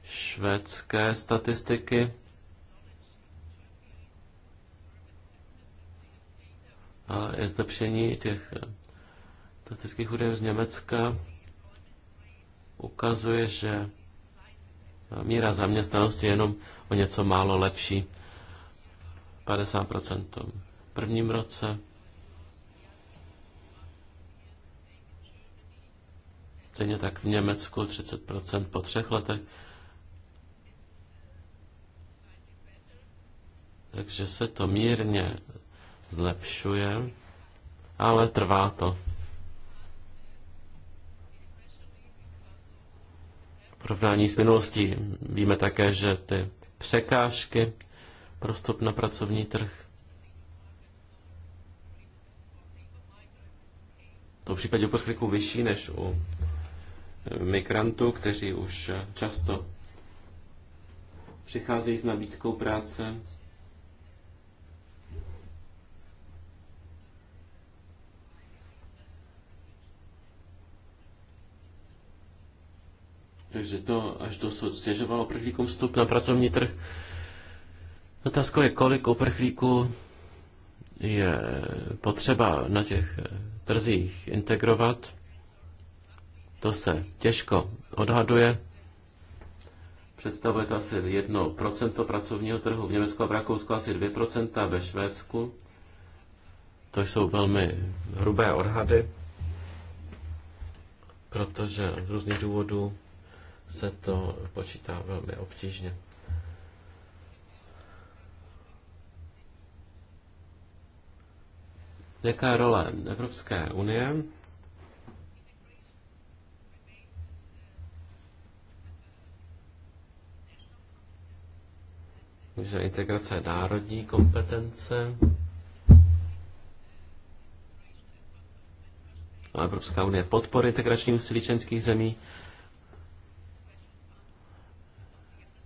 švédské statistiky a je zlepšení těch statistických údajů z Německa ukazuje, že míra zaměstnanosti je jenom o něco málo lepší. 50% v prvním roce, Stejně tak v Německu 30% po třech letech. Takže se to mírně zlepšuje, ale trvá to. V porovnání s minulostí víme také, že ty překážky pro vstup na pracovní trh to v případě uprchlíků vyšší než u migrantů, kteří už často přicházejí s nabídkou práce. Takže to až dosud stěžovalo prchlíkům vstup na pracovní trh. otázka je, kolik uprchlíků je potřeba na těch trzích integrovat. To se těžko odhaduje. Představuje to asi 1% pracovního trhu v Německu a v Rakousku, asi 2% ve Švédsku. To jsou velmi hrubé odhady, protože z různých důvodů se to počítá velmi obtížně. Jaká je role Evropské unie? že integrace je národní kompetence, Evropská unie podpory integrační úsilí členských zemí.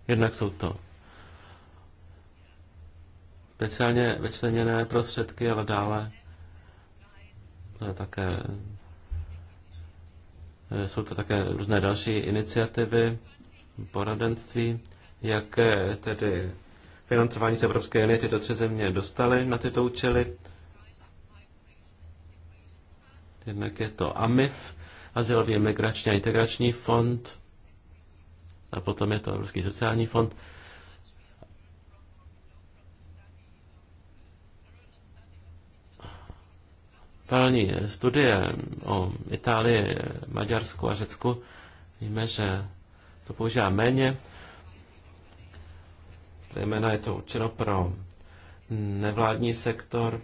Jednak jsou to speciálně vyčleněné prostředky, ale dále to je také, jsou to také různé další iniciativy, poradenství, jak tedy financování z Evropské unie tyto tři země dostaly na tyto účely. Jednak je to AMIF, Azylový migrační a integrační fond, a potom je to Evropský sociální fond. Paralelní studie o Itálii, Maďarsku a Řecku víme, že to používá méně Zejména je to určeno pro nevládní sektor.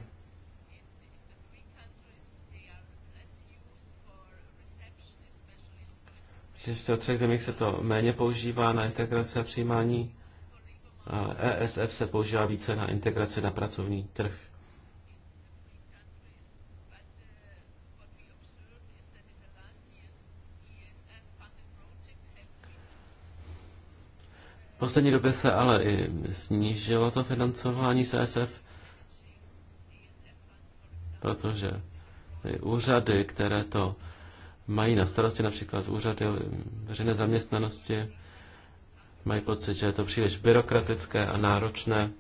Ještě o třech zemích se to méně používá na integraci a přijímání. ESF e se používá více na integraci na pracovní trh. poslední době se ale i snížilo to financování CSF, protože úřady, které to mají na starosti, například úřady veřejné zaměstnanosti, mají pocit, že je to příliš byrokratické a náročné.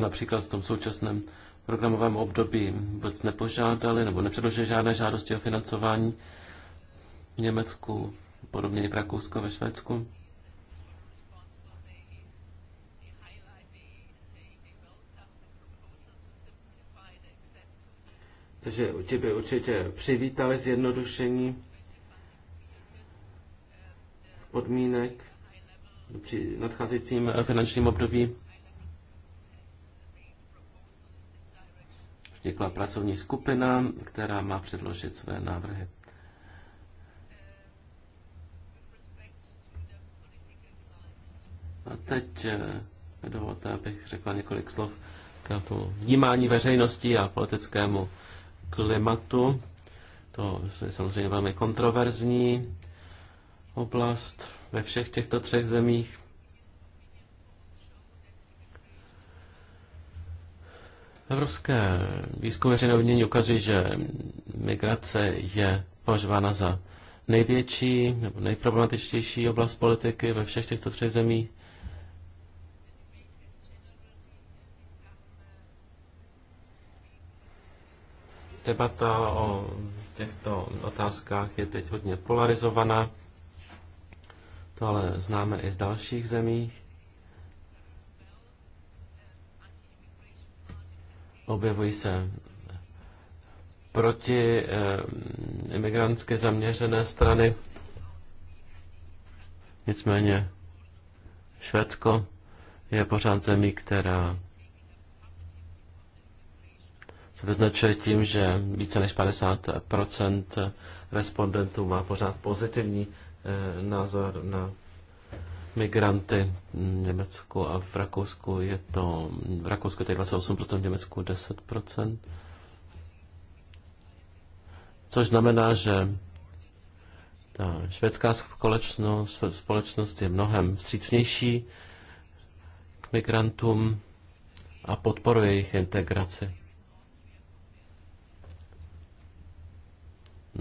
například v tom současném programovém období vůbec nepožádali nebo nepředložili žádné žádosti o financování v Německu, podobně i v Rakousku ve Švédsku. Takže ti by určitě přivítali zjednodušení podmínek při nadcházejícím eh, finančním období. vznikla pracovní skupina, která má předložit své návrhy. A teď eh, dovolte, abych řekla několik slov k tomu vnímání veřejnosti a politickému klimatu. To je samozřejmě velmi kontroverzní oblast ve všech těchto třech zemích. Evropské výzkum veřejného mění ukazuje, že migrace je považována za největší nebo nejproblematičtější oblast politiky ve všech těchto třech zemích. Debata o těchto otázkách je teď hodně polarizovaná. To ale známe i z dalších zemích. Objevují se proti eh, imigrantsky zaměřené strany. Nicméně Švédsko je pořád zemí, která se vyznačuje tím, že více než 50 respondentů má pořád pozitivní eh, názor na migranty v Německu a v Rakousku je to, v Rakousku je to 28%, v Německu 10%. Což znamená, že ta švédská společnost, společnost je mnohem vstřícnější k migrantům a podporuje jejich integraci.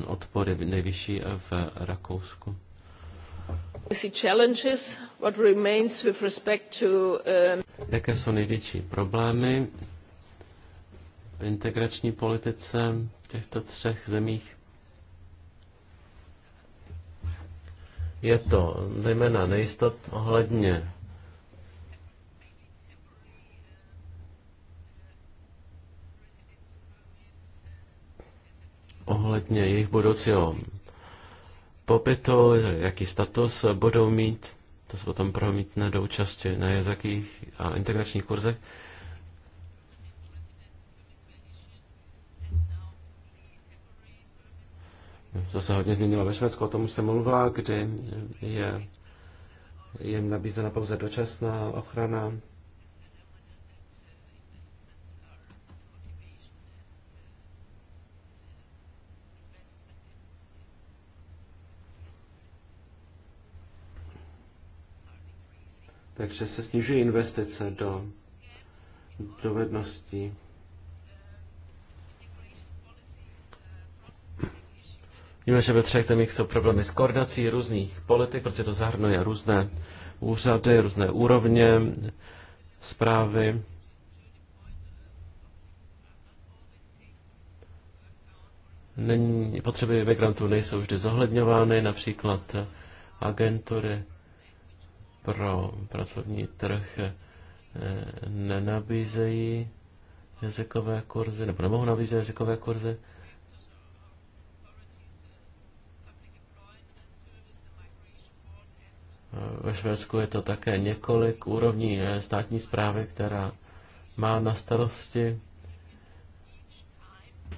Odpor je nejvyšší v Rakousku. Um, Jaké jsou největší problémy v integrační politice v těchto třech zemích? Je to zejména nejistot ohledně ohledně jejich budoucího pobytu, jaký status budou mít, to se potom promítne do účasti na jazykých a integračních kurzech. To se hodně změnilo ve Švédsku, o tom už jsem mluvila, kdy je jim nabízena pouze dočasná ochrana Takže se snižují investice do dovedností. Víme, že ve třech temích jsou problémy s koordinací různých politik, protože to zahrnuje různé úřady, různé úrovně zprávy. Není, potřeby migrantů nejsou vždy zohledňovány, například agentury pro pracovní trh eh, nenabízejí jazykové kurzy, nebo nemohou nabízet jazykové kurzy. Ve Švédsku je to také několik úrovní eh, státní zprávy, která má na starosti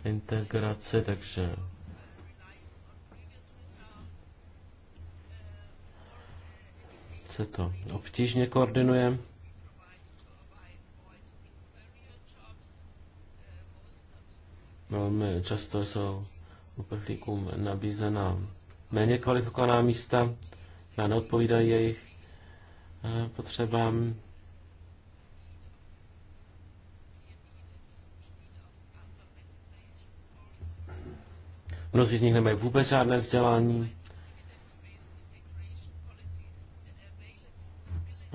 integraci, takže se to obtížně koordinuje. Velmi často jsou uprchlíkům nabízena méně kvalifikovaná místa, která neodpovídají jejich eh, potřebám. Mnozí z nich nemají vůbec žádné vzdělání.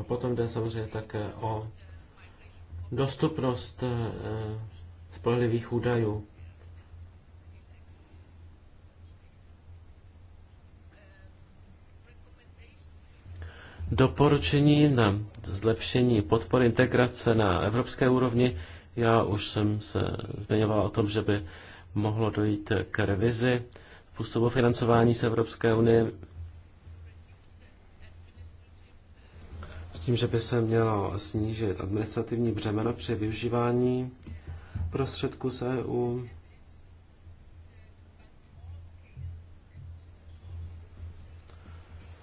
A potom jde samozřejmě také o dostupnost eh, spolehlivých údajů. Doporučení na zlepšení podpory integrace na evropské úrovni. Já už jsem se zmiňoval o tom, že by mohlo dojít k revizi způsobu financování z Evropské unie tím, že by se mělo snížit administrativní břemeno při využívání prostředků z EU.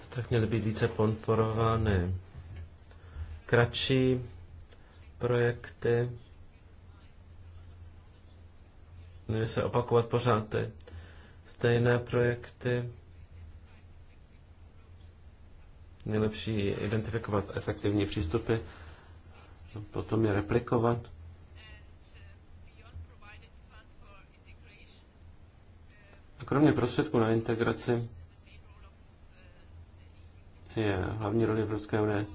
Tak měly být více podporovány kratší projekty. Měly se opakovat pořád ty stejné projekty. Nejlepší je identifikovat efektivní přístupy, potom je replikovat. A kromě prostředků na integraci je hlavní roli Evropské unie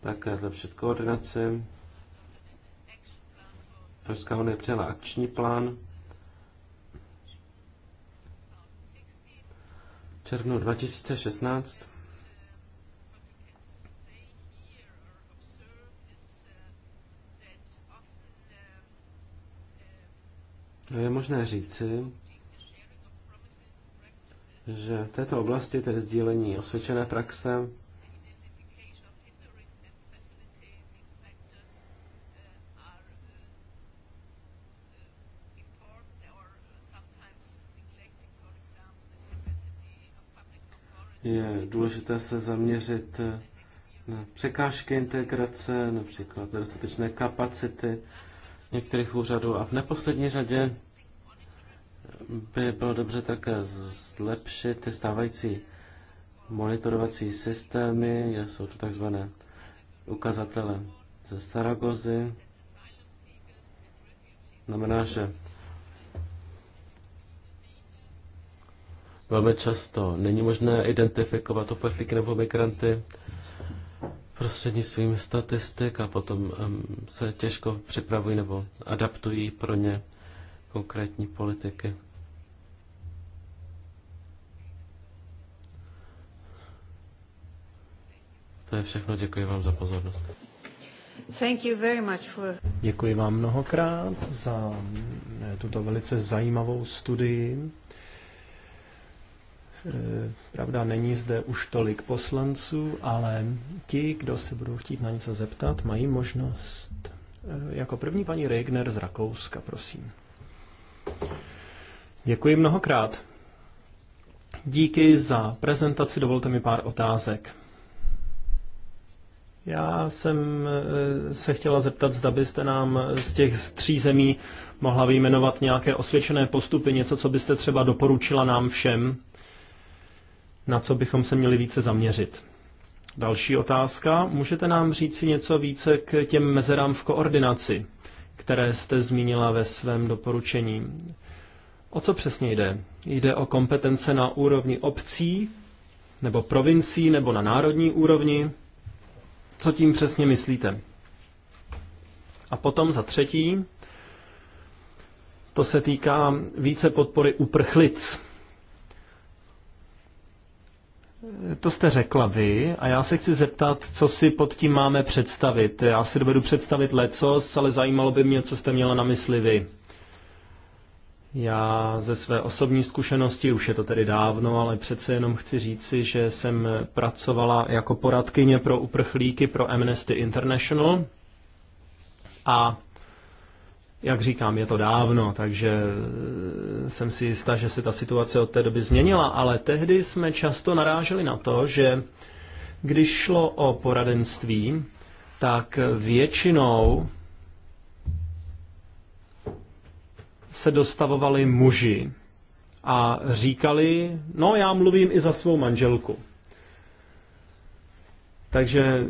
také zlepšit koordinaci. Evropská unie přijala akční plán v červnu 2016 Je možné říci, že v této oblasti, tedy sdílení osvědčené praxe, je důležité se zaměřit na překážky integrace, například nedostatečné kapacity některých úřadů. A v neposlední řadě by bylo dobře také zlepšit ty stávající monitorovací systémy, jsou to takzvané ukazatele ze Saragozy. Znamená, že velmi často není možné identifikovat uprchlíky nebo migranty prostřednictvím statistik a potom se těžko připravují nebo adaptují pro ně konkrétní politiky. To je všechno, děkuji vám za pozornost. Thank you very much for... Děkuji vám mnohokrát za eh, tuto velice zajímavou studii Eh, pravda, není zde už tolik poslanců, ale ti, kdo se budou chtít na něco zeptat, mají možnost. Eh, jako první paní Regner z Rakouska, prosím. Děkuji mnohokrát. Díky za prezentaci, dovolte mi pár otázek. Já jsem eh, se chtěla zeptat, zda byste nám z těch tří zemí mohla vyjmenovat nějaké osvědčené postupy, něco, co byste třeba doporučila nám všem, na co bychom se měli více zaměřit. Další otázka. Můžete nám říci něco více k těm mezerám v koordinaci, které jste zmínila ve svém doporučení? O co přesně jde? Jde o kompetence na úrovni obcí, nebo provincií, nebo na národní úrovni? Co tím přesně myslíte? A potom za třetí, to se týká více podpory uprchlic to jste řekla vy a já se chci zeptat, co si pod tím máme představit. Já si dovedu představit lecos, ale zajímalo by mě, co jste měla na mysli vy. Já ze své osobní zkušenosti, už je to tedy dávno, ale přece jenom chci říci, že jsem pracovala jako poradkyně pro uprchlíky pro Amnesty International a jak říkám, je to dávno, takže e, jsem si jistá, že se ta situace od té doby změnila, ale tehdy jsme často naráželi na to, že když šlo o poradenství, tak většinou se dostavovali muži a říkali, no já mluvím i za svou manželku. Takže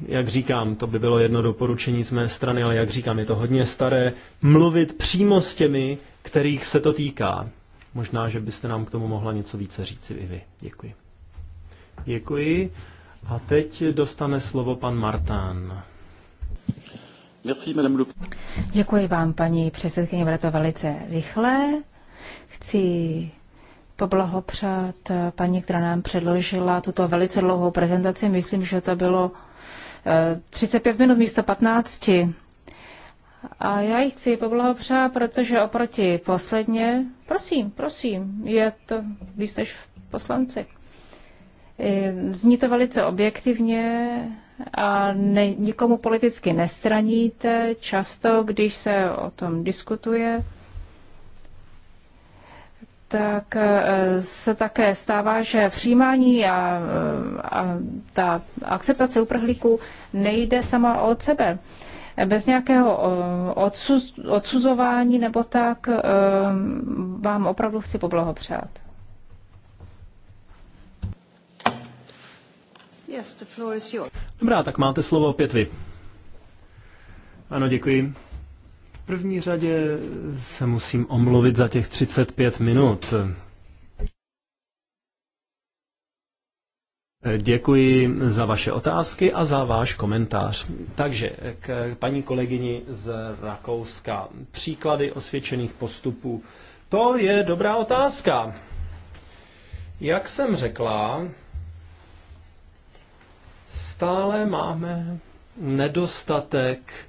jak říkám, to by bylo jedno doporučení z mé strany, ale jak říkám, je to hodně staré, mluvit přímo s těmi, kterých se to týká. Možná, že byste nám k tomu mohla něco více říci i vy. Děkuji. Děkuji. A teď dostane slovo pan Martán. Děkuji vám, paní předsedkyně, bude to velice rychle. Chci poblahopřát paní, která nám předložila tuto velice dlouhou prezentaci. Myslím, že to bylo 35 minut místo 15. A já ji chci poblahopřát, protože oproti posledně, prosím, prosím, je to víc jste poslanci. Eh, Zní to velice objektivně a ne, nikomu politicky nestraníte. Často, když se o tom diskutuje, tak eh, se také stává, že přijímání a, eh, a ta akceptace uprchlíků nejde sama od sebe. Bez nějakého eh, odsuz, odsuzování nebo tak vám opravdu chci poblahopřát. Dobrá, tak máte slovo opět vy. Ano, děkuji první řadě se musím omluvit za těch 35 minut. Děkuji za vaše otázky a za váš komentář. Takže k paní kolegyni z Rakouska. Příklady osvědčených postupů. To je dobrá otázka. Jak jsem řekla, stále máme nedostatek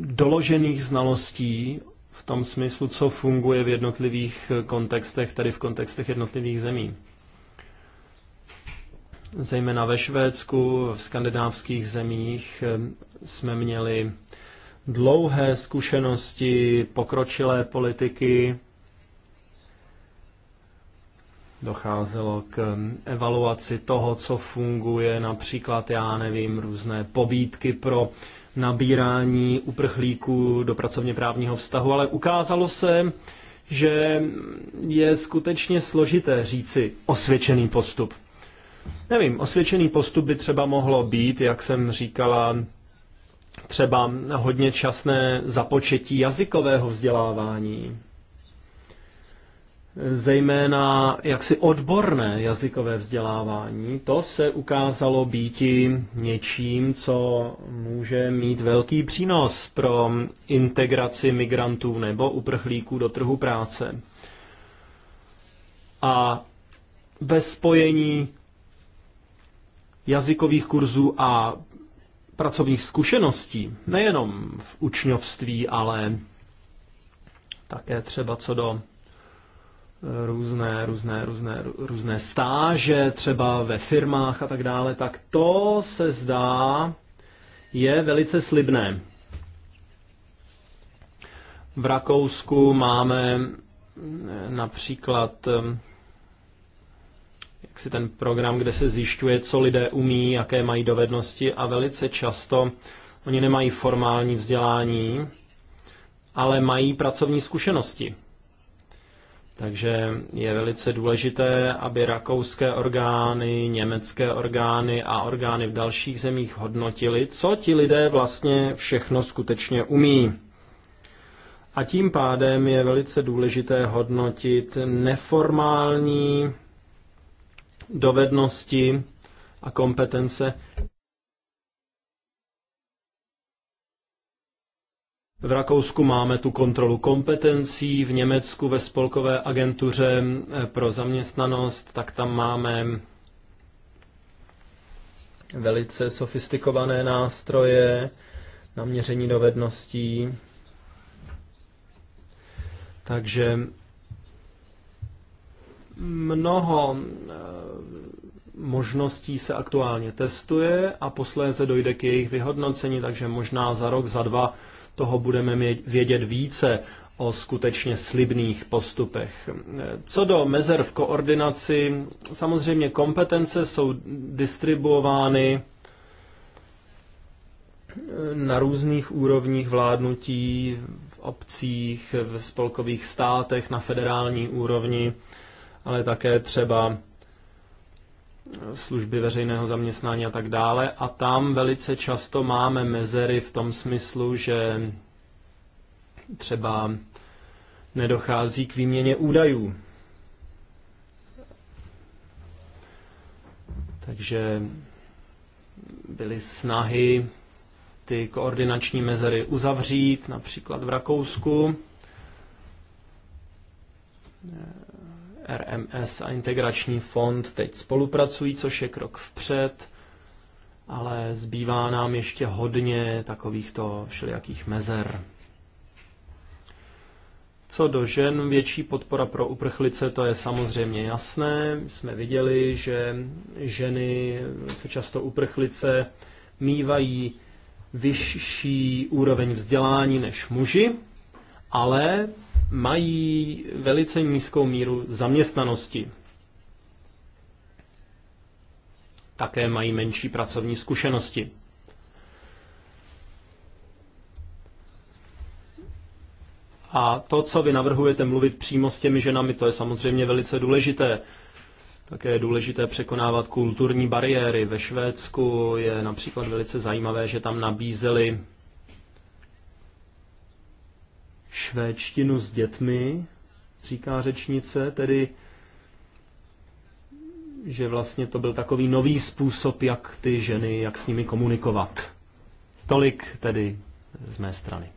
doložených znalostí v tom smyslu, co funguje v jednotlivých kontextech, tedy v kontextech jednotlivých zemí. Zejména ve Švédsku, v skandinávských zemích eh, jsme měli dlouhé zkušenosti, pokročilé politiky, docházelo k eh, evaluaci toho, co funguje, například, já nevím, různé pobídky pro nabírání uprchlíků do pracovně právního vztahu, ale ukázalo se, že je skutečně složité říci osvědčený postup. Nevím, osvědčený postup by třeba mohlo být, jak jsem říkala, třeba hodně časné započetí jazykového vzdělávání, zejména jaksi odborné jazykové vzdělávání, to se ukázalo býti něčím, co může mít velký přínos pro integraci migrantů nebo uprchlíků do trhu práce. A ve spojení jazykových kurzů a pracovních zkušeností, nejenom v učňovství, ale také třeba co do různé, různé, různé, různé stáže, třeba ve firmách a tak dále, tak to se zdá je velice slibné. V Rakousku máme eh, například eh, jaksi ten program, kde se zjišťuje, co lidé umí, jaké mají dovednosti a velice často oni nemají formální vzdělání, ale mají pracovní zkušenosti. Takže je velice důležité, aby rakouské orgány, německé orgány a orgány v dalších zemích hodnotili, co ti lidé vlastně všechno skutečně umí. A tím pádem je velice důležité hodnotit neformální dovednosti a kompetence V Rakousku máme tu kontrolu kompetencí, v Německu ve spolkové agentuře eh, pro zaměstnanost, tak tam máme velice sofistikované nástroje na měření dovedností. Takže mnoho eh, možností se aktuálně testuje a posléze dojde k jejich vyhodnocení, takže možná za rok, za dva toho budeme vědět více o skutečně slibných postupech. Co do mezer v koordinaci, samozřejmě kompetence jsou distribuovány na různých úrovních vládnutí, v obcích, v spolkových státech, na federální úrovni, ale také třeba služby veřejného zaměstnání a tak dále. A tam velice často máme mezery v tom smyslu, že třeba nedochází k výměně údajů. Takže byly snahy ty koordinační mezery uzavřít, například v Rakousku RMS a integrační fond teď spolupracují, což je krok vpřed, ale zbývá nám ještě hodně takovýchto všelijakých mezer. Co do žen, větší podpora pro uprchlice, to je samozřejmě jasné. Jsme viděli, že ženy, co často uprchlice, mývají vyšší úroveň vzdělání než muži, ale mají velice nízkou míru zaměstnanosti. Také mají menší pracovní zkušenosti. A to, co vy navrhujete mluvit přímo s těmi ženami, to je samozřejmě velice důležité. Také je důležité překonávat kulturní bariéry. Ve Švédsku je například velice zajímavé, že tam nabízeli švédštinu s dětmi, říká řečnice, tedy že vlastně to byl takový nový způsob, jak ty ženy, jak s nimi komunikovat. Tolik tedy z mé strany.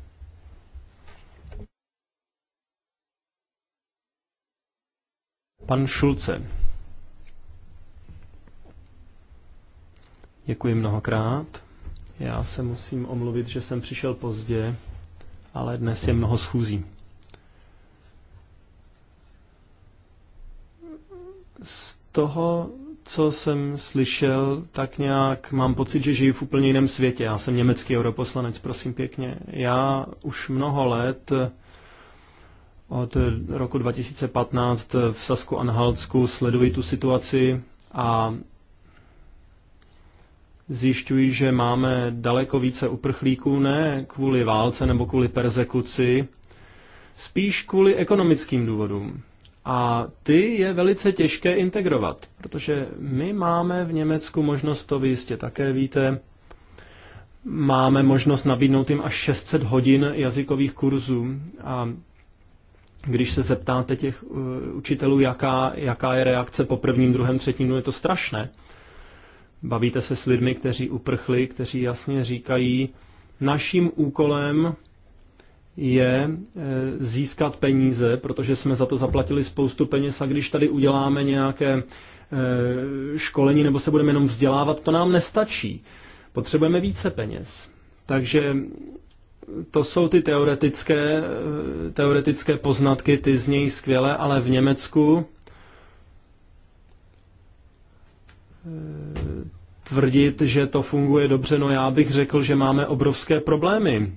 Pan Šulce. Děkuji mnohokrát. Já se musím omluvit, že jsem přišel pozdě ale dnes je mnoho schůzí. Z toho, co jsem slyšel, tak nějak mám pocit, že žiju v úplně jiném světě. Já jsem německý europoslanec, prosím pěkně. Já už mnoho let od roku 2015 v Sasku Anhaltsku sleduji tu situaci a zjišťují, že máme daleko více uprchlíků ne kvůli válce nebo kvůli persekuci, spíš kvůli ekonomickým důvodům. A ty je velice těžké integrovat, protože my máme v Německu možnost, to vy jistě také víte, máme možnost nabídnout jim až 600 hodin jazykových kurzů. A když se zeptáte těch eh, učitelů, jaká, jaká je reakce po prvním, druhém, třetím no je to strašné. Bavíte se s lidmi, kteří uprchli, kteří jasně říkají, naším úkolem je e, získat peníze, protože jsme za to zaplatili spoustu peněz a když tady uděláme nějaké e, školení nebo se budeme jenom vzdělávat, to nám nestačí. Potřebujeme více peněz. Takže to jsou ty teoretické, e, teoretické poznatky, ty něj skvěle, ale v Německu tvrdit, že to funguje dobře, no já bych řekl, že máme obrovské problémy.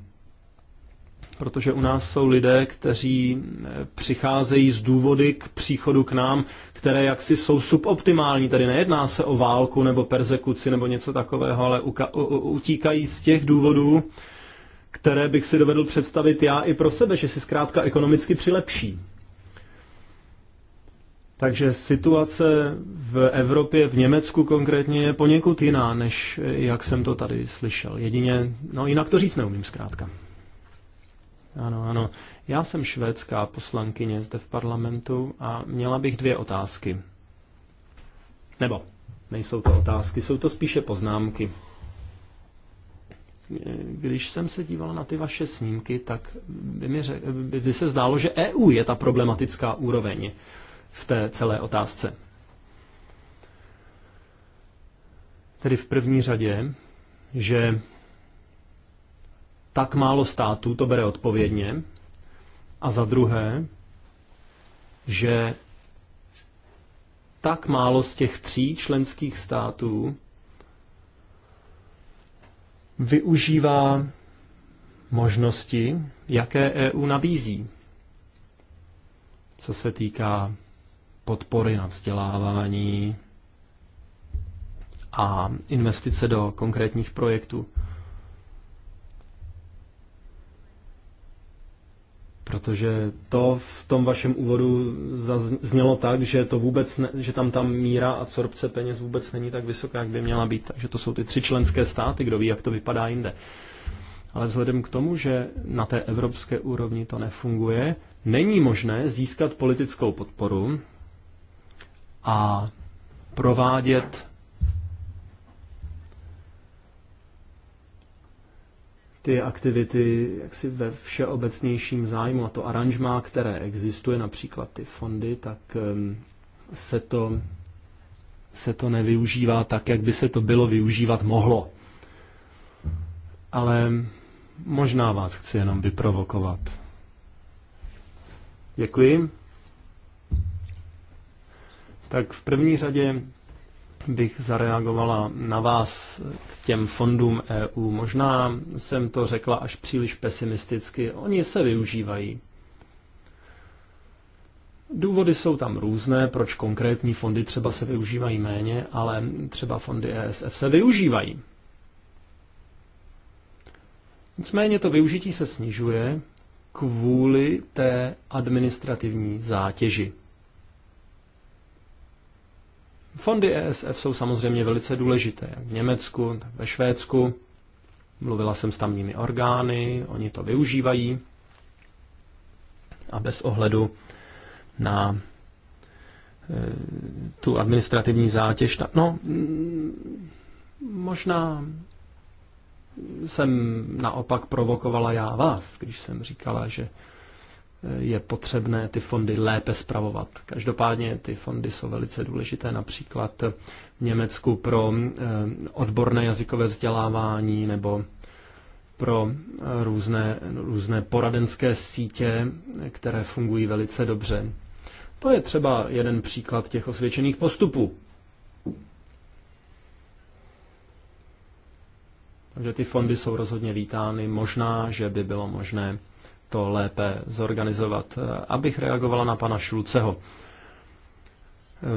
Protože u nás jsou lidé, kteří eh, přicházejí z důvody k příchodu k nám, které jaksi jsou suboptimální. Tady nejedná se o válku nebo persekuci nebo něco takového, ale utíkají z těch důvodů, které bych si dovedl představit já i pro sebe, že si zkrátka ekonomicky přilepší. Takže situace v Evropě, v Německu konkrétně, je poněkud jiná, než jak jsem to tady slyšel. Jedině, no jinak to říct neumím zkrátka. Ano, ano. Já jsem švédská poslankyně zde v parlamentu a měla bych dvě otázky. Nebo nejsou to otázky, jsou to spíše poznámky. Když jsem se díval na ty vaše snímky, tak by, mi řek, by se zdálo, že EU je ta problematická úroveň v té celé otázce. Tedy v první řadě, že tak málo států to bere odpovědně a za druhé, že tak málo z těch tří členských států využívá možnosti, jaké EU nabízí, co se týká podpory na vzdělávání a investice do konkrétních projektů. Protože to v tom vašem úvodu znělo tak, že, to vůbec ne, že tam ta míra absorpce peněz vůbec není tak vysoká, jak by měla být. Takže to jsou ty tři členské státy, kdo ví, jak to vypadá jinde. Ale vzhledem k tomu, že na té evropské úrovni to nefunguje, není možné získat politickou podporu a provádět ty aktivity jaksi ve všeobecnějším zájmu a to aranžmá, které existuje, například ty fondy, tak se to, se to nevyužívá tak, jak by se to bylo využívat mohlo. Ale možná vás chci jenom vyprovokovat. Děkuji. Tak v první řadě bych zareagovala na vás k těm fondům EU. Možná jsem to řekla až příliš pesimisticky. Oni se využívají. Důvody jsou tam různé, proč konkrétní fondy třeba se využívají méně, ale třeba fondy ESF se využívají. Nicméně to využití se snižuje kvůli té administrativní zátěži. Fondy ESF jsou samozřejmě velice důležité, jak v Německu, tak ve Švédsku. Mluvila jsem s tamními orgány, oni to využívají a bez ohledu na e, tu administrativní zátěž. No, možná jsem naopak provokovala já vás, když jsem říkala, že je potřebné ty fondy lépe spravovat. Každopádně ty fondy jsou velice důležité například v Německu pro eh, odborné jazykové vzdělávání nebo pro eh, různé, různé poradenské sítě, které fungují velice dobře. To je třeba jeden příklad těch osvědčených postupů. Takže ty fondy jsou rozhodně vítány. Možná, že by bylo možné to lépe zorganizovat. Abych reagovala na pana Šulceho.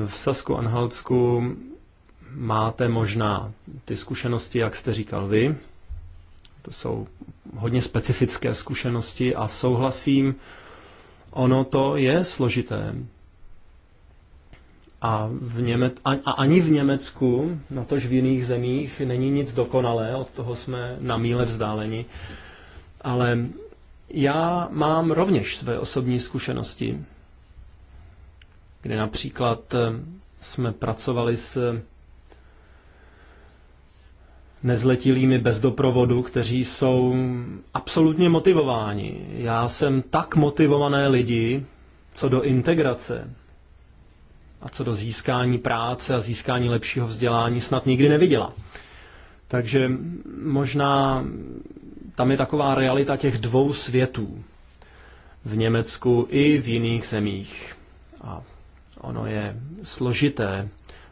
V Sasku Anhaltsku máte možná ty zkušenosti, jak jste říkal vy. To jsou hodně specifické zkušenosti a souhlasím, ono to je složité. A, v Němec- a, ani v Německu, na tož v jiných zemích, není nic dokonalé, od toho jsme na míle vzdáleni. Ale já mám rovněž své osobní zkušenosti, kdy například eh, jsme pracovali s eh, nezletilými bez doprovodu, kteří jsou absolutně motivováni. Já jsem tak motivované lidi, co do integrace a co do získání práce a získání lepšího vzdělání snad nikdy neviděla. Takže možná tam je taková realita těch dvou světů v Německu i v jiných zemích. A ono je složité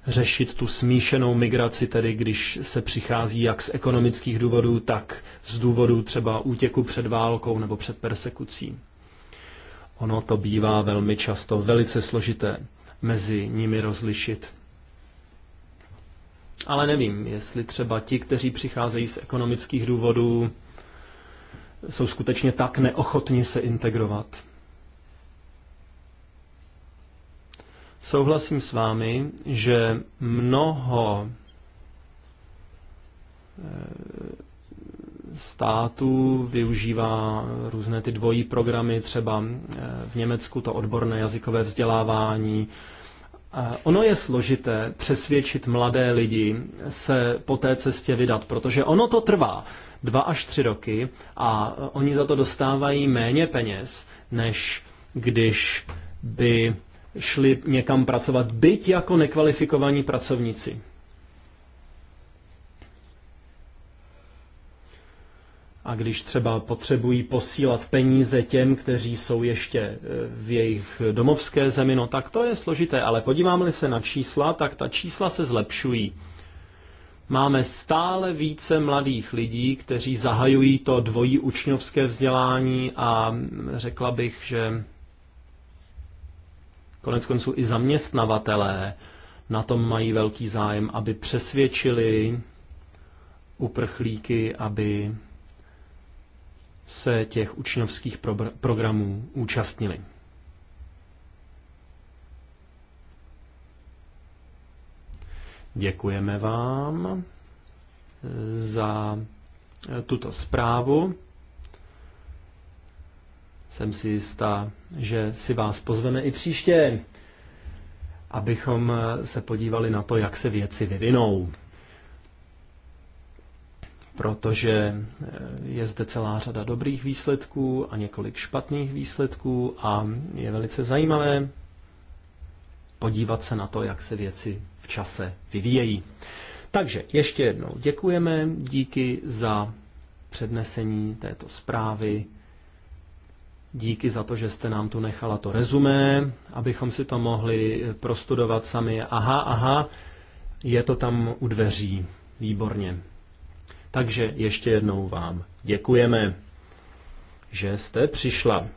řešit tu smíšenou migraci, tedy když se přichází jak z ekonomických důvodů, tak z důvodů třeba útěku před válkou nebo před persekucí. Ono to bývá velmi často velice složité mezi nimi rozlišit. Ale nevím, jestli třeba ti, kteří přicházejí z ekonomických důvodů, jsou skutečně tak neochotní se integrovat. Souhlasím s vámi, že mnoho eh, států využívá různé ty dvojí programy, třeba eh, v Německu to odborné jazykové vzdělávání, Ono je složité přesvědčit mladé lidi se po té cestě vydat, protože ono to trvá dva až tři roky a oni za to dostávají méně peněz, než když by šli někam pracovat, byť jako nekvalifikovaní pracovníci. A když třeba potřebují posílat peníze těm, kteří jsou ještě e, v jejich domovské zemi, no tak to je složité. Ale podíváme-li se na čísla, tak ta čísla se zlepšují. Máme stále více mladých lidí, kteří zahajují to dvojí učňovské vzdělání a řekla bych, že konec konců i zaměstnavatelé na tom mají velký zájem, aby přesvědčili uprchlíky, aby se těch učňovských programů účastnili. Děkujeme vám eh, za eh, tuto zprávu. Jsem si jistá, že si vás pozveme i příště, abychom eh, se podívali na to, jak se věci vyvinou protože eh, je zde celá řada dobrých výsledků a několik špatných výsledků a je velice zajímavé podívat se na to, jak se věci v čase vyvíjejí. Takže ještě jednou děkujeme, díky za přednesení této zprávy, díky za to, že jste nám tu nechala to rezumé, abychom si to mohli eh, prostudovat sami. Aha, aha, je to tam u dveří. Výborně. Takže ještě jednou vám děkujeme, že jste přišla.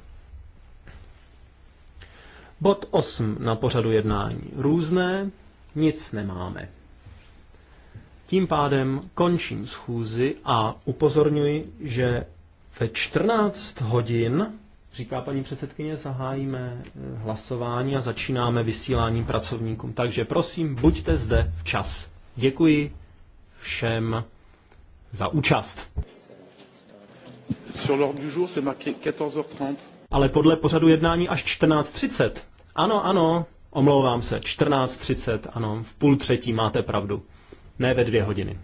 Bod 8 na pořadu jednání. Různé, nic nemáme. Tím pádem končím schůzi a upozorňuji, že ve 14 hodin, říká paní předsedkyně, zahájíme eh, hlasování a začínáme vysíláním pracovníkům. Takže prosím, buďte zde včas. Děkuji všem za účast. Ale podle pořadu jednání až 14.30. Ano, ano, omlouvám se, 14.30, ano, v půl třetí máte pravdu. Ne ve dvě hodiny.